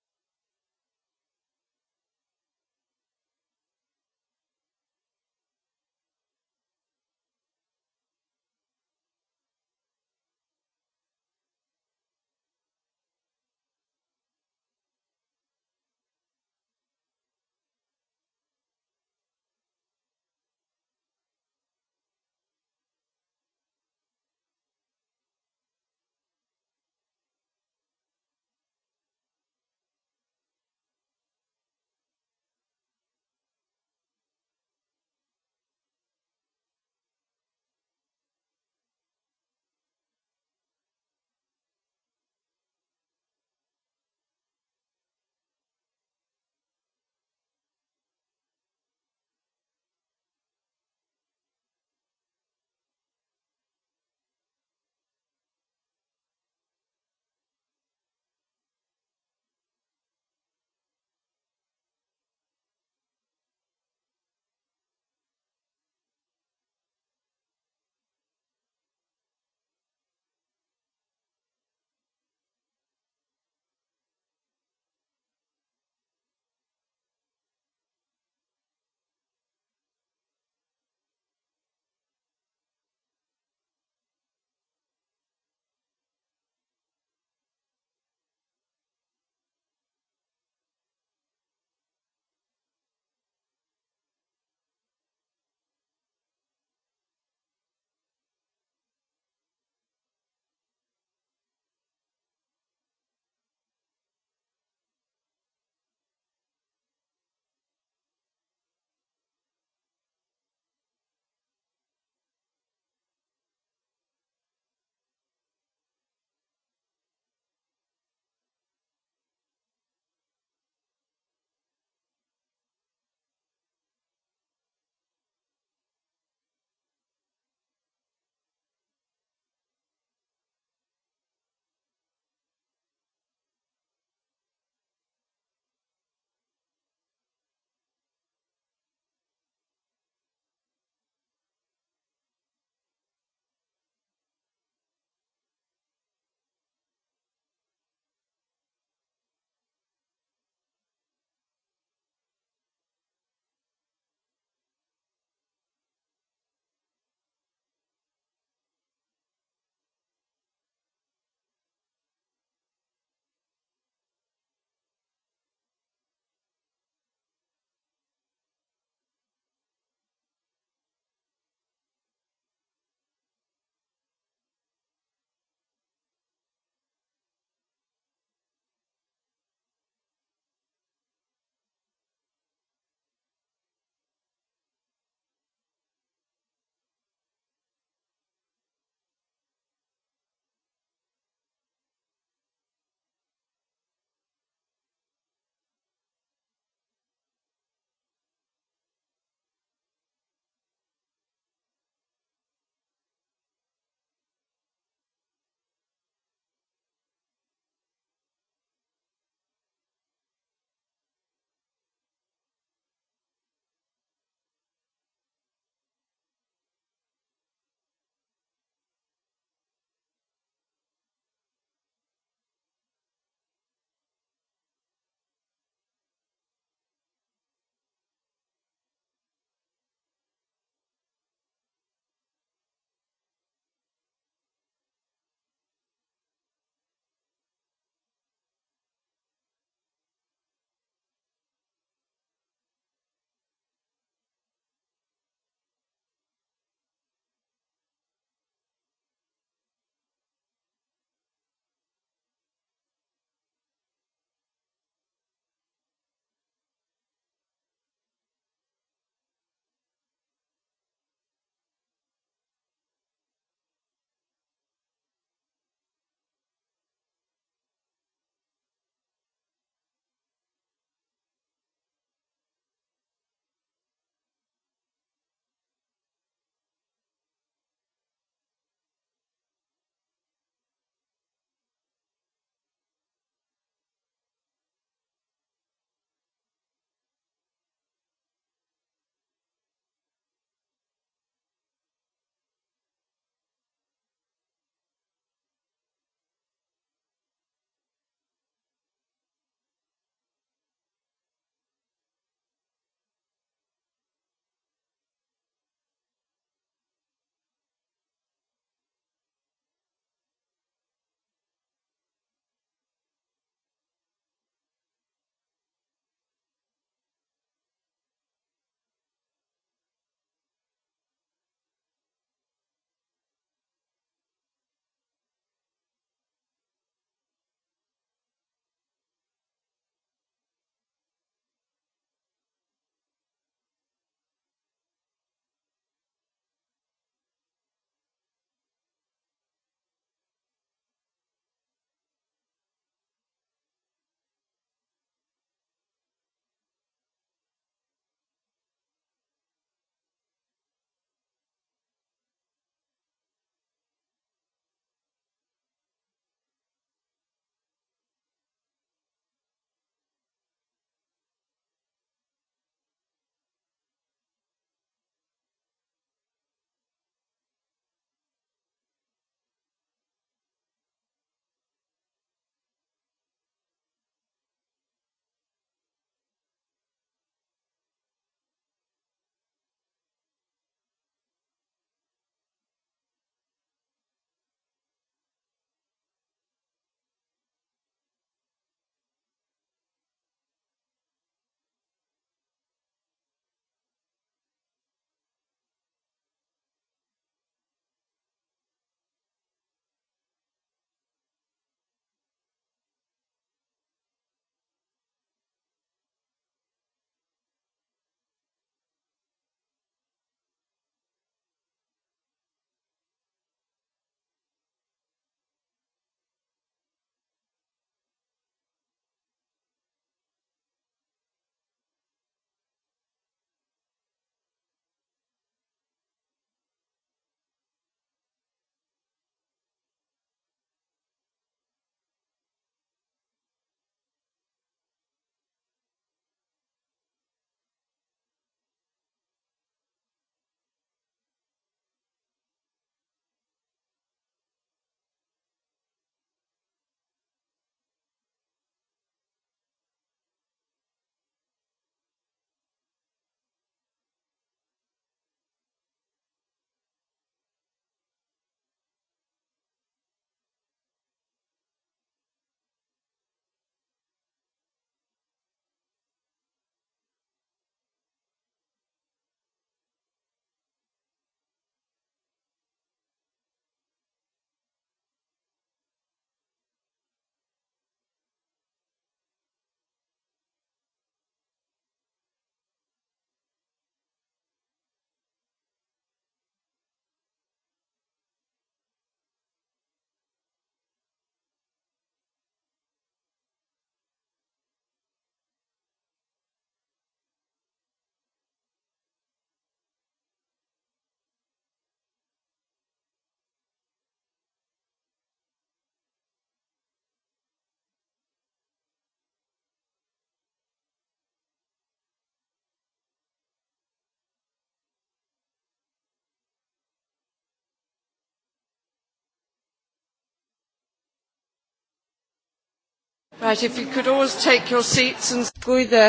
kui te,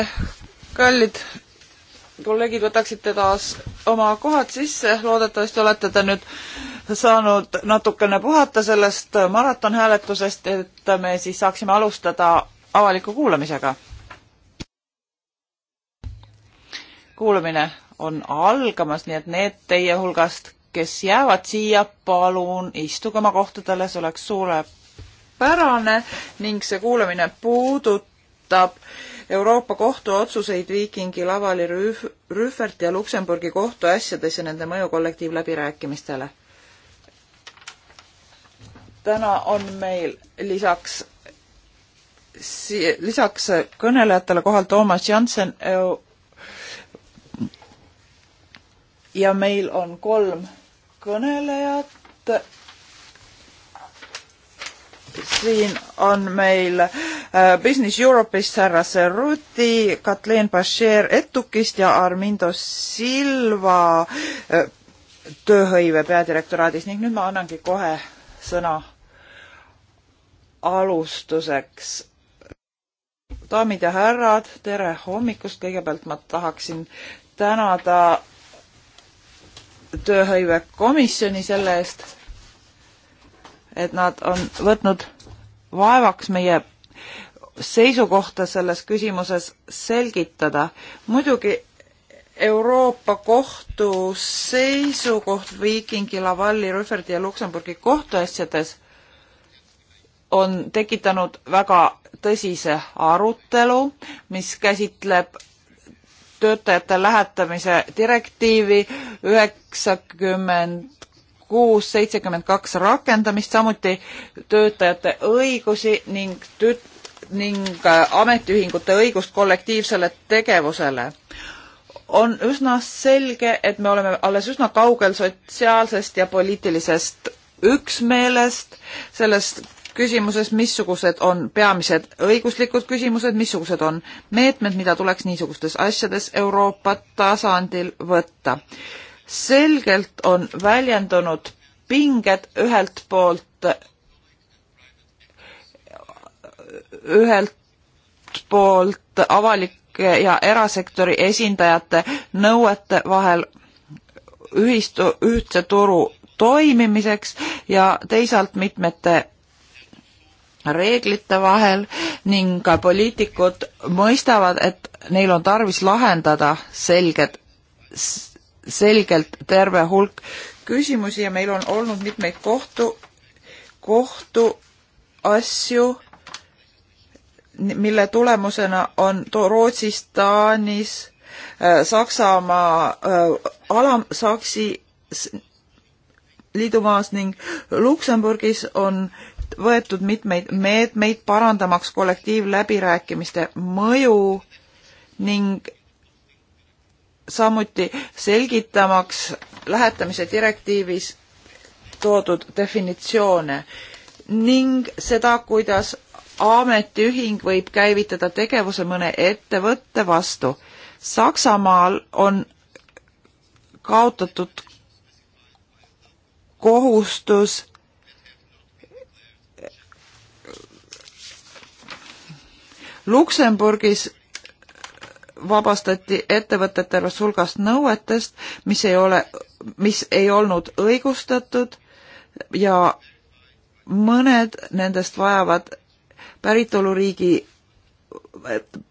kallid kolleegid, võtaksite taas oma kohad sisse, loodetavasti olete te nüüd saanud natukene puhata sellest maratonhääletusest, et me siis saaksime alustada avaliku kuulamisega. kuulamine on algamas, nii et need teie hulgast, kes jäävad siia, palun istuge oma kohtadele, see oleks suurepärane pärane ning see kuulamine puudutab Euroopa Kohtu otsuseid Viikingi, Lavali, Rüh-, Rühvert ja Luksemburgi kohtuasjades ja nende mõju kollektiivläbirääkimistele. täna on meil lisaks si-, lisaks kõnelejatele kohal Toomas Jansen ja meil on kolm kõnelejat siin on meil äh, Business Europe'ist härra Cerruti, Katleen Bashir Etukist ja Armindo Silva äh, tööhõive peadirektoraadis ning nüüd ma annangi kohe sõna alustuseks. daamid ja härrad, tere hommikust, kõigepealt ma tahaksin tänada tööhõivekomisjoni selle eest, et nad on võtnud vaevaks meie seisukohta selles küsimuses selgitada. muidugi Euroopa Kohtu seisukoht Viikingi, Lavalli, Rüfferdi ja Luksemburgi kohtuasjades on tekitanud väga tõsise arutelu, mis käsitleb töötajate lähetamise direktiivi üheksakümmend kuus seitsekümmend kaks rakendamist, samuti töötajate õigusi ning tüt-, ning äh, ametiühingute õigust kollektiivsele tegevusele. on üsna selge, et me oleme alles üsna kaugel sotsiaalsest ja poliitilisest üksmeelest selles küsimuses, missugused on peamised õiguslikud küsimused, missugused on meetmed, mida tuleks niisugustes asjades Euroopa tasandil võtta selgelt on väljendunud pinged ühelt poolt, ühelt poolt avalike ja erasektori esindajate nõuete vahel ühistu, ühtse turu toimimiseks ja teisalt mitmete reeglite vahel ning ka poliitikud mõistavad, et neil on tarvis lahendada selged selgelt terve hulk küsimusi ja meil on olnud mitmeid kohtu, kohtuasju, mille tulemusena on Rootsis, Taanis, äh, Saksamaa äh, alam-, Saksi liidumaas ning Luksemburgis on võetud mitmeid meetmeid parandamaks kollektiivläbirääkimiste mõju ning samuti selgitamaks lähetamise direktiivis toodud definitsioone ning seda, kuidas ametiühing võib käivitada tegevuse mõne ettevõtte vastu. Saksamaal on kaotatud kohustus Luksemburgis vabastati ettevõtted tervest hulgast nõuetest, mis ei ole, mis ei olnud õigustatud ja mõned nendest vajavad päritoluriigi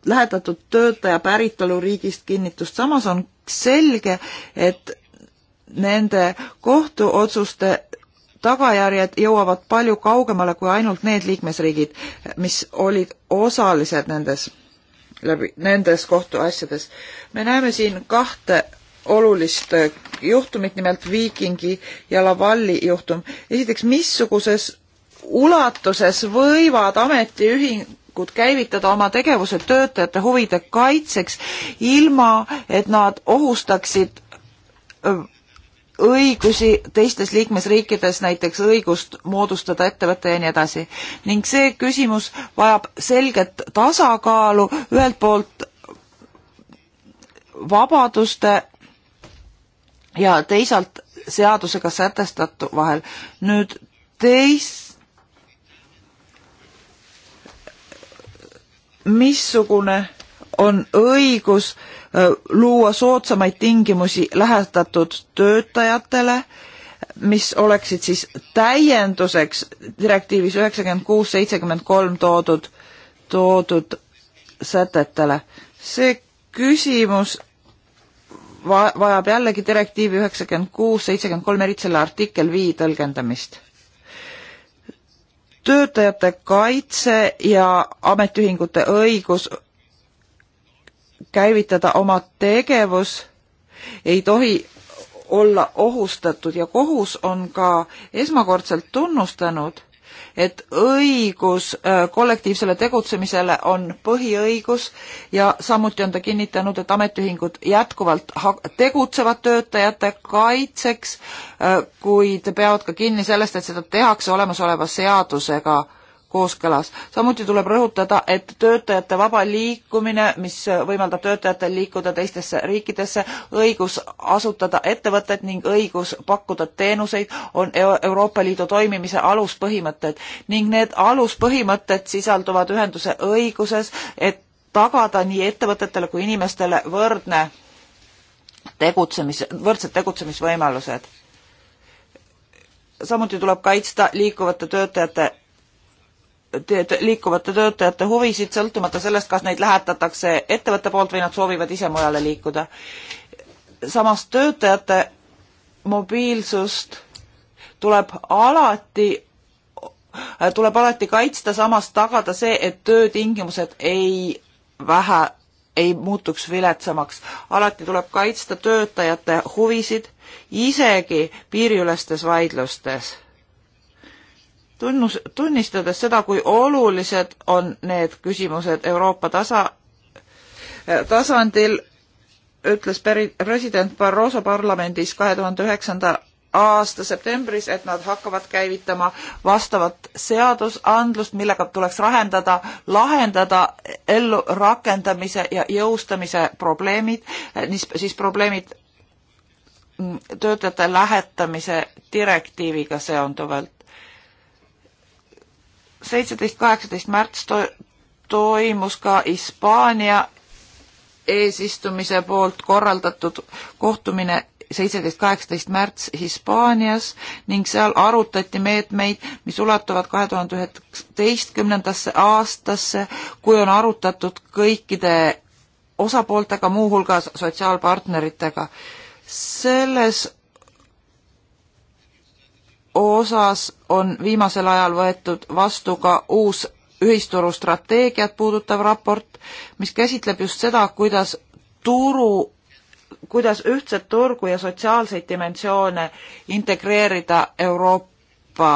lähetatud töötaja päritoluriigist kinnitust. samas on selge, et nende kohtuotsuste tagajärjed jõuavad palju kaugemale kui ainult need liikmesriigid, mis olid osalised nendes läbi nendes kohtuasjades. me näeme siin kahte olulist äh, juhtumit, nimelt Viikingi ja Lavalli juhtum. esiteks, missuguses ulatuses võivad ametiühingud käivitada oma tegevuse töötajate huvide kaitseks, ilma et nad ohustaksid äh, õigusi teistes liikmesriikides, näiteks õigust moodustada ettevõte ja nii edasi. ning see küsimus vajab selget tasakaalu ühelt poolt vabaduste ja teisalt seadusega sätestatu vahel. nüüd teis-, missugune on õigus luua soodsamaid tingimusi lähetatud töötajatele, mis oleksid siis täienduseks direktiivis üheksakümmend kuus, seitsekümmend kolm toodud, toodud sätetele. see küsimus va-, vajab jällegi direktiivi üheksakümmend kuus, seitsekümmend kolm, eriti selle artikkel viie tõlgendamist. töötajate kaitse ja ametiühingute õigus käivitada oma tegevus, ei tohi olla ohustatud ja kohus on ka esmakordselt tunnustanud, et õigus äh, kollektiivsele tegutsemisele on põhiõigus ja samuti on ta kinnitanud, et ametiühingud jätkuvalt tegutsevad töötajate kaitseks, äh, kuid peavad ka kinni sellest, et seda tehakse olemasoleva seadusega kooskõlas. samuti tuleb rõhutada, et töötajate vaba liikumine, mis võimaldab töötajatel liikuda teistesse riikidesse, õigus asutada ettevõtted ning õigus pakkuda teenuseid on e-, Euroopa Liidu toimimise aluspõhimõtted ning need aluspõhimõtted sisalduvad ühenduse õiguses, et tagada nii ettevõtetele kui inimestele võrdne tegutsemis, võrdsed tegutsemisvõimalused samuti tuleb kaitsta liikuvate töötajate liikuvate töötajate huvisid, sõltumata sellest, kas neid lähetatakse ettevõtte poolt või nad soovivad ise mujale liikuda. samas töötajate mobiilsust tuleb alati, tuleb alati kaitsta, samas tagada see, et töötingimused ei vähe, ei muutuks viletsamaks. alati tuleb kaitsta töötajate huvisid, isegi piiriülestes vaidlustes tunnus, tunnistades seda, kui olulised on need küsimused Euroopa tasa, eh, tasandil, ütles peri-, president Barroso parlamendis kahe tuhande üheksanda aasta septembris, et nad hakkavad käivitama vastavat seadusandlust, millega tuleks lahendada, lahendada ellurakendamise ja jõustamise probleemid, eh, siis probleemid mm, töötajate lähetamise direktiiviga seonduvalt seitseteist, kaheksateist märts to toimus ka Hispaania eesistumise poolt korraldatud kohtumine seitseteist, kaheksateist märts Hispaanias ning seal arutati meetmeid, mis ulatuvad kahe tuhande üheteistkümnendasse aastasse, kui on arutatud kõikide osapooltega, muuhulgas sotsiaalpartneritega. selles osas on viimasel ajal võetud vastu ka uus ühisturustrateegiat puudutav raport, mis käsitleb just seda, kuidas turu, kuidas ühtset turgu ja sotsiaalseid dimensioone integreerida Euroopa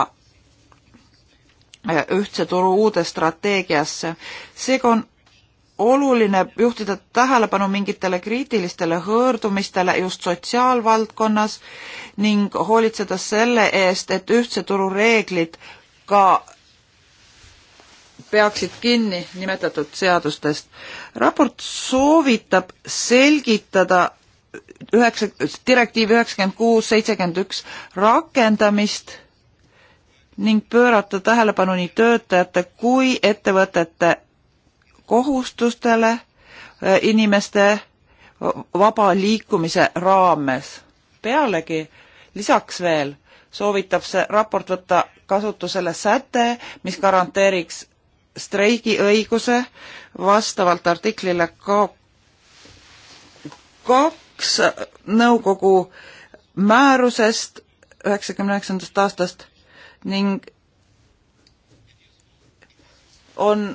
äh, ühtse turu uude strateegiasse. seega on oluline juhtida tähelepanu mingitele kriitilistele hõõrdumistele just sotsiaalvaldkonnas ning hoolitseda selle eest, et ühtse turu reeglid ka peaksid kinni nimetatud seadustest. raport soovitab selgitada üheksa, direktiivi üheksakümmend kuus, seitsekümmend üks rakendamist ning pöörata tähelepanu nii töötajate kui ettevõtete kohustustele äh, inimeste vaba liikumise raames. pealegi lisaks veel soovitab see raport võtta kasutusele säte, mis garanteeriks streigiõiguse vastavalt artiklile ka kaks nõukogu määrusest üheksakümne üheksandast aastast ning on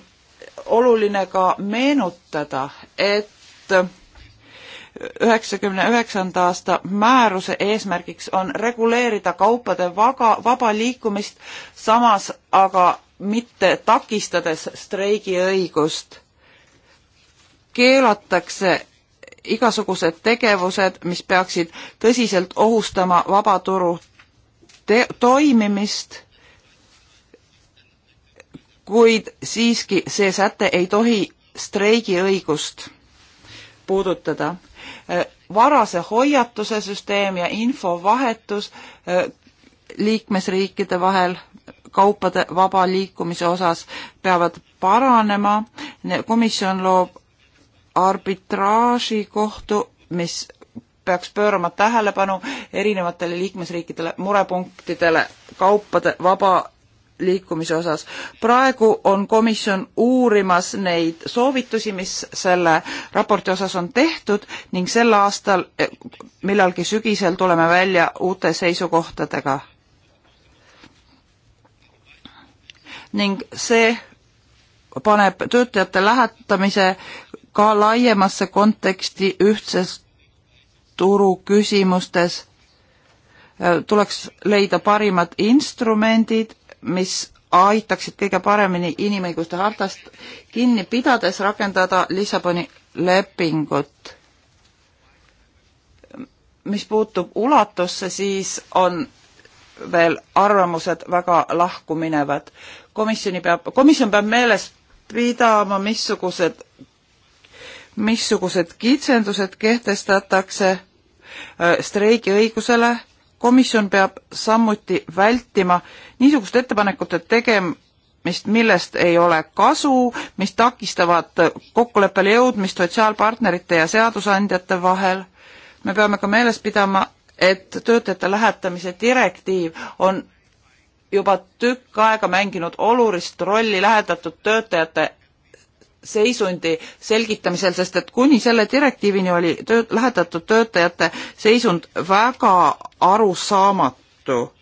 oluline ka meenutada, et üheksakümne üheksanda aasta määruse eesmärgiks on reguleerida kaupade vaga, vaba liikumist, samas aga mitte takistades streigiõigust. keelatakse igasugused tegevused, mis peaksid tõsiselt ohustama vabaturu toimimist kuid siiski see säte ei tohi streigiõigust puudutada. Äh, varase hoiatuse süsteem ja infovahetus äh, liikmesriikide vahel kaupade vaba liikumise osas peavad paranema. komisjon loob arbitraažikohtu, mis peaks pöörama tähelepanu erinevatele liikmesriikidele murepunktidele kaupade vaba liikumise osas. praegu on komisjon uurimas neid soovitusi, mis selle raporti osas on tehtud ning sel aastal, eh, millalgi sügisel tuleme välja uute seisukohtadega. ning see paneb töötajate lähetamise ka laiemasse konteksti ühtses turu küsimustes. Eh, tuleks leida parimad instrumendid mis aitaksid kõige paremini inimõiguste hartast kinni pidades rakendada Lissaboni lepingut. mis puutub ulatusse, siis on veel arvamused väga lahkuminevad. komisjoni peab, komisjon peab meeles pidama, missugused, missugused kitsendused kehtestatakse äh, streigiõigusele komisjon peab samuti vältima niisuguste ettepanekute tegemist, millest ei ole kasu, mis takistavad kokkuleppele jõudmist sotsiaalpartnerite ja seadusandjate vahel. me peame ka meeles pidama, et töötajate lähetamise direktiiv on juba tükk aega mänginud olulist rolli lähetatud töötajate seisundi selgitamisel, sest et kuni selle direktiivini oli töö, lähetatud töötajate seisund väga arusaamatu.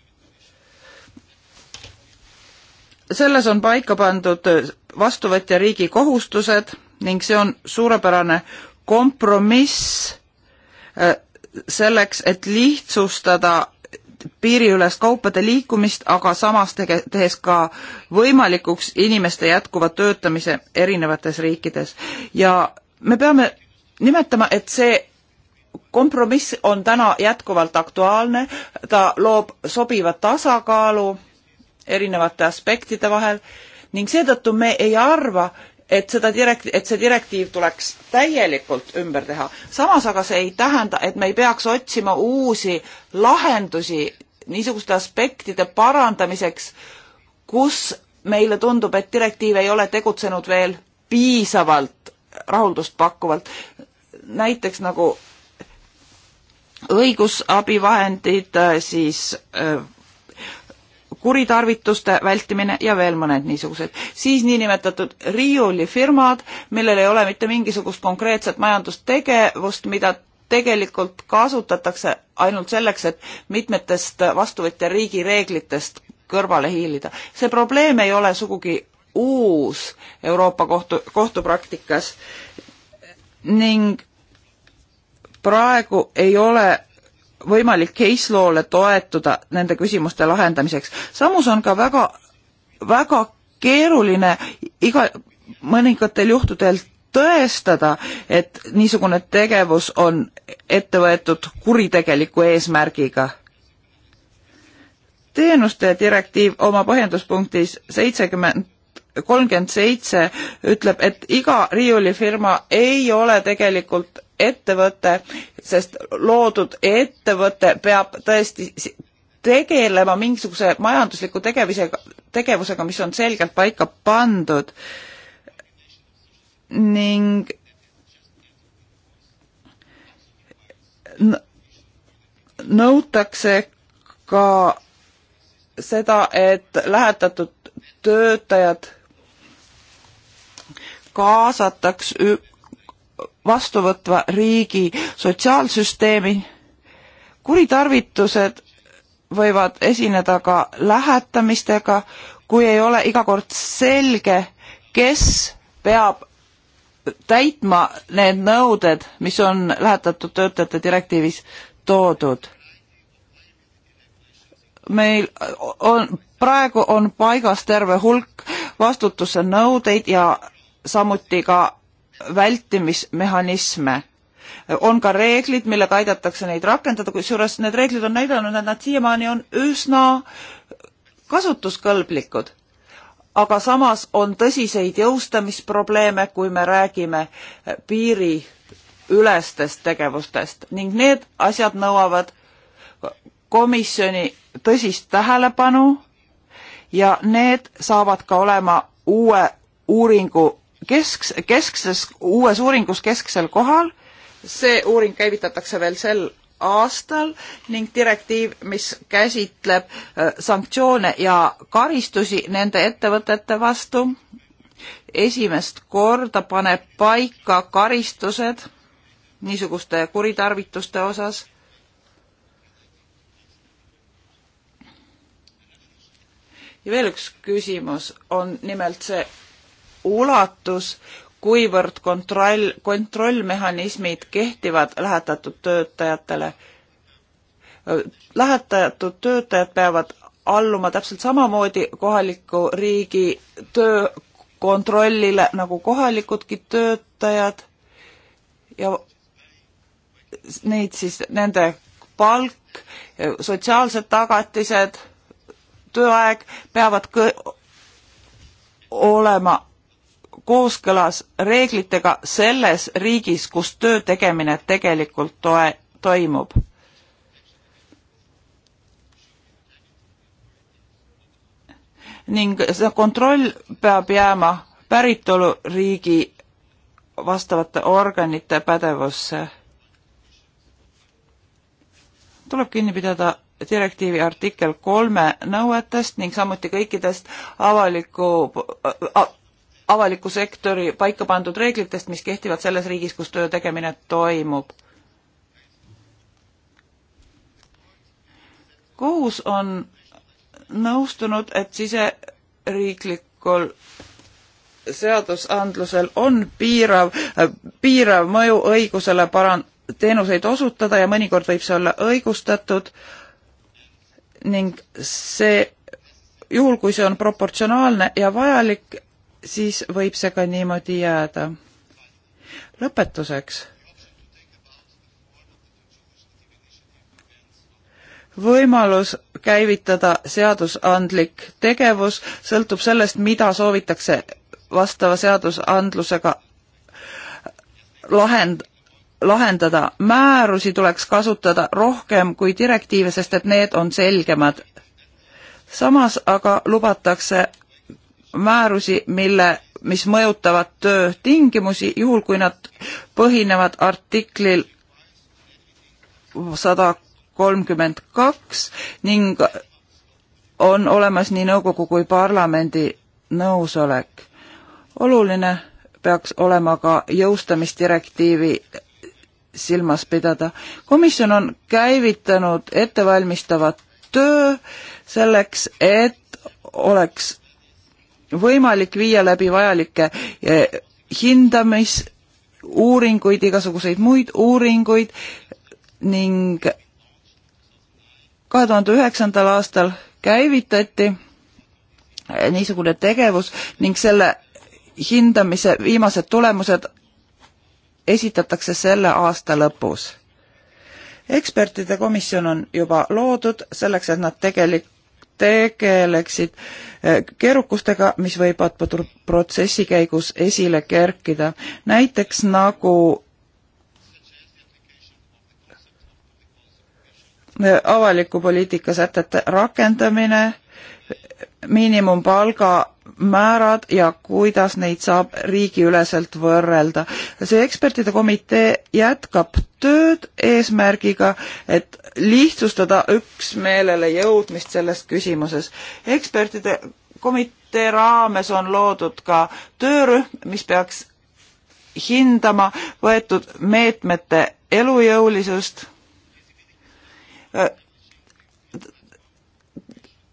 selles on paika pandud vastuvõtja riigi kohustused ning see on suurepärane kompromiss äh, selleks, et lihtsustada piiriülest kaupade liikumist, aga samas tege-, tehes ka võimalikuks inimeste jätkuva töötamise erinevates riikides. ja me peame nimetama, et see kompromiss on täna jätkuvalt aktuaalne, ta loob sobiva tasakaalu erinevate aspektide vahel ning seetõttu me ei arva, et seda direkt-, et see direktiiv tuleks täielikult ümber teha. samas aga see ei tähenda, et me ei peaks otsima uusi lahendusi niisuguste aspektide parandamiseks, kus meile tundub, et direktiiv ei ole tegutsenud veel piisavalt rahuldust pakkuvalt. näiteks nagu õigusabivahendid, äh, siis äh, kuritarvituste vältimine ja veel mõned niisugused. siis niinimetatud riiulifirmad, millel ei ole mitte mingisugust konkreetset majandustegevust, mida tegelikult kasutatakse ainult selleks, et mitmetest vastuvõtja riigi reeglitest kõrvale hiilida. see probleem ei ole sugugi uus Euroopa kohtu, kohtupraktikas ning praegu ei ole võimalik case law'le toetuda nende küsimuste lahendamiseks. samus on ka väga, väga keeruline iga, mõningatel juhtudel tõestada, et niisugune tegevus on ette võetud kuritegeliku eesmärgiga. teenuste direktiiv oma põhjenduspunktis seitsekümmend kolmkümmend seitse ütleb, et iga riiulifirma ei ole tegelikult ettevõte, sest loodud ettevõte peab tõesti tegelema mingisuguse majandusliku tegevusega, tegevusega, mis on selgelt paika pandud ning nõutakse ka seda, et lähetatud töötajad kaasataks vastuvõtva riigi sotsiaalsüsteemi. kuritarvitused võivad esineda ka lähetamistega, kui ei ole iga kord selge, kes peab täitma need nõuded, mis on lähetatud töötajate direktiivis toodud. meil on, praegu on paigas terve hulk vastutuse nõudeid ja samuti ka vältimismehhanisme. on ka reeglid, millega aidatakse neid rakendada, kusjuures need reeglid on näidanud, et nad siiamaani on üsna kasutuskõlblikud. aga samas on tõsiseid jõustamisprobleeme, kui me räägime piiriülestest tegevustest ning need asjad nõuavad komisjoni tõsist tähelepanu ja need saavad ka olema uue uuringu kesk, keskses, uues uuringus kesksel kohal. see uuring käivitatakse veel sel aastal ning direktiiv, mis käsitleb äh, sanktsioone ja karistusi nende ettevõtete vastu, esimest korda paneb paika karistused niisuguste kuritarvituste osas. ja veel üks küsimus on nimelt see ulatus, kuivõrd kontroll, kontrollmehhanismid kehtivad lähetatud töötajatele. lähetatud töötajad peavad alluma täpselt samamoodi kohaliku riigi töökontrollile nagu kohalikudki töötajad ja neid siis, nende palk, sotsiaalsed tagatised, tööaeg peavad olema kooskõlas reeglitega selles riigis, kus töö tegemine tegelikult toe, toimub. ning see kontroll peab jääma päritoluriigi vastavate organite pädevusse. tuleb kinni pidada direktiivi artikkel kolme nõuetest ning samuti kõikidest avaliku avaliku sektori paika pandud reeglitest, mis kehtivad selles riigis, kus töö tegemine toimub. kohus on nõustunud, et siseriiklikul seadusandlusel on piirav, piirav mõju õigusele paran-, teenuseid osutada ja mõnikord võib see olla õigustatud ning see, juhul kui see on proportsionaalne ja vajalik, siis võib see ka niimoodi jääda. lõpetuseks. võimalus käivitada seadusandlik tegevus sõltub sellest, mida soovitakse vastava seadusandlusega lahend-, lahendada. määrusi tuleks kasutada rohkem kui direktiive, sest et need on selgemad. samas aga lubatakse määrusi, mille, mis mõjutavad töötingimusi, juhul kui nad põhinevad artiklil sada kolmkümmend kaks ning on olemas nii nõukogu kui parlamendi nõusolek. oluline peaks olema ka jõustamisdirektiivi silmas pidada. komisjon on käivitanud ettevalmistava töö selleks, et oleks võimalik viia läbi vajalikke eh, hindamisuuringuid, igasuguseid muid uuringuid ning kahe tuhande üheksandal aastal käivitati eh, niisugune tegevus ning selle hindamise viimased tulemused esitatakse selle aasta lõpus. ekspertide komisjon on juba loodud selleks, et nad tegelik-, tegeleksid äh, Eh, keerukustega, mis võivad protsessi käigus esile kerkida. näiteks nagu eh, avaliku poliitika sätete rakendamine, miinimumpalga määrad ja kuidas neid saab riigiüleselt võrrelda. see ekspertide komitee jätkab tööd eesmärgiga, et lihtsustada üksmeelele jõudmist selles küsimuses. ekspertide komitee raames on loodud ka töörühm, mis peaks hindama võetud meetmete elujõulisust äh,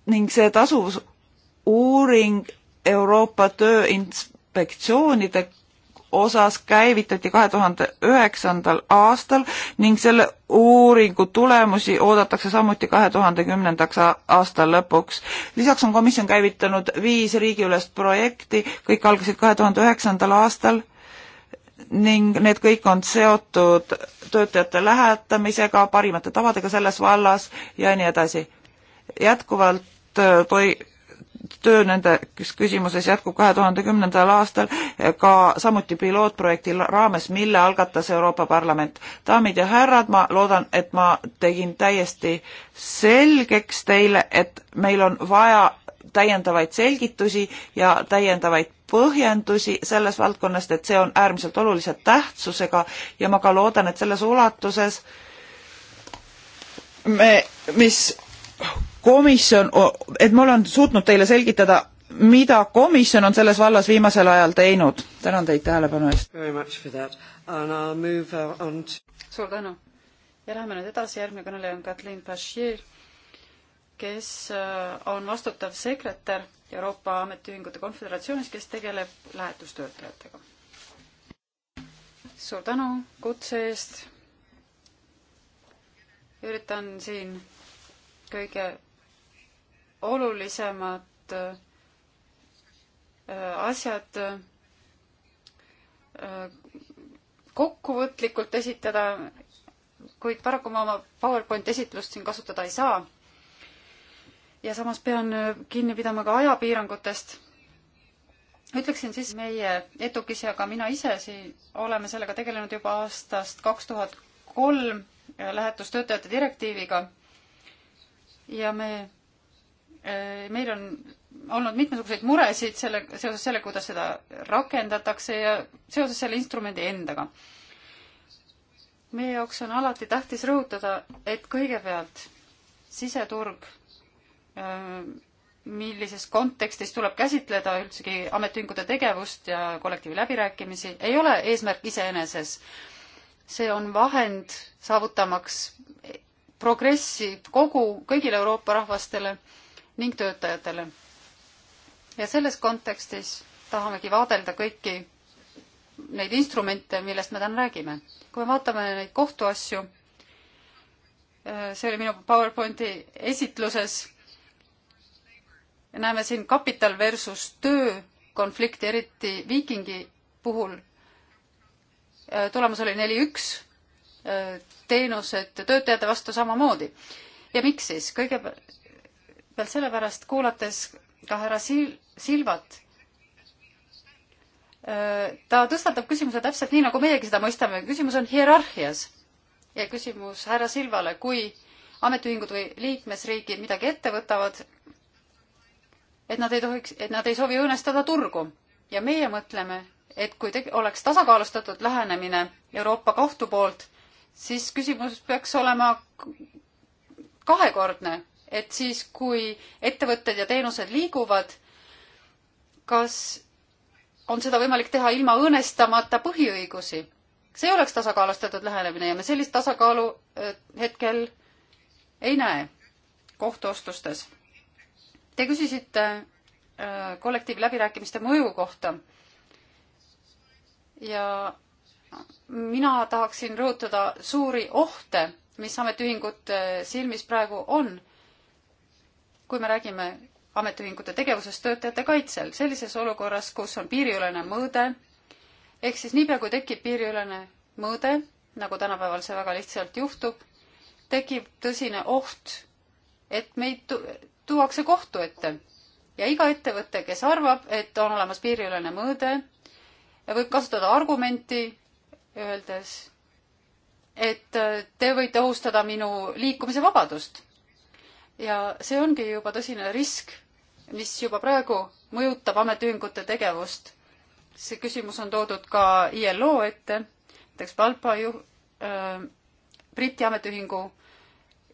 ning see tasuvusuuring Euroopa Tööinspektsioonide osas käivitati kahe tuhande üheksandal aastal ning selle uuringu tulemusi oodatakse samuti kahe tuhande kümnendaks aasta lõpuks. lisaks on komisjon käivitanud viis riigiülest projekti, kõik algasid kahe tuhande üheksandal aastal ning need kõik on seotud töötajate lähetamisega, parimate tavadega selles vallas ja nii edasi. jätkuvalt äh, toi-, töö nendes küsimuses jätkub kahe tuhande kümnendal aastal ka samuti pilootprojekti raames, mille algatas Euroopa Parlament. daamid ja härrad, ma loodan, et ma tegin täiesti selgeks teile, et meil on vaja täiendavaid selgitusi ja täiendavaid põhjendusi selles valdkonnast, et see on äärmiselt olulise tähtsusega ja ma ka loodan, et selles ulatuses me, mis komisjon, et ma olen suutnud teile selgitada, mida komisjon on selles vallas viimasel ajal teinud. tänan teid tähelepanu eest. suur tänu. ja läheme nüüd edasi, järgmine kõneleja on Katlin Bashir, kes äh, on vastutav sekretär Euroopa Ametiühingute Konföderatsioonis, kes tegeleb lähetustöötajatega. suur tänu kutse eest. üritan siin kõige olulisemad äh, asjad äh, kokkuvõtlikult esitada, kuid paraku ma oma PowerPointi esitlust siin kasutada ei saa. ja samas pean äh, kinni pidama ka ajapiirangutest. ütleksin siis meie edukis ja ka mina ise siin oleme sellega tegelenud juba aastast kaks tuhat kolm lähetustöötajate direktiiviga ja me, eh, meil on olnud mitmesuguseid muresid selle, seoses selle, kuidas seda rakendatakse ja seoses selle instrumendi endaga. meie jaoks on alati tähtis rõhutada, et kõigepealt siseturg, eh, millises kontekstis tuleb käsitleda üldsegi ametiühingute tegevust ja kollektiivi läbirääkimisi, ei ole eesmärk iseeneses. see on vahend saavutamaks progressi kogu, kõigile Euroopa rahvastele ning töötajatele. ja selles kontekstis tahamegi vaadelda kõiki neid instrumente, millest me täna räägime. kui me vaatame neid kohtuasju, see oli minu PowerPointi esitluses, näeme siin kapital versus töö konflikti, eriti viikingi puhul. tulemus oli neli-üks teenused töötajate vastu samamoodi. ja miks siis? kõigepealt sellepärast, kuulates ka härra Sil-, Silvat, ta tõstatab küsimuse täpselt nii, nagu meiegi seda mõistame. küsimus on hierarhias. ja küsimus härra Silvale, kui ametiühingud või liikmesriigid midagi ette võtavad, et nad ei tohiks, et nad ei soovi õõnestada turgu. ja meie mõtleme, et kui teg-, oleks tasakaalustatud lähenemine Euroopa Kohtu poolt, siis küsimus peaks olema kahekordne, et siis, kui ettevõtted ja teenused liiguvad, kas on seda võimalik teha ilma õõnestamata põhiõigusi? see oleks tasakaalustatud lähenemine ja me sellist tasakaalu äh, hetkel ei näe kohtuostustes. Te küsisite äh, kollektiivläbirääkimiste mõju kohta ja mina tahaksin rõhutada suuri ohte, mis ametiühingute äh, silmis praegu on. kui me räägime ametiühingute tegevusest töötajate kaitsel, sellises olukorras, kus on piiriülene mõõde, ehk siis niipea, kui tekib piiriülene mõõde, nagu tänapäeval see väga lihtsalt juhtub, tekib tõsine oht, et meid tu tuuakse kohtu ette. ja iga ettevõte, kes arvab, et on olemas piiriülene mõõde, võib kasutada argumenti, öeldes, et äh, te võite ohustada minu liikumise vabadust. ja see ongi juba tõsine risk, mis juba praegu mõjutab ametiühingute tegevust. see küsimus on toodud ka ILO ette, näiteks Valpa ju- äh,, Briti ametiühingu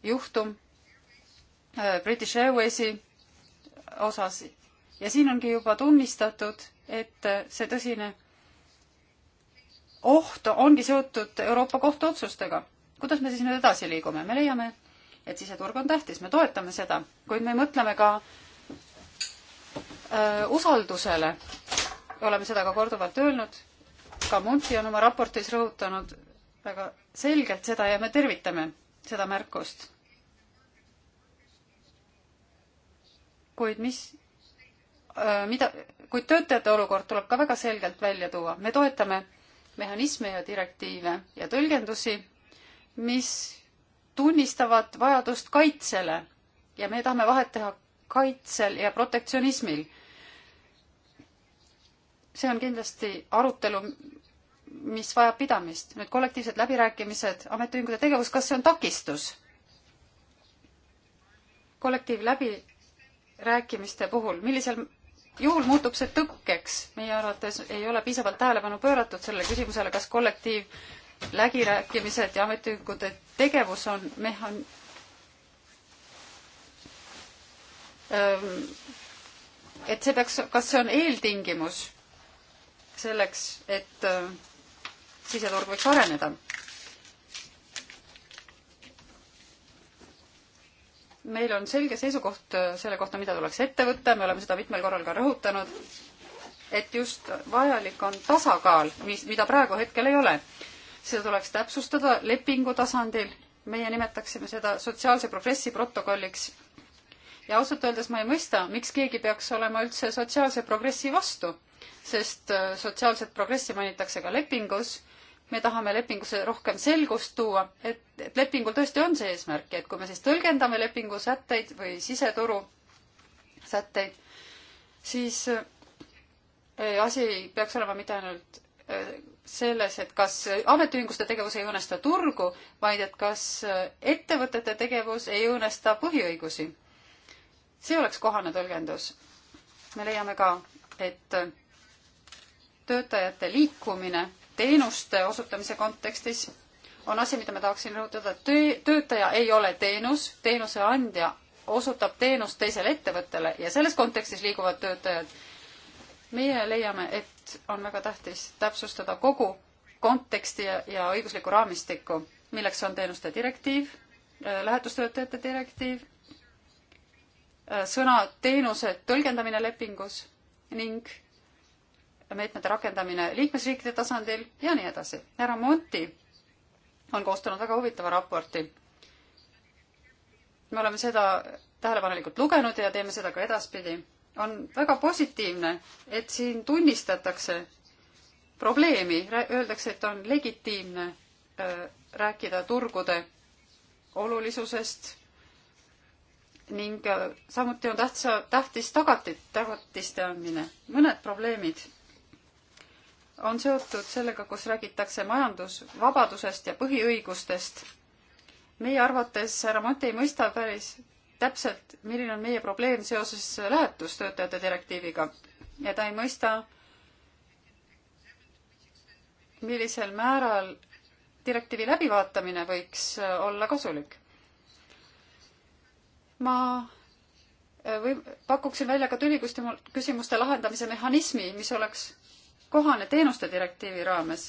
juhtum äh, British Airwaysi osas ja siin ongi juba tunnistatud, et äh, see tõsine oht ongi seotud Euroopa Kohtu otsustega. kuidas me siis nüüd edasi liigume? me leiame, et siseturg on tähtis, me toetame seda, kuid me mõtleme ka öö, äh, usaldusele. oleme seda ka korduvalt öelnud, ka Munti on oma raportis rõhutanud väga selgelt seda ja me tervitame seda märkust. kuid mis, äh, mida, kuid töötajate olukord tuleb ka väga selgelt välja tuua. me toetame mehhanisme ja direktiive ja tõlgendusi, mis tunnistavad vajadust kaitsele ja me tahame vahet teha kaitsel ja protektsionismil. see on kindlasti arutelu, mis vajab pidamist. nüüd kollektiivsed läbirääkimised, ametiühingute tegevus, kas see on takistus? kollektiivläbirääkimiste puhul, millisel juhul muutub see tõkkeks, meie arvates ei ole piisavalt tähelepanu pööratud sellele küsimusele, kas kollektiivlägirääkimised ja ametiühingute tegevus on mehhan-, et see peaks, kas see on eeltingimus selleks, et siseturg võiks areneda? meil on selge seisukoht äh, selle kohta, mida tuleks ette võtta, me oleme seda mitmel korral ka rõhutanud, et just vajalik on tasakaal, mis, mida praegu hetkel ei ole. seda tuleks täpsustada lepingu tasandil, meie nimetaksime seda sotsiaalse progressi protokolliks. ja ausalt öeldes ma ei mõista, miks keegi peaks olema üldse sotsiaalse progressi vastu, sest äh, sotsiaalset progressi mainitakse ka lepingus me tahame lepingusse rohkem selgust tuua, et, et lepingul tõesti on see eesmärk ja et kui me siis tõlgendame lepingu sätteid või siseturu sätteid, siis eh, asi ei peaks olema mitte ainult eh, selles, et kas ametiühinguste tegevus ei õõnesta turgu, vaid et kas eh, ettevõtete tegevus ei õõnesta põhiõigusi. see oleks kohane tõlgendus. me leiame ka, et töötajate liikumine teenuste osutamise kontekstis on asi, mida ma tahaksin rõhutada, töö, töötaja ei ole teenus, teenuse andja osutab teenust teisele ettevõttele ja selles kontekstis liiguvad töötajad. meie leiame, et on väga tähtis täpsustada kogu konteksti ja, ja õiguslikku raamistikku, milleks on teenuste direktiiv, äh, lähetustöötajate direktiiv, äh, sõna teenuse tõlgendamine lepingus ning meetmete rakendamine liikmesriikide tasandil ja nii edasi. härra Monti on koostanud väga huvitava raporti. me oleme seda tähelepanelikult lugenud ja teeme seda ka edaspidi. on väga positiivne, et siin tunnistatakse probleemi, öeldakse, et on legitiimne öö, äh, rääkida turgude olulisusest ning äh, samuti on tähtsa, tähtis tagatit, tagatiste andmine. mõned probleemid on seotud sellega, kus räägitakse majandusvabadusest ja põhiõigustest. meie arvates härra Mati ei mõista päris täpselt, milline on meie probleem seoses lähetustöötajate direktiiviga ja ta ei mõista, millisel määral direktiivi läbivaatamine võiks olla kasulik. ma või pakuksin välja ka tüliküsimuste lahendamise mehhanismi, mis oleks kohane teenuste direktiivi raames,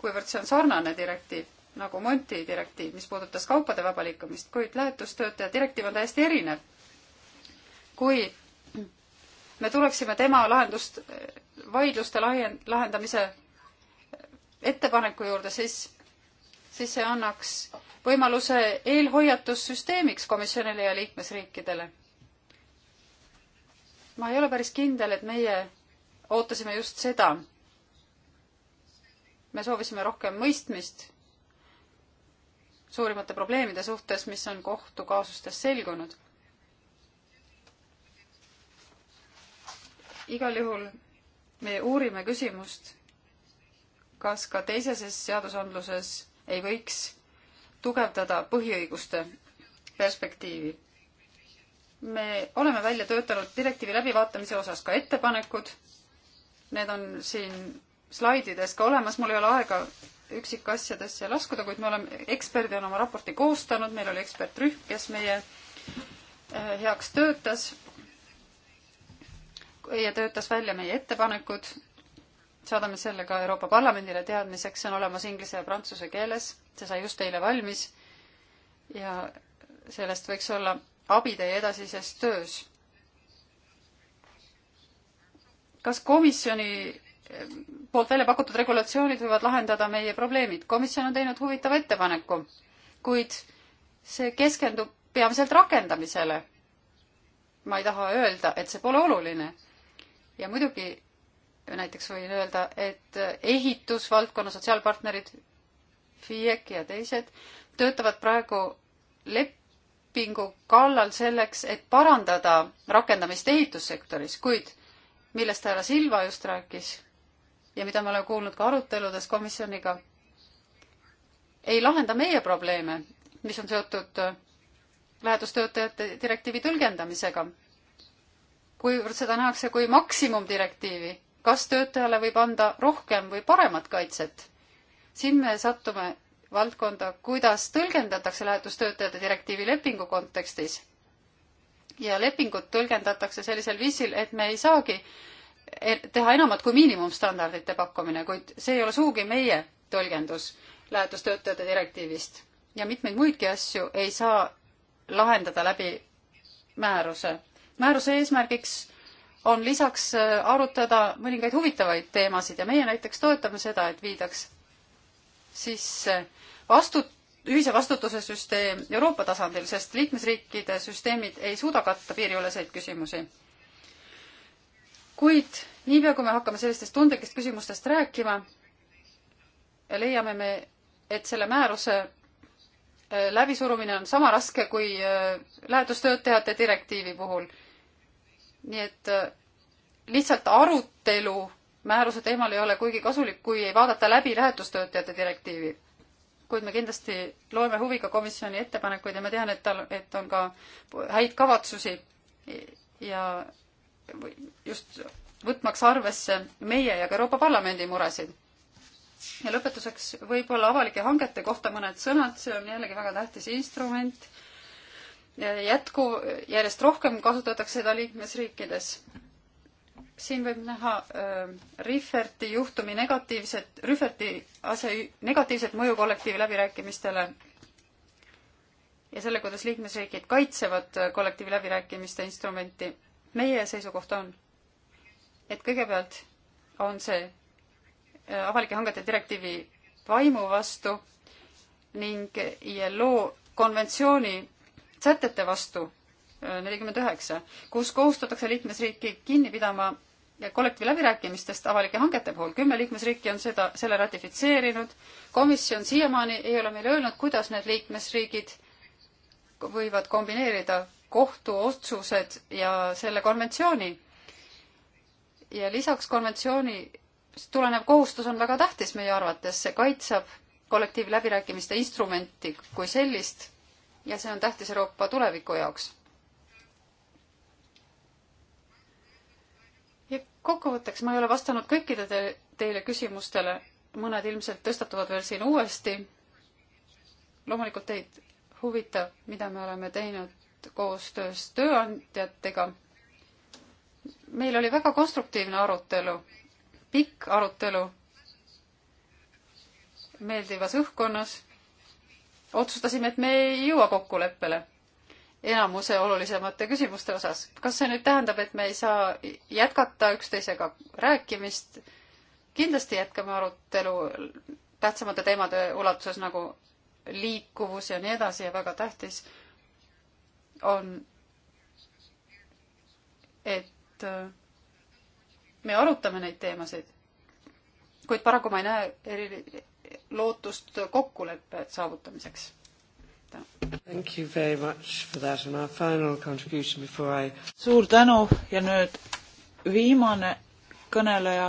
kuivõrd see on sarnane direktiiv nagu Monti direktiiv, mis puudutas kaupade vaba liikumist, kuid lähetustöötaja direktiiv on täiesti erinev. kui me tuleksime tema lahendust, vaidluste lahend-, lahendamise ettepaneku juurde, siis, siis see annaks võimaluse eelhoiatussüsteemiks komisjonile ja liikmesriikidele. ma ei ole päris kindel, et meie ootasime just seda. me soovisime rohkem mõistmist suurimate probleemide suhtes, mis on kohtukaasustes selgunud. igal juhul me uurime küsimust, kas ka teiseses seadusandluses ei võiks tugevdada põhiõiguste perspektiivi. me oleme välja töötanud direktiivi läbivaatamise osas ka ettepanekud Need on siin slaidides ka olemas, mul ei ole aega üksikasjadesse laskuda, kuid me oleme, eksperdid on oma raporti koostanud, meil oli ekspertrühm, kes meie äh, heaks töötas ja töötas välja meie ettepanekud. saadame selle ka Euroopa Parlamendile teadmiseks, see on olemas inglise ja prantsuse keeles, see sai just eile valmis. ja sellest võiks olla abi teie edasises töös. kas komisjoni eh, poolt välja pakutud regulatsioonid võivad lahendada meie probleemid? komisjon on teinud huvitava ettepaneku, kuid see keskendub peamiselt rakendamisele. ma ei taha öelda, et see pole oluline. ja muidugi näiteks võin öelda, et ehitusvaldkonna sotsiaalpartnerid FIEC ja teised töötavad praegu lepingu kallal selleks, et parandada rakendamist ehitussektoris, kuid millest härra Silva just rääkis ja mida me oleme kuulnud ka aruteludes komisjoniga, ei lahenda meie probleeme, mis on seotud äh, lähedustöötajate direktiivi tõlgendamisega. kuivõrd seda nähakse kui maksimumdirektiivi, kas töötajale võib anda rohkem või paremat kaitset? siin me sattume valdkonda, kuidas tõlgendatakse lähetustöötajate direktiivi lepingu kontekstis ja lepingut tõlgendatakse sellisel viisil, et me ei saagi e-, teha enamat kui miinimumstandardite pakkumine, kuid see ei ole sugugi meie tõlgendus lähetustöötajate direktiivist ja mitmeid muidki asju ei saa lahendada läbi määruse. määruse eesmärgiks on lisaks äh, arutada mõningaid huvitavaid teemasid ja meie näiteks toetame seda, et viidaks sisse äh, vastut-, ühise vastutuse süsteem Euroopa tasandil, sest liikmesriikide süsteemid ei suuda katta piiriüleseid küsimusi. kuid niipea, kui me hakkame sellistest tundlikest küsimustest rääkima, leiame me, et selle määruse äh, läbisurumine on sama raske kui äh, lähetustöötajate direktiivi puhul. nii et äh, lihtsalt arutelu määruse teemal ei ole kuigi kasulik, kui ei vaadata läbi lähetustöötajate direktiivi kuid me kindlasti loeme huviga komisjoni ettepanekuid ja ma tean, et tal, et on ka häid kavatsusi ja just võtmaks arvesse meie ja ka Euroopa Parlamendi muresid. ja lõpetuseks võib-olla avalike hangete kohta mõned sõnad, see on jällegi väga tähtis instrument. jätku, järjest rohkem kasutatakse seda liikmesriikides siin võib näha äh, Rifferti juhtumi negatiivset, Rifferti ase, negatiivset mõju kollektiivi läbirääkimistele ja selle, kuidas liikmesriigid kaitsevad äh, kollektiivi läbirääkimiste instrumenti. meie seisukoht on, et kõigepealt on see äh, avalike hangete direktiivi vaimu vastu ning ILO konventsiooni sätete vastu nelikümmend üheksa, kus kohustatakse liikmesriiki kinni pidama kollektiivläbirääkimistest avalike hangete puhul. kümme liikmesriiki on seda, selle ratifitseerinud. komisjon siiamaani ei ole meile öelnud, kuidas need liikmesriigid võivad kombineerida kohtuotsused ja selle konventsiooni. ja lisaks konventsiooni tulenev kohustus on väga tähtis meie arvates, see kaitseb kollektiivläbirääkimiste instrumenti kui sellist ja see on tähtis Euroopa tuleviku jaoks ja kokkuvõtteks ma ei ole vastanud kõikide te teile küsimustele, mõned ilmselt tõstatuvad veel siin uuesti. loomulikult teid huvitab, mida me oleme teinud koostöös tööandjatega. meil oli väga konstruktiivne arutelu, pikk arutelu meeldivas õhkkonnas. otsustasime, et me ei jõua kokkuleppele enamuse olulisemate küsimuste osas. kas see nüüd tähendab, et me ei saa jätkata üksteisega rääkimist? kindlasti jätkame arutelu tähtsamate teemade ulatuses nagu liikuvus ja nii edasi ja väga tähtis on, et äh, me arutame neid teemasid, kuid paraku ma ei näe eri, lootust kokkuleppe saavutamiseks võtta. I... suur tänu ja nüüd viimane kõneleja,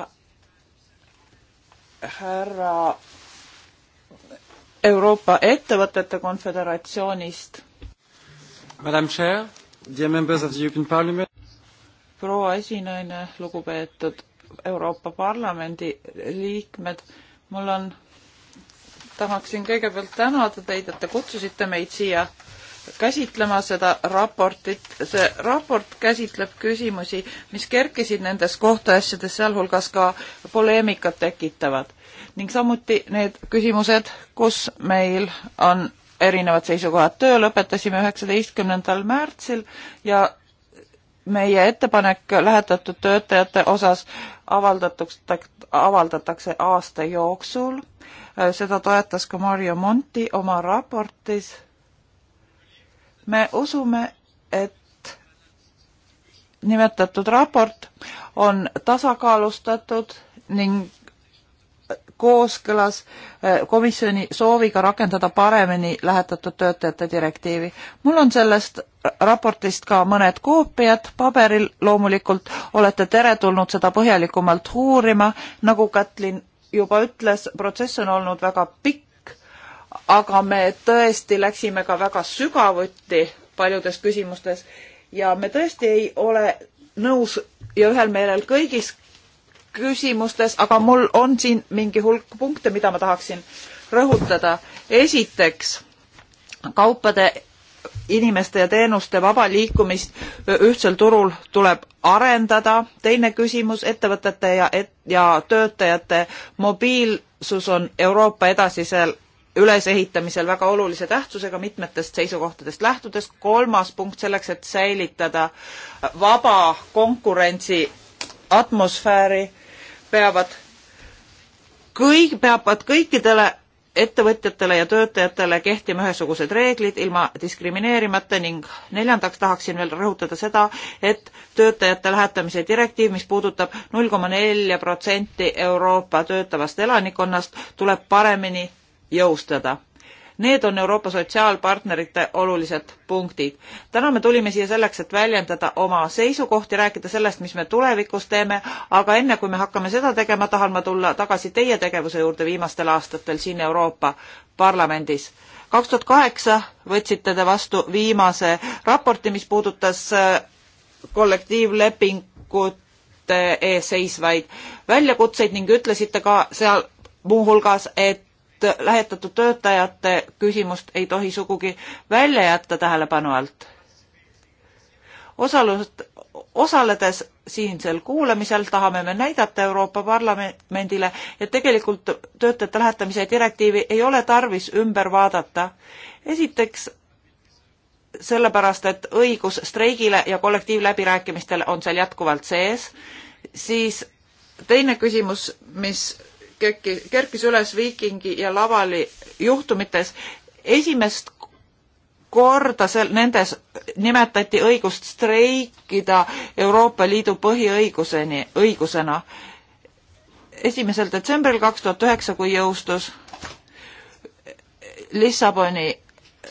härra Euroopa Ettevõtete Konföderatsioonist. proua esinaine, lugupeetud Euroopa Parlamendi liikmed, mul on tahaksin kõigepealt tänada teid, et te kutsusite meid siia käsitlema seda raportit. see raport käsitleb küsimusi, mis kerkisid nendes kohtuasjades, sealhulgas ka poleemikat tekitavad ning samuti need küsimused, kus meil on erinevad seisukohad. töö lõpetasime üheksateistkümnendal märtsil ja meie ettepanek lähetatud töötajate osas avaldatuks, avaldatakse aasta jooksul. seda toetas ka Mario Monti oma raportis. me usume, et nimetatud raport on tasakaalustatud ning kooskõlas eh, komisjoni sooviga rakendada paremini lähetatud töötajate direktiivi. mul on sellest raportist ka mõned koopiad paberil, loomulikult olete teretulnud seda põhjalikumalt uurima, nagu Katlin juba ütles, protsess on olnud väga pikk, aga me tõesti läksime ka väga sügavuti paljudes küsimustes ja me tõesti ei ole nõus ja ühel meelel kõigis küsimustes, aga mul on siin mingi hulk punkte, mida ma tahaksin rõhutada. esiteks, kaupade, inimeste ja teenuste vaba liikumist ühtsel turul tuleb arendada. teine küsimus, ettevõtete ja et,, ja töötajate mobiilsus on Euroopa edasisel ülesehitamisel väga olulise tähtsusega mitmetest seisukohtadest lähtudes. kolmas punkt selleks, et säilitada vaba konkurentsi atmosfääri peavad kõik, peavad kõikidele ettevõtjatele ja töötajatele kehtima ühesugused reeglid ilma diskrimineerimata ning neljandaks tahaksin veel rõhutada seda, et töötajate lähetamise direktiiv, mis puudutab null koma nelja protsenti Euroopa töötavast elanikkonnast, tuleb paremini jõustada Need on Euroopa sotsiaalpartnerite olulised punktid. täna me tulime siia selleks, et väljendada oma seisukohti, rääkida sellest, mis me tulevikus teeme, aga enne kui me hakkame seda tegema, tahan ma tulla tagasi teie tegevuse juurde viimastel aastatel siin Euroopa Parlamendis kaks tuhat kaheksa võtsite te vastu viimase raporti, mis puudutas äh, kollektiivlepingute ees seisvaid väljakutseid ning ütlesite ka seal muuhulgas, et lähetatud töötajate küsimust ei tohi sugugi välja jätta tähelepanu alt. osalust, osaledes siinsel kuulamisel tahame me näidata Euroopa Parlamendile, et tegelikult töötajate lähetamise direktiivi ei ole tarvis ümber vaadata. esiteks sellepärast, et õigus streigile ja kollektiivläbirääkimistele on seal jätkuvalt sees, siis teine küsimus, mis kerkis üles Viikingi ja Lavali juhtumites. esimest korda seal nendes nimetati õigust streikida Euroopa Liidu põhiõiguseni, õigusena. esimesel detsembril kaks tuhat üheksa, kui jõustus Lissaboni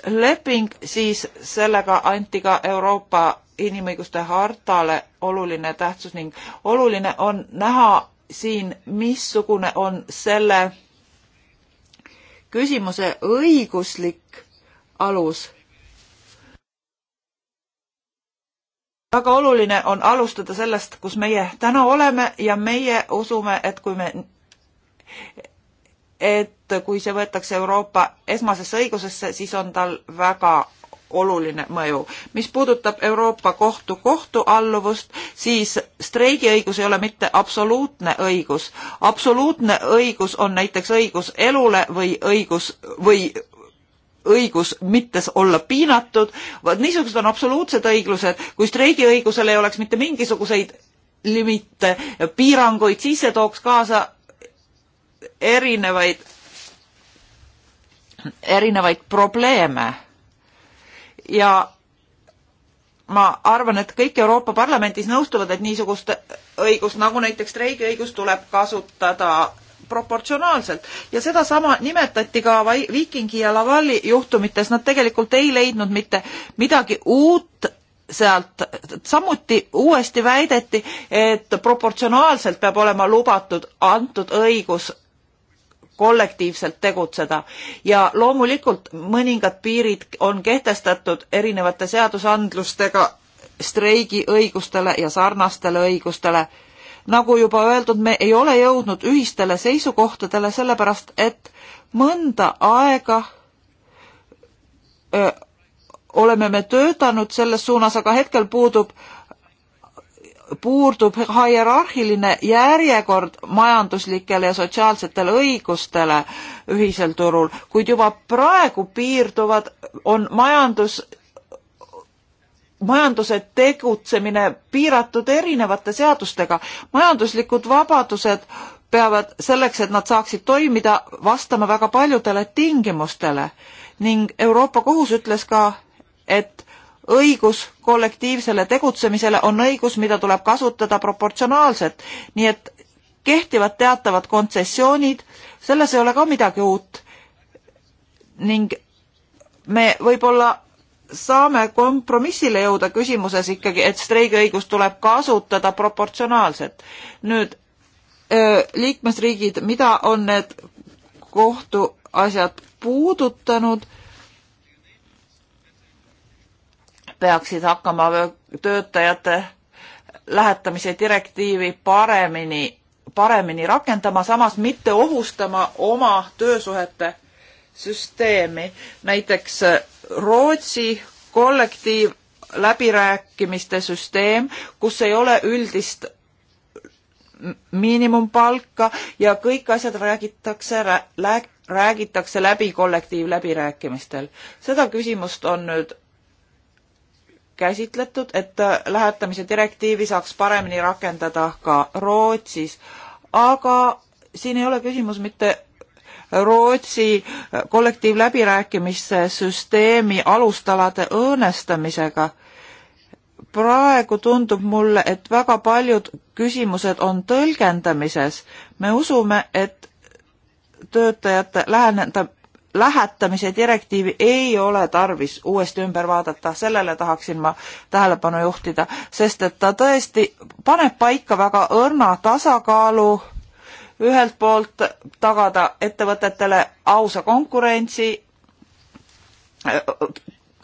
leping, siis sellega anti ka Euroopa inimõiguste hartale oluline tähtsus ning oluline on näha siin, missugune on selle küsimuse õiguslik alus. väga oluline on alustada sellest, kus meie täna oleme ja meie usume, et kui me, et kui see võetakse Euroopa esmasesse õigusesse, siis on tal väga oluline mõju. mis puudutab Euroopa Kohtu kohtualluvust, siis streigiõigus ei ole mitte absoluutne õigus. absoluutne õigus on näiteks õigus elule või õigus või õigus mitte olla piinatud, vaat niisugused on absoluutsed õiglused, kui streigiõigusel ei oleks mitte mingisuguseid limite, piiranguid, siis see tooks kaasa erinevaid, erinevaid probleeme ja ma arvan, et kõik Euroopa Parlamendis nõustuvad, et niisugust õigust nagu näiteks streigiõigust tuleb kasutada proportsionaalselt ja sedasama nimetati ka Vikingi ja Lavalli juhtumites, nad tegelikult ei leidnud mitte midagi uut sealt, samuti uuesti väideti, et proportsionaalselt peab olema lubatud antud õigus kollektiivselt tegutseda ja loomulikult mõningad piirid on kehtestatud erinevate seadusandlustega streigiõigustele ja sarnastele õigustele. nagu juba öeldud, me ei ole jõudnud ühistele seisukohtadele, sellepärast et mõnda aega öö, oleme me töötanud selles suunas, aga hetkel puudub öö, puurdub hierarhiline järjekord majanduslikele ja sotsiaalsetele õigustele ühisel turul, kuid juba praegu piirduvad, on majandus, majanduse tegutsemine piiratud erinevate seadustega. majanduslikud vabadused peavad selleks, et nad saaksid toimida, vastama väga paljudele tingimustele ning Euroopa Kohus ütles ka, et õigus kollektiivsele tegutsemisele on õigus, mida tuleb kasutada proportsionaalselt, nii et kehtivad teatavad kontsessioonid, selles ei ole ka midagi uut. ning me võib-olla saame kompromissile jõuda küsimuses ikkagi, et streigiõigust tuleb kasutada proportsionaalselt. nüüd liikmesriigid, mida on need kohtuasjad puudutanud peaksid hakkama töötajate lähetamise direktiivi paremini, paremini rakendama, samas mitte ohustama oma töösuhete süsteemi. näiteks Rootsi kollektiivläbirääkimiste süsteem, kus ei ole üldist miinimumpalka ja kõik asjad räägitakse rää,, räägitakse läbi kollektiivläbirääkimistel. seda küsimust on nüüd käsitletud, et äh, lähetamise direktiivi saaks paremini rakendada ka Rootsis. aga siin ei ole küsimus mitte Rootsi äh, kollektiivläbirääkimiste süsteemi alustalade õõnestamisega. praegu tundub mulle, et väga paljud küsimused on tõlgendamises. me usume, et töötajate läheneda-, lähetamise direktiivi ei ole tarvis uuesti ümber vaadata, sellele tahaksin ma tähelepanu juhtida, sest et ta tõesti paneb paika väga õrna tasakaalu ühelt poolt tagada ettevõtetele ausa konkurentsi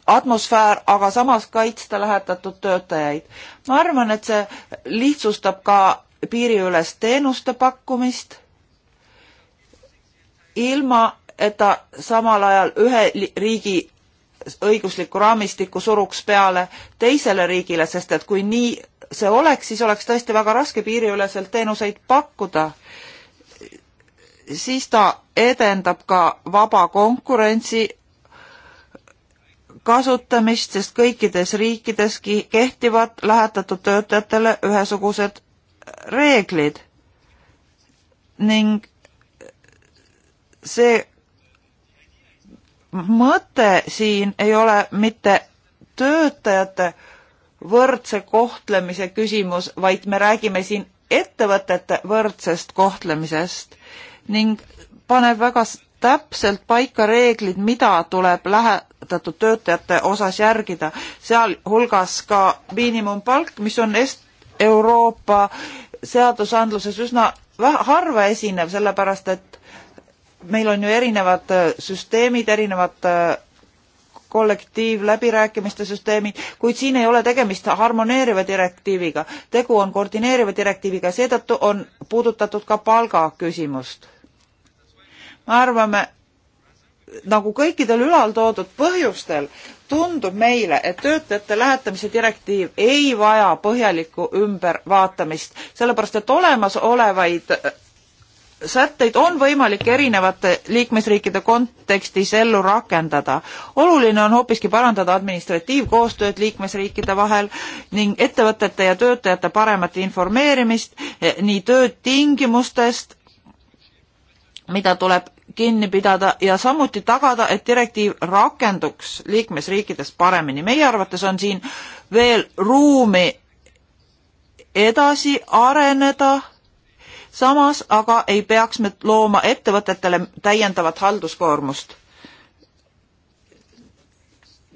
atmosfäär, aga samas kaitsta lähetatud töötajaid. ma arvan, et see lihtsustab ka piiriülest teenuste pakkumist ilma et ta samal ajal ühe riigi õiguslikku raamistikku suruks peale teisele riigile, sest et kui nii see oleks, siis oleks tõesti väga raske piiriüleselt teenuseid pakkuda. siis ta edendab ka vaba konkurentsi kasutamist, sest kõikides riikides kehtivad lähetatud töötajatele ühesugused reeglid ning see mõte siin ei ole mitte töötajate võrdse kohtlemise küsimus, vaid me räägime siin ettevõtete võrdsest kohtlemisest ning paneb väga täpselt paika reeglid, mida tuleb lähetatud töötajate osas järgida, sealhulgas ka miinimumpalk, mis on Est-, Euroopa seadusandluses üsna harva esinev, sellepärast et meil on ju erinevad äh, süsteemid, erinevad äh, kollektiivläbirääkimiste süsteemid, kuid siin ei ole tegemist harmoneeriva direktiiviga. tegu on koordineeriva direktiiviga, seetõttu on puudutatud ka palgaküsimust. me arvame, nagu kõikidel ülaltoodud põhjustel tundub meile, et töötajate lähetamise direktiiv ei vaja põhjalikku ümbervaatamist, sellepärast et olemasolevaid äh, sätteid on võimalik erinevate liikmesriikide kontekstis ellu rakendada. oluline on hoopiski parandada administratiivkoostööd liikmesriikide vahel ning ettevõtete ja töötajate paremat informeerimist eh, nii töötingimustest, mida tuleb kinni pidada ja samuti tagada, et direktiiv rakenduks liikmesriikides paremini. meie arvates on siin veel ruumi edasi areneda samas aga ei peaks me looma ettevõtetele täiendavat halduskoormust.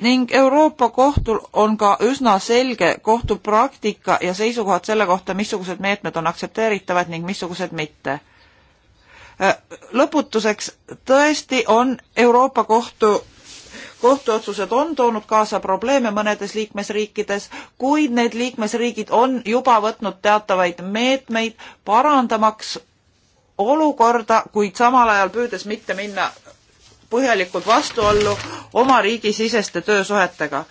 ning Euroopa kohtul on ka üsna selge kohtupraktika ja seisukohad selle kohta, missugused meetmed on aktsepteeritavad ning missugused mitte. Äh, lõputuseks, tõesti on Euroopa Kohtu kohtuotsused on toonud kaasa probleeme mõnedes liikmesriikides, kuid need liikmesriigid on juba võtnud teatavaid meetmeid parandamaks olukorda, kuid samal ajal püüdes mitte minna põhjalikult vastuollu oma riigi siseste töösuhetega.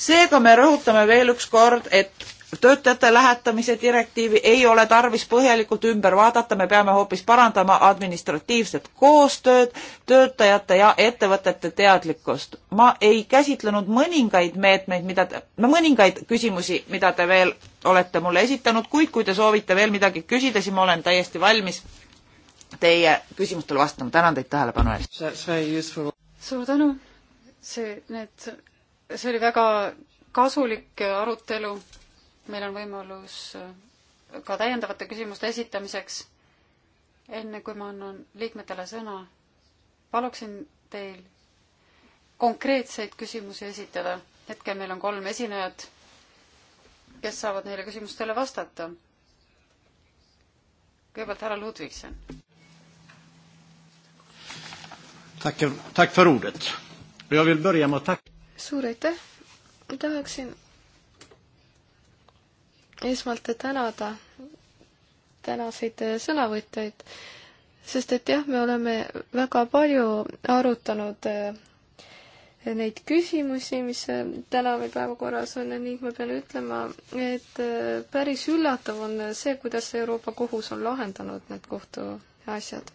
seega me rõhutame veel üks kord, et töötajate lähetamise direktiivi ei ole tarvis põhjalikult ümber vaadata, me peame hoopis parandama administratiivset koostööd, töötajate ja ettevõtete teadlikkust. ma ei käsitlenud mõningaid meetmeid, mida te, no mõningaid küsimusi, mida te veel olete mulle esitanud, kuid kui te soovite veel midagi küsida, siis ma olen täiesti valmis teie küsimustele vastama. tänan teid tähelepanu eest. suur tänu. see, need, see oli väga kasulik arutelu meil on võimalus äh, ka täiendavate küsimuste esitamiseks. enne kui ma annan liikmetele sõna, paluksin teil konkreetseid küsimusi esitada. hetkel meil on kolm esinejat, kes saavad neile küsimustele vastata. kõigepealt härra Ludvigsen. suur aitäh, tahaksin esmalt tänada tänaseid sõnavõtjaid, sest et jah, me oleme väga palju arutanud eh, neid küsimusi, mis eh, täna meil päevakorras on ning ma pean ütlema, et eh, päris üllatav on see, kuidas Euroopa Kohus on lahendanud need kohtuasjad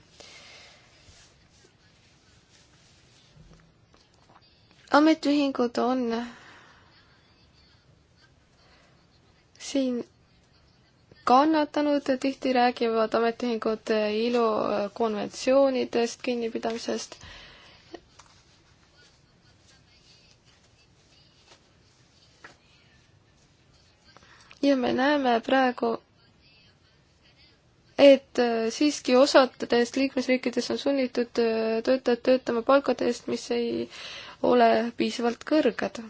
ametiühingud on siin kannatanud tihti räägivad ametiühingud ILO konventsioonidest kinnipidamisest ja me näeme praegu, et siiski osadest liikmesriikides on sunnitud töötajad töötama palkade eest, mis ei ole piisavalt kõrged.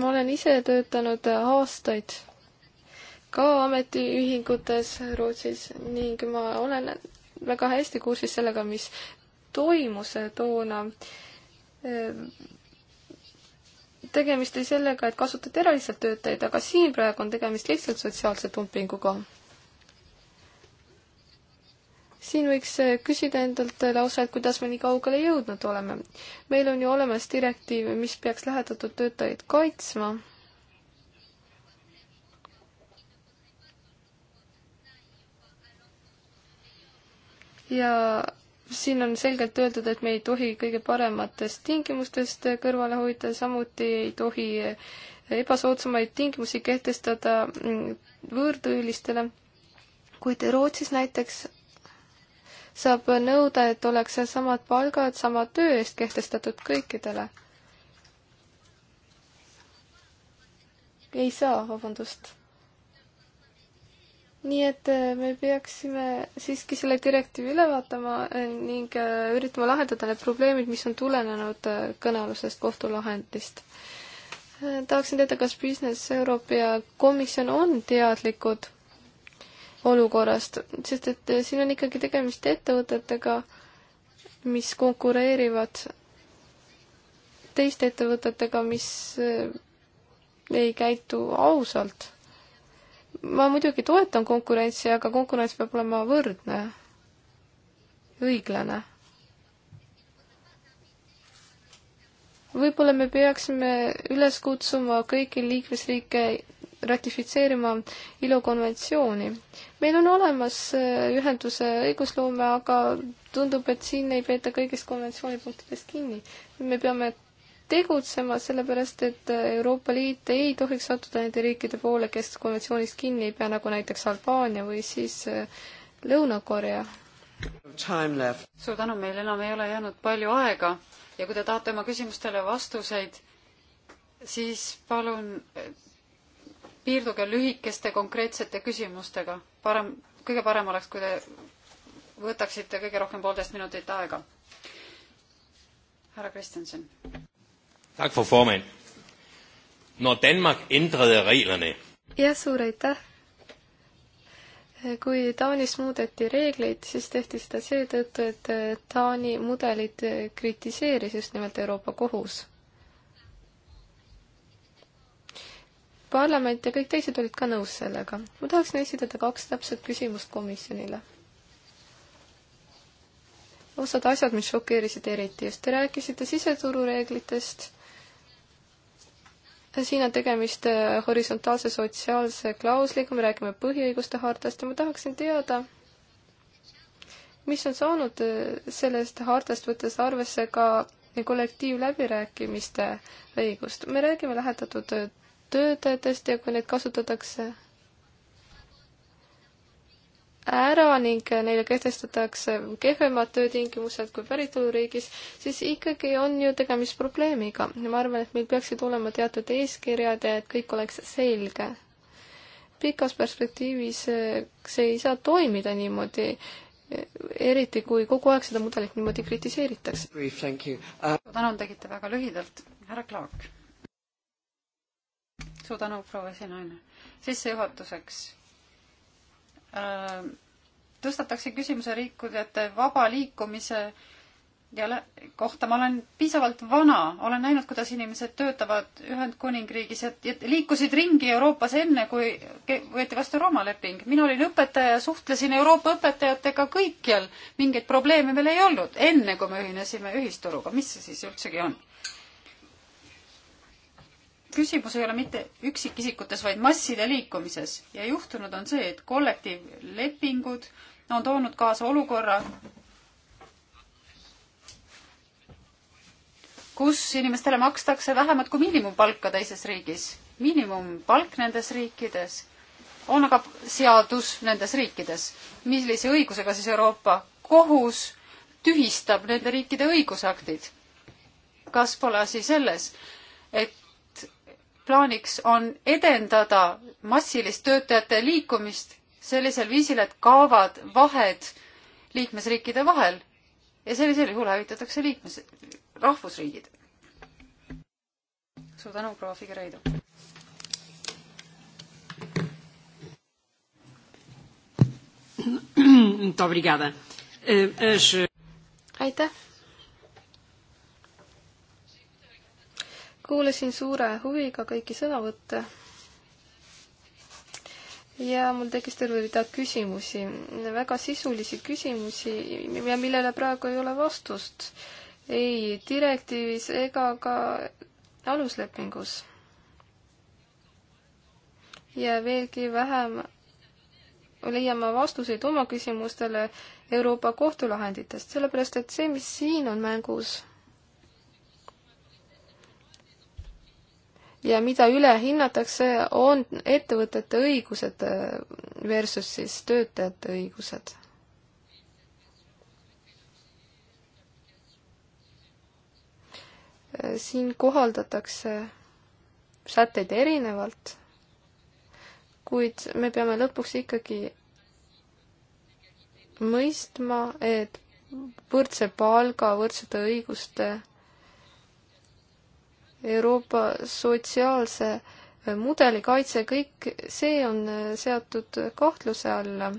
ma olen ise töötanud aastaid ka ametiühingutes Rootsis ning ma olen väga hästi kursis sellega, mis toimus toona. tegemist oli sellega, et kasutati ära lihtsalt töötajaid, aga siin praegu on tegemist lihtsalt sotsiaalse dumpinguga. siin võiks küsida endalt lausa, et kuidas me nii kaugele jõudnud oleme. meil on ju olemas direktiiv, mis peaks lähetatud töötajaid kaitsma ja siin on selgelt öeldud, et me ei tohi kõige parematest tingimustest kõrvale hoida, samuti ei tohi ebasoodsamaid tingimusi kehtestada võõrtöölistele. kuid Rootsis näiteks saab nõuda, et oleks samad palgad sama töö eest kehtestatud kõikidele. ei saa, vabandust nii et äh, me peaksime siiski selle direktiivi üle vaatama äh, ning äh, üritama lahendada need probleemid, mis on tulenenud kõnealusest kohtulahendist. tahaksin teada, kas Business Europe ja komisjon on teadlikud olukorrast, sest et siin on ikkagi tegemist ettevõtetega, mis konkureerivad teiste ettevõtetega, mis ei käitu ausalt ma muidugi toetan konkurentsi, aga konkurents peab olema võrdne, õiglane. võib-olla me peaksime üles kutsuma kõiki liikmesriike ratifitseerima ILO konventsiooni. meil on olemas äh, ühenduse õigusloome, aga tundub, et siin ei peeta kõigist konventsioonipunktidest kinni. me peame tegutsema, sellepärast et Euroopa Liit ei tohiks sattuda nende riikide poole, kes konventsioonist kinni ei pea, nagu näiteks Albaania või siis äh, Lõuna-Korea. suur tänu, meil enam ei ole jäänud palju aega ja kui te tahate oma küsimustele vastuseid, siis palun äh, piirduge lühikeste konkreetsete küsimustega. parem, kõige parem oleks, kui te võtaksite kõige rohkem poolteist minutit aega. härra Kristjanson. Tak for formand. Når Danmark ændrede reglerne. jah, suur aitäh. kui Taanis muudeti reegleid, siis tehti seda seetõttu, et Taani mudelit kritiseeris just nimelt Euroopa Kohus. parlament ja kõik teised olid ka nõus sellega. ma tahaksin esitada kaks täpset küsimust komisjonile osad asjad, mis šokeerisid eriti just. Te rääkisite siseturu reeglitest siin on tegemist äh, horisontaalse sotsiaalse klausliga, me räägime põhiõiguste hartast ja ma tahaksin teada, mis on saanud äh, sellest hartast, võttes arvesse ka kollektiivläbirääkimiste õigust. me räägime lähetatud äh, töötajatest ja kui neid kasutatakse ära ning neile kehtestatakse kehvemad töötingimused kui päritoluriigis, siis ikkagi on ju tegemist probleemiga. ma arvan, et meil peaksid olema teatud eeskirjad ja et kõik oleks selge. pikas perspektiivis see ei saa toimida niimoodi, eriti kui kogu aeg seda mudelit niimoodi kritiseeritakse. tänan, tegite väga lühidalt. härra Klaak. suur tänu, proua esinaine. sissejuhatuseks Äh, tõstatakse küsimuse riikudete vaba liikumise jälle kohta, ma olen piisavalt vana, olen näinud, kuidas inimesed töötavad Ühendkuningriigis ja, ja liikusid ringi Euroopas enne, kui võeti vastu Rooma leping. mina olin õpetaja ja suhtlesin Euroopa õpetajatega kõikjal, mingeid probleeme meil ei olnud, enne kui me ühinesime ühisturuga, mis see siis üldsegi on? küsimus ei ole mitte üksikisikutes, vaid masside liikumises ja juhtunud on see, et kollektiivlepingud on toonud kaasa olukorra, kus inimestele makstakse vähemat kui miinimumpalka teises riigis. miinimumpalk nendes riikides on aga seadus nendes riikides. millise õigusega siis Euroopa Kohus tühistab nende riikide õigusaktid? kas pole asi selles, et plaaniks on edendada massilist töötajate liikumist sellisel viisil, et kaovad vahed liikmesriikide vahel ja sellisel juhul hävitatakse liikmes, rahvusriigid. suur tänu, proua Figueiredo. Eh, aitäh kuulasin suure huviga kõiki sõnavõtte ja mul tekkis terve rida küsimusi, väga sisulisi küsimusi ja millele praegu ei ole vastust ei direktiivis ega ka aluslepingus. ja veelgi vähem leian ma vastuseid oma küsimustele Euroopa kohtulahenditest, sellepärast et see, mis siin on mängus, ja mida üle hinnatakse, on ettevõtete õigused äh, versus siis töötajate õigused. Äh, siin kohaldatakse sätteid erinevalt, kuid me peame lõpuks ikkagi mõistma, et võrdse palga, võrdsete õiguste Euroopa sotsiaalse eh, mudeli kaitse, kõik see on eh, seatud kahtluse alla.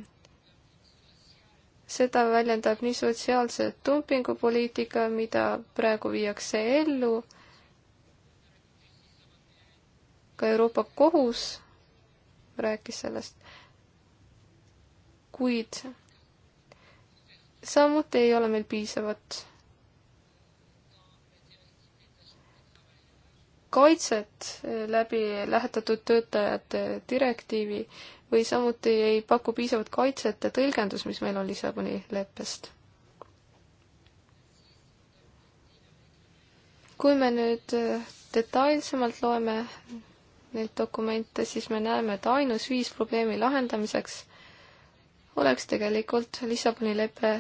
seda väljendab nii sotsiaalse dumpingupoliitika, mida praegu viiakse ellu, ka Euroopa Kohus rääkis sellest, kuid samuti ei ole meil piisavat kaitset eh, läbi lähetatud töötajate direktiivi või samuti ei paku piisavat kaitset tõlgendus, mis meil on Lissaboni leppest. kui me nüüd eh, detailsemalt loeme neid dokumente, siis me näeme, et ainus viis probleemi lahendamiseks oleks tegelikult Lissaboni lepe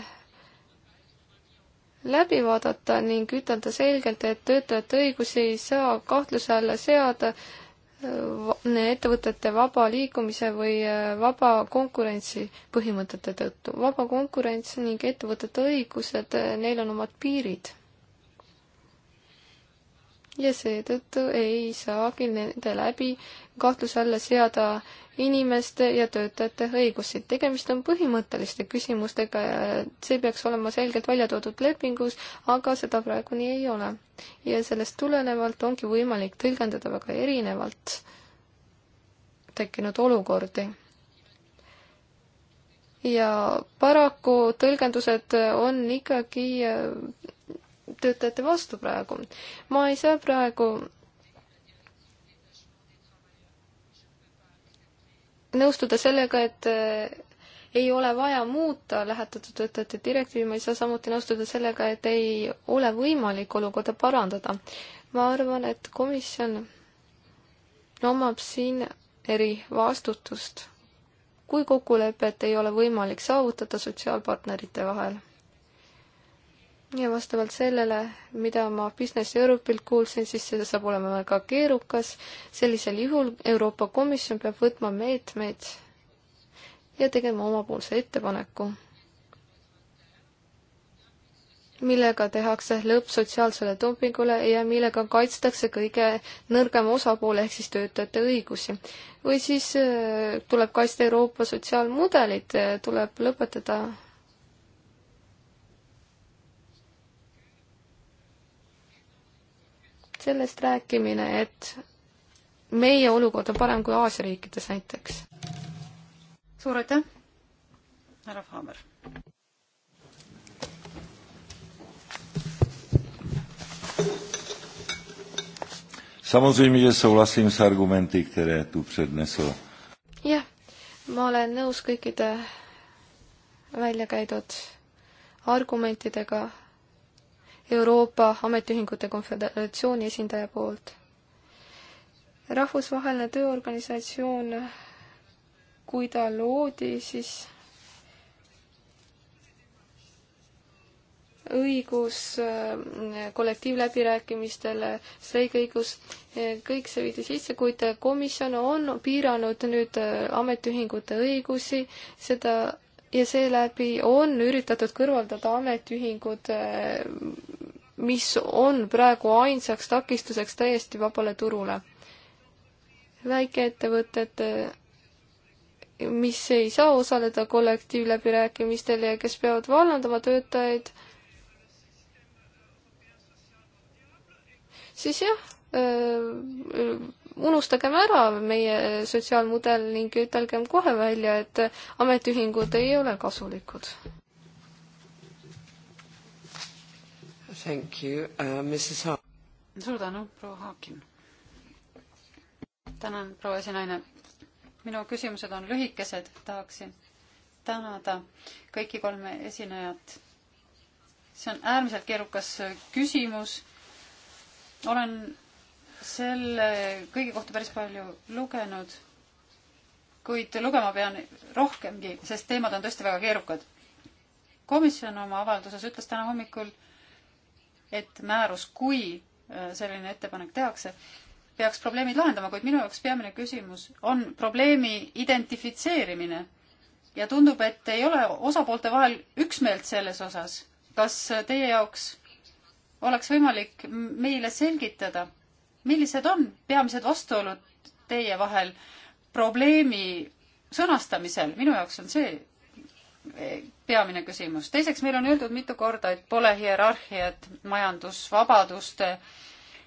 läbi vaadata ning ütelda selgelt, et töötajate õigusi ei saa kahtluse alla seada äh, ettevõtete vaba liikumise või äh, vaba konkurentsi põhimõtete tõttu. vaba konkurents ning ettevõtete õigused, äh, neil on omad piirid ja seetõttu ei saagi nende läbi kahtluse alla seada inimeste ja töötajate õigusi. tegemist on põhimõtteliste küsimustega ja see peaks olema selgelt välja toodud lepingus, aga seda praegu nii ei ole. ja sellest tulenevalt ongi võimalik tõlgendada väga erinevalt tekkinud olukordi ja paraku tõlgendused on ikkagi töötajate vastu praegu. ma ei saa praegu nõustuda sellega, et äh, ei ole vaja muuta lähetatud töötajate direktiivi, ma ei saa samuti nõustuda sellega, et ei ole võimalik olukorda parandada. ma arvan, et komisjon omab siin erivastutust, kui kokkulepet ei ole võimalik saavutada sotsiaalpartnerite vahel ja vastavalt sellele, mida ma Business Europe'ilt kuulsin, siis see saab olema väga keerukas. sellisel juhul Euroopa Komisjon peab võtma meetmeid ja tegema omapoolse ettepaneku, millega tehakse lõpp sotsiaalsele dumpingule ja millega kaitstakse kõige nõrgema osapoole ehk siis töötajate õigusi. või siis äh, tuleb kaitsta Euroopa sotsiaalmudelit, äh, tuleb lõpetada sellest rääkimine, et meie olukord on parem kui Aasia riikides näiteks. suur aitäh, härra Faaber. Samozřejmě, že souhlasím s argumenty, které tu přednesl. Jah, ma olen nõus kõikide välja käidud argumentidega Euroopa Ametiühingute Konföderatsiooni esindaja poolt. rahvusvaheline tööorganisatsioon, kui ta loodi, siis õigus äh, kollektiivläbirääkimistele, streigiõigus, äh, kõik see viidi sisse, kuid komisjon on piiranud nüüd äh, ametiühingute õigusi, seda ja seeläbi on üritatud kõrvaldada ametiühingud, eh, mis on praegu ainsaks takistuseks täiesti vabale turule. väikeettevõtted, eh, mis ei saa osaleda kollektiivläbirääkimistel ja kes peavad vallandama töötajaid, siis jah, eh, unustagem ära meie sotsiaalmudel ning ütelgem kohe välja, et ametiühingud ei ole kasulikud. Thank you uh,, Mrs Ha-. suur tänu, proua Haakin. tänan, proua esinaine. minu küsimused on lühikesed, tahaksin tänada kõiki kolme esinejat. see on äärmiselt keerukas küsimus. olen selle kõige kohta päris palju lugenud, kuid lugema pean rohkemgi, sest teemad on tõesti väga keerukad. komisjon oma avalduses ütles täna hommikul, et määrus, kui äh, selline ettepanek tehakse, peaks probleemid lahendama, kuid minu jaoks peamine küsimus on probleemi identifitseerimine. ja tundub, et ei ole osapoolte vahel üksmeelt selles osas. kas teie jaoks oleks võimalik meile selgitada, millised on peamised vastuolud teie vahel probleemi sõnastamisel, minu jaoks on see e, peamine küsimus. teiseks, meil on öeldud mitu korda, et pole hierarhiat majandusvabaduste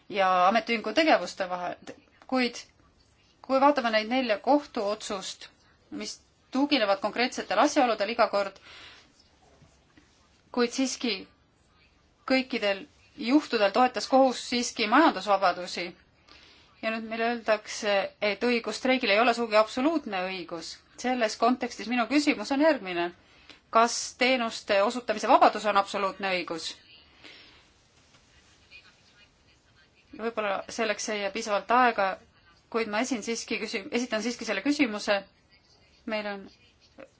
ja ametiühingu tegevuste vahel, kuid kui vaatame neid nelja kohtuotsust, mis tuginevad konkreetsetel asjaoludel iga kord, kuid siiski kõikidel juhtudel toetas kohus siiski majandusvabadusi. ja nüüd meile öeldakse, et õigus streigile ei ole sugugi absoluutne õigus. selles kontekstis minu küsimus on järgmine. kas teenuste osutamise vabadus on absoluutne õigus? võib-olla selleks ei jää piisavalt aega, kuid ma esin siiski küsim-, esitan siiski selle küsimuse. meil on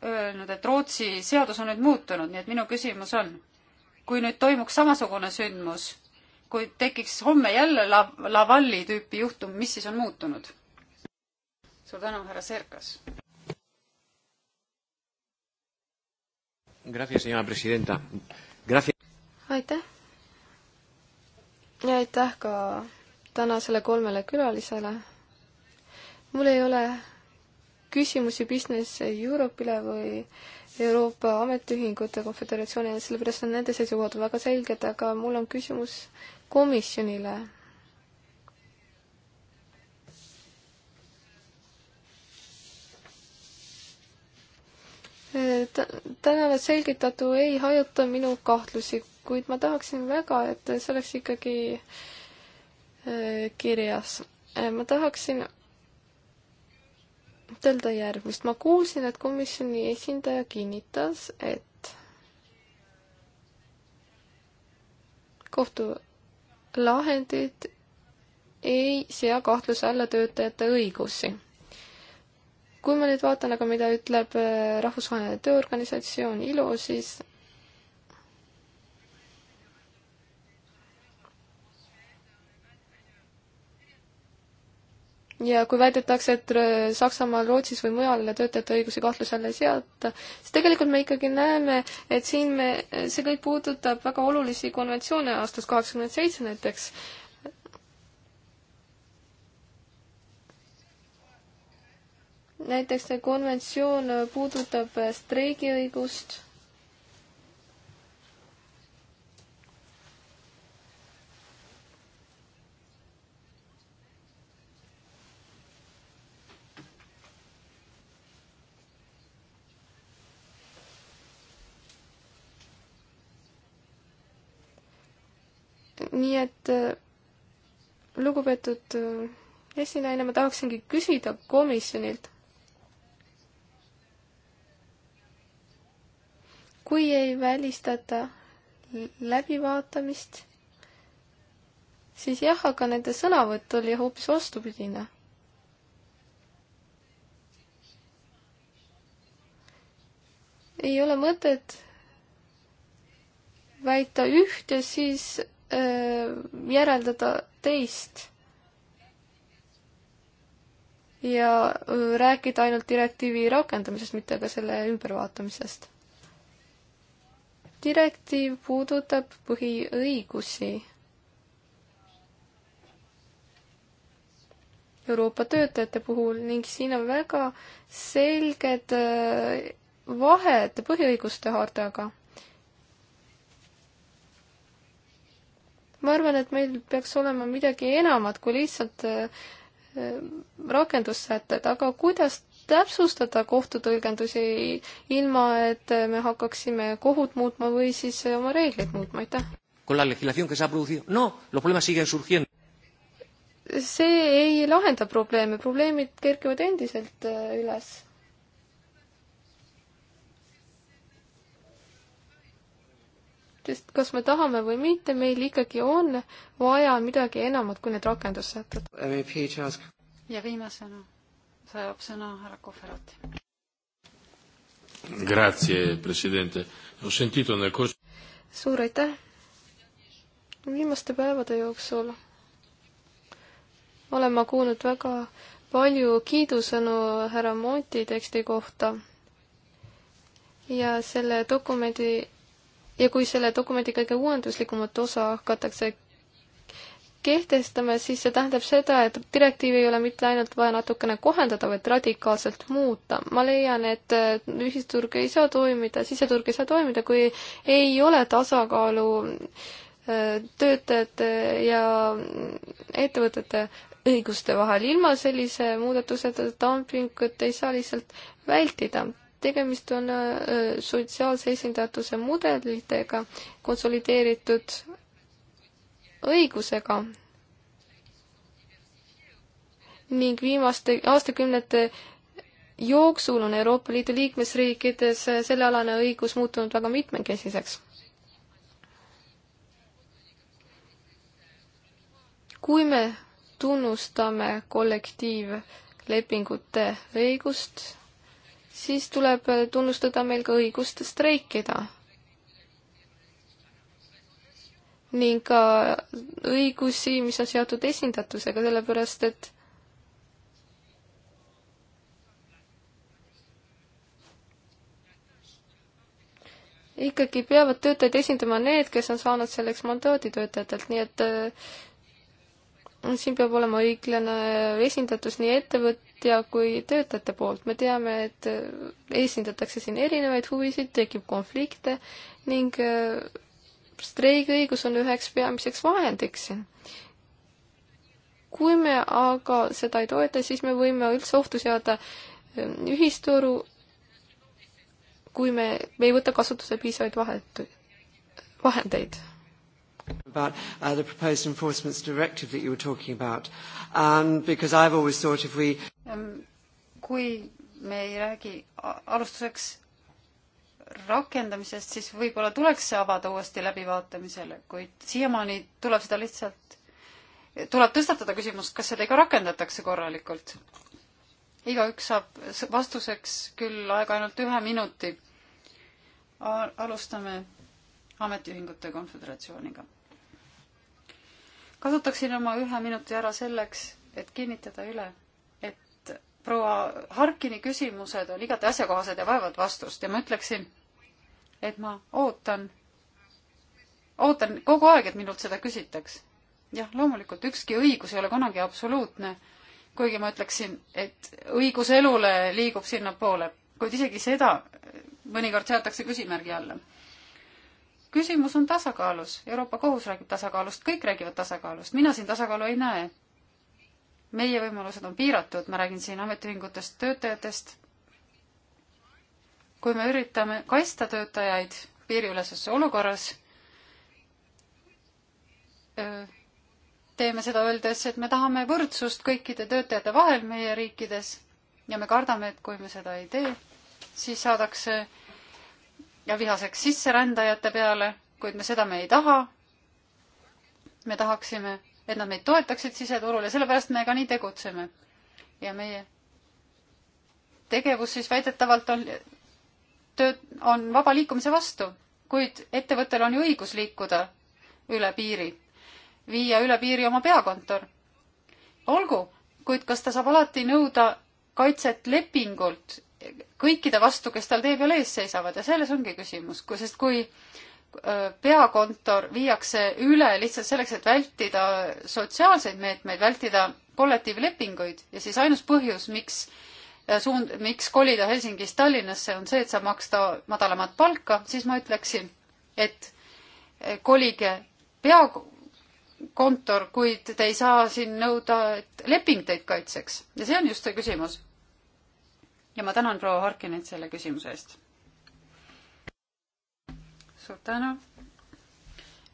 öelnud, et Rootsi seadus on nüüd muutunud, nii et minu küsimus on kui nüüd toimuks samasugune sündmus, kui tekiks homme jälle la-, Lavalli tüüpi juhtum, mis siis on muutunud? suur tänu, härra Serkas. aitäh. ja aitäh ka tänasele kolmele külalisele. mul ei ole küsimusi Business Europe'ile või äh, Euroopa Ametiühingute Konföderatsiooni all, sellepärast on nende seisukohad väga selged, aga mul on küsimus komisjonile. tänane selgitatu ei hajuta minu kahtlusi, kuid ma tahaksin väga, et see oleks ikkagi äh, kirjas. ma tahaksin ütelda järgmist. ma kuulsin, et komisjoni esindaja kinnitas, et kohtulahendid ei sea kahtluse alla töötajate õigusi. kui ma nüüd vaatan aga, mida ütleb äh, Rahvusvaheline Tööorganisatsioon ILO, siis ja kui väidetakse, et Saksamaal, Rootsis või mujal töötajate õigusi kahtluse alla ei seata, siis tegelikult me ikkagi näeme, et siin me, see kõik puudutab väga olulisi konventsioone aastast kaheksakümmend seitse näiteks. näiteks see konventsioon puudutab streigiõigust nii et äh, lugupeetud äh, esinaine, ma tahaksingi küsida komisjonilt. kui ei välistata läbivaatamist, siis jah, aga nende sõnavõtt oli hoopis vastupidine. ei ole mõtet väita üht ja siis Äh, järeldada teist ja äh, rääkida ainult direktiivi rakendamisest, mitte ka selle ümbervaatamisest. direktiiv puudutab põhiõigusi. Euroopa töötajate puhul ning siin on väga selged äh, vahed põhiõiguste hardaga. ma arvan, et meil peaks olema midagi enamat kui lihtsalt äh, rakendussätted, aga kuidas täpsustada kohtutõlgendusi ilma, et me hakkaksime kohut muutma või siis oma reegleid muutma, aitäh! see ei lahenda probleeme, probleemid kerkivad endiselt äh, üles sest kas me tahame või mitte, meil ikkagi on vaja midagi enamat kui need rakendussätted. ja viimasena saab sõna härra Kohverati. Grazie, president. suur aitäh. viimaste päevade jooksul olen ma kuulnud väga palju kiidusõnu härra Monti teksti kohta ja selle dokumendi ja kui selle dokumendi kõige uuenduslikumat osa hakatakse kehtestama, siis see tähendab seda, et direktiivi ei ole mitte ainult vaja natukene kohendada, vaid radikaalselt muuta. ma leian, et äh, ühisturg ei saa toimida, siseturg ei saa toimida, kui ei ole tasakaalu äh, töötajate ja ettevõtete õiguste vahel. ilma sellise muudatuseta dumpingut ei saa lihtsalt vältida tegemist on äh, sotsiaalse esindatuse mudelitega, konsolideeritud õigusega ning viimaste aastakümnete jooksul on Euroopa Liidu liikmesriikides äh, sellealane õigus muutunud väga mitmekesiseks. kui me tunnustame kollektiivlepingute õigust siis tuleb tunnustada meil ka õigust streikida. ning ka õigusi, mis on seotud esindatusega, sellepärast et ikkagi peavad töötajaid esindama need, kes on saanud selleks mandaadi töötajatelt, nii et siin peab olema õiglane esindatus nii ettevõtja kui töötajate poolt. me teame, et esindatakse siin erinevaid huvisid, tekib konflikte ning äh, streigiõigus on üheks peamiseks vahendiks siin. kui me aga seda ei toeta, siis me võime üldse ohtu seada äh, ühisturu, kui me, me ei võta kasutusele piisavaid vahetuid, vahendeid about uh, the proposed enforcements directive that you were talking about um, because I've always thought if we kui me ei räägi alustuseks rakendamisest, siis võib-olla tuleks see avada uuesti läbivaatamisele, kuid siiamaani tuleb seda lihtsalt, tuleb tõstatada küsimus, kas seda ikka rakendatakse korralikult. igaüks saab vastuseks küll aega ainult ühe minuti. alustame Ametiühingute Konföderatsiooniga. kasutaksin oma ühe minuti ära selleks, et kinnitada üle, et proua Harkini küsimused on igati asjakohased ja vaevavad vastust ja ma ütleksin, et ma ootan, ootan kogu aeg, et minult seda küsitaks. jah, loomulikult ükski õigus ei ole kunagi absoluutne, kuigi ma ütleksin, et õigus elule liigub sinnapoole, kuid isegi seda mõnikord seatakse küsimärgi alla küsimus on tasakaalus. Euroopa Kohus räägib tasakaalust, kõik räägivad tasakaalust, mina siin tasakaalu ei näe. meie võimalused on piiratud, ma räägin siin ametiühingutest, töötajatest. kui me üritame kaitsta töötajaid piiriüleses olukorras, teeme seda öeldes, et me tahame võrdsust kõikide töötajate vahel meie riikides ja me kardame, et kui me seda ei tee, siis saadakse äh, ja vihaseks sisserändajate peale, kuid me seda me ei taha. me tahaksime, et nad meid toetaksid siseturul ja sellepärast me ka nii tegutseme. ja meie tegevus siis väidetavalt on, töö, on vaba liikumise vastu, kuid ettevõttel on ju õigus liikuda üle piiri, viia üle piiri oma peakontor. olgu, kuid kas ta saab alati nõuda kaitset lepingult kõikide vastu, kes tal tee peal ees seisavad ja selles ongi küsimus, kui, sest kui äh, peakontor viiakse üle lihtsalt selleks, et vältida sotsiaalseid meetmeid, vältida kollektiivlepinguid ja siis ainus põhjus, miks äh, suund, miks kolida Helsingist Tallinnasse, on see, et saab maksta madalamat palka, siis ma ütleksin, et äh, kolige peakontor, kuid te ei saa siin nõuda, et leping teid kaitseks ja see on just see küsimus ja ma tänan proua Harkinit selle küsimuse eest. suur tänu,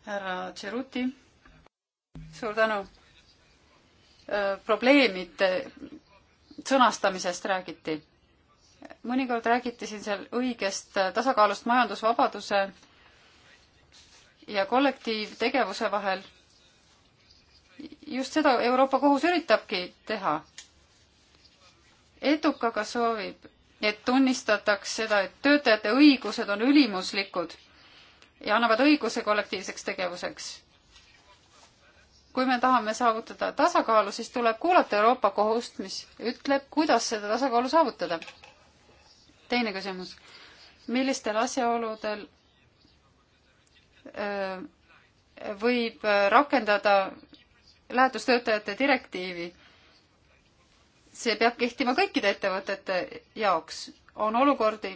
härra Tšeruti. suur tänu. probleemide sõnastamisest räägiti. mõnikord räägiti siin seal õigest tasakaalust majandusvabaduse ja kollektiivtegevuse vahel. just seda Euroopa Kohus üritabki teha edukaga soovib, et tunnistataks seda, et töötajate õigused on ülimuslikud ja annavad õiguse kollektiivseks tegevuseks. kui me tahame saavutada tasakaalu, siis tuleb kuulata Euroopa Kohust, mis ütleb, kuidas seda tasakaalu saavutada. teine küsimus. millistel asjaoludel öö, äh, võib äh, rakendada lähetustöötajate direktiivi see peab kehtima kõikide ettevõtete jaoks. on olukordi,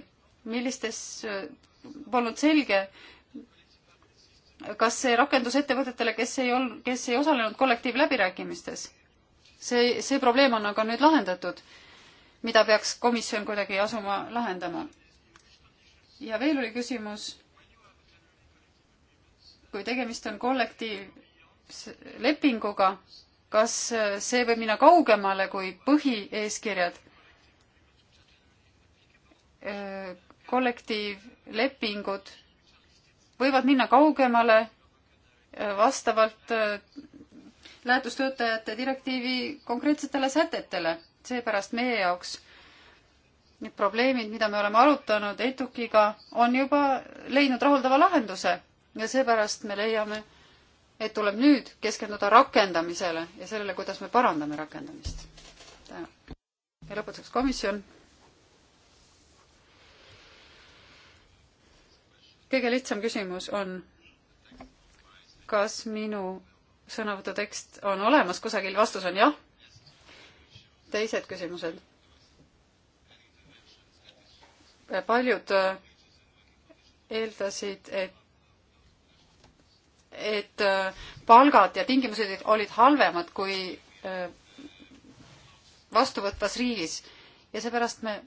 millistes äh, polnud selge, kas see rakendus ettevõtetele, kes ei olnud, kes ei osalenud kollektiivläbirääkimistes. see, see probleem on aga nüüd lahendatud, mida peaks komisjon kuidagi asuma lahendama. ja veel oli küsimus, kui tegemist on kollektiivlepinguga, kas see võib minna kaugemale kui põhieeskirjad? kollektiivlepingud võivad minna kaugemale eh, vastavalt eh, lähetustöötajate direktiivi konkreetsetele sätetele, seepärast meie jaoks need probleemid, mida me oleme arutanud ETUK-iga, on juba leidnud rahuldava lahenduse ja seepärast me leiame, et tuleb nüüd keskenduda rakendamisele ja sellele, kuidas me parandame rakendamist. ja lõpetuseks komisjon. kõige lihtsam küsimus on, kas minu sõnavõtu tekst on olemas kusagil, vastus on jah. teised küsimused? paljud äh, eeldasid, et et äh, palgad ja tingimused olid halvemad kui äh, vastuvõtvas riigis ja seepärast me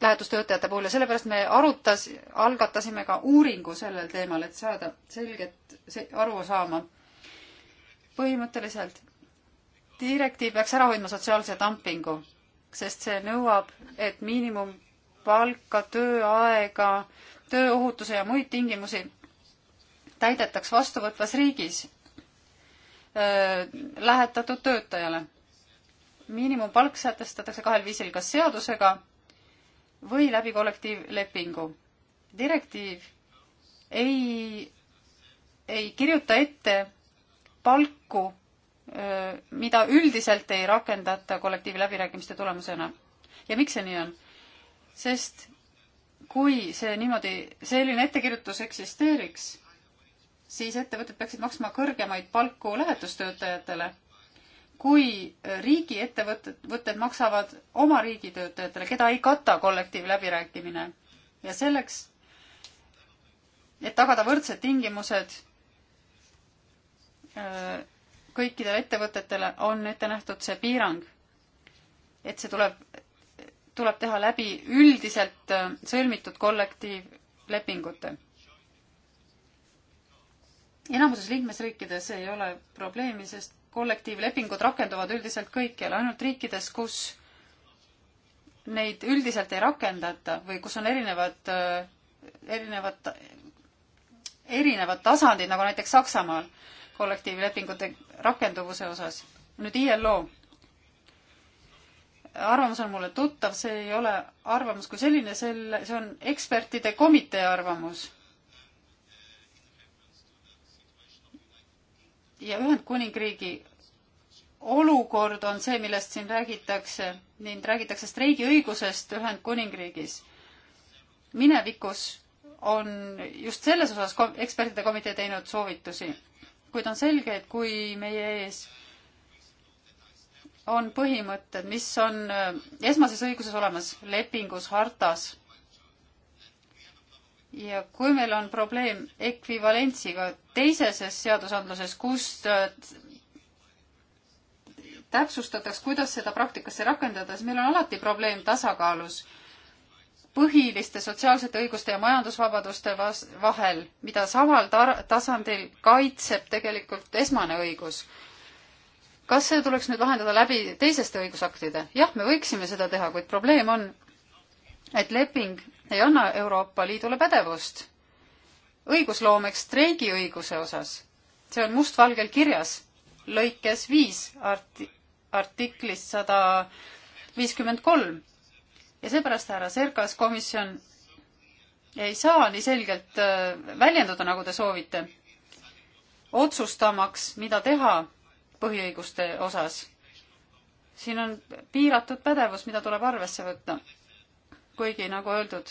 lähetustöötajate puhul ja sellepärast me arutas, algatasime ka uuringu sellel teemal, et saada selget aru saama. põhimõtteliselt direktiiv peaks ära hoidma sotsiaalse dumpingu, sest see nõuab, et miinimumpalka, tööaega, tööohutuse ja muid tingimusi täidetaks vastuvõtvas riigis äh, lähetatud töötajale. miinimumpalk sätestatakse kahel viisil, kas seadusega või läbi kollektiivlepingu. direktiiv ei, ei kirjuta ette palku, äh, mida üldiselt ei rakendata kollektiivläbirääkimiste tulemusena. ja miks see nii on? sest kui see niimoodi, selline ettekirjutus eksisteeriks, siis ettevõtted peaksid maksma kõrgemaid palku lähetustöötajatele, kui riigiettevõtted, võtted maksavad oma riigi töötajatele, keda ei kata kollektiivläbirääkimine. ja selleks, et tagada võrdsed tingimused äh, kõikidele ettevõtetele, on ette nähtud see piirang, et see tuleb, tuleb teha läbi üldiselt äh, sõlmitud kollektiivlepingute enamuses liikmesriikides ei ole probleemi, sest kollektiivlepingud rakenduvad üldiselt kõikjal, ainult riikides, kus neid üldiselt ei rakendata või kus on erinevad, äh, erinevad, erinevad tasandid, nagu näiteks Saksamaal kollektiivlepingute rakenduvuse osas. nüüd ILO. arvamus on mulle tuttav, see ei ole arvamus kui selline, selle, see on ekspertide komitee arvamus ja Ühendkuningriigi olukord on see, millest siin räägitakse ning räägitakse streigiõigusest Ühendkuningriigis. minevikus on just selles osas ekspertide komitee teinud soovitusi, kuid on selge, et kui meie ees on põhimõtted, mis on äh, esmases õiguses olemas lepingus, hartas ja kui meil on probleem ekvivalentsiga teises seadusandluses, kus äh, täpsustatakse, kuidas seda praktikasse rakendada, siis meil on alati probleem tasakaalus põhiliste sotsiaalsete õiguste ja majandusvabaduste vas-, vahel, mida samal tar-, tasandil kaitseb tegelikult esmane õigus. kas see tuleks nüüd lahendada läbi teiseste õigusaktide? jah, me võiksime seda teha, kuid probleem on, et leping ei anna Euroopa Liidule pädevust õigusloomeks streigiõiguse osas. see on mustvalgel kirjas lõikes viis arti-, artiklis sada viiskümmend kolm. ja seepärast, härra Serkas, komisjon ei saa nii selgelt äh, väljenduda, nagu te soovite, otsustamaks, mida teha põhiõiguste osas. siin on piiratud pädevus, mida tuleb arvesse võtta kuigi nagu öeldud,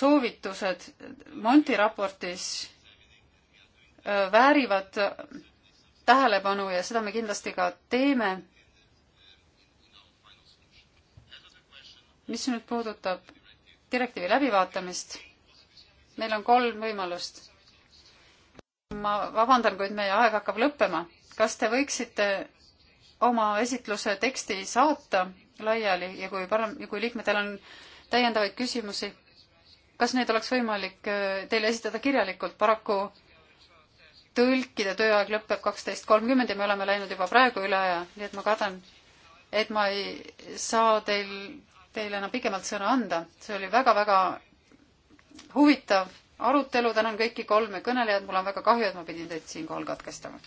soovitused Monti raportis väärivad tähelepanu ja seda me kindlasti ka teeme. mis nüüd puudutab direktiivi läbivaatamist, meil on kolm võimalust. ma vabandan, kuid meie aeg hakkab lõppema. kas te võiksite oma esitluse teksti saata laiali ja kui parlam-, kui liikmetel on täiendavaid küsimusi, kas neid oleks võimalik äh, teile esitada kirjalikult, paraku tõlkide tööaeg lõpeb kaksteist kolmkümmend ja me oleme läinud juba praegu üle aja, nii et ma kardan, et ma ei saa teil, teile enam pikemalt sõna anda. see oli väga-väga huvitav arutelu, tänan kõiki kolme kõnelejat, mul on väga kahju, et ma pidin teid siinkohal katkestama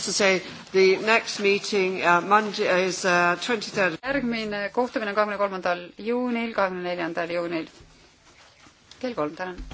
just to say the next meeting uh, Monday uh, is uh, 23rd. järgmine kohtumine on kahekümne kolmandal juunil, kahekümne neljandal juunil kell kolm, tänan.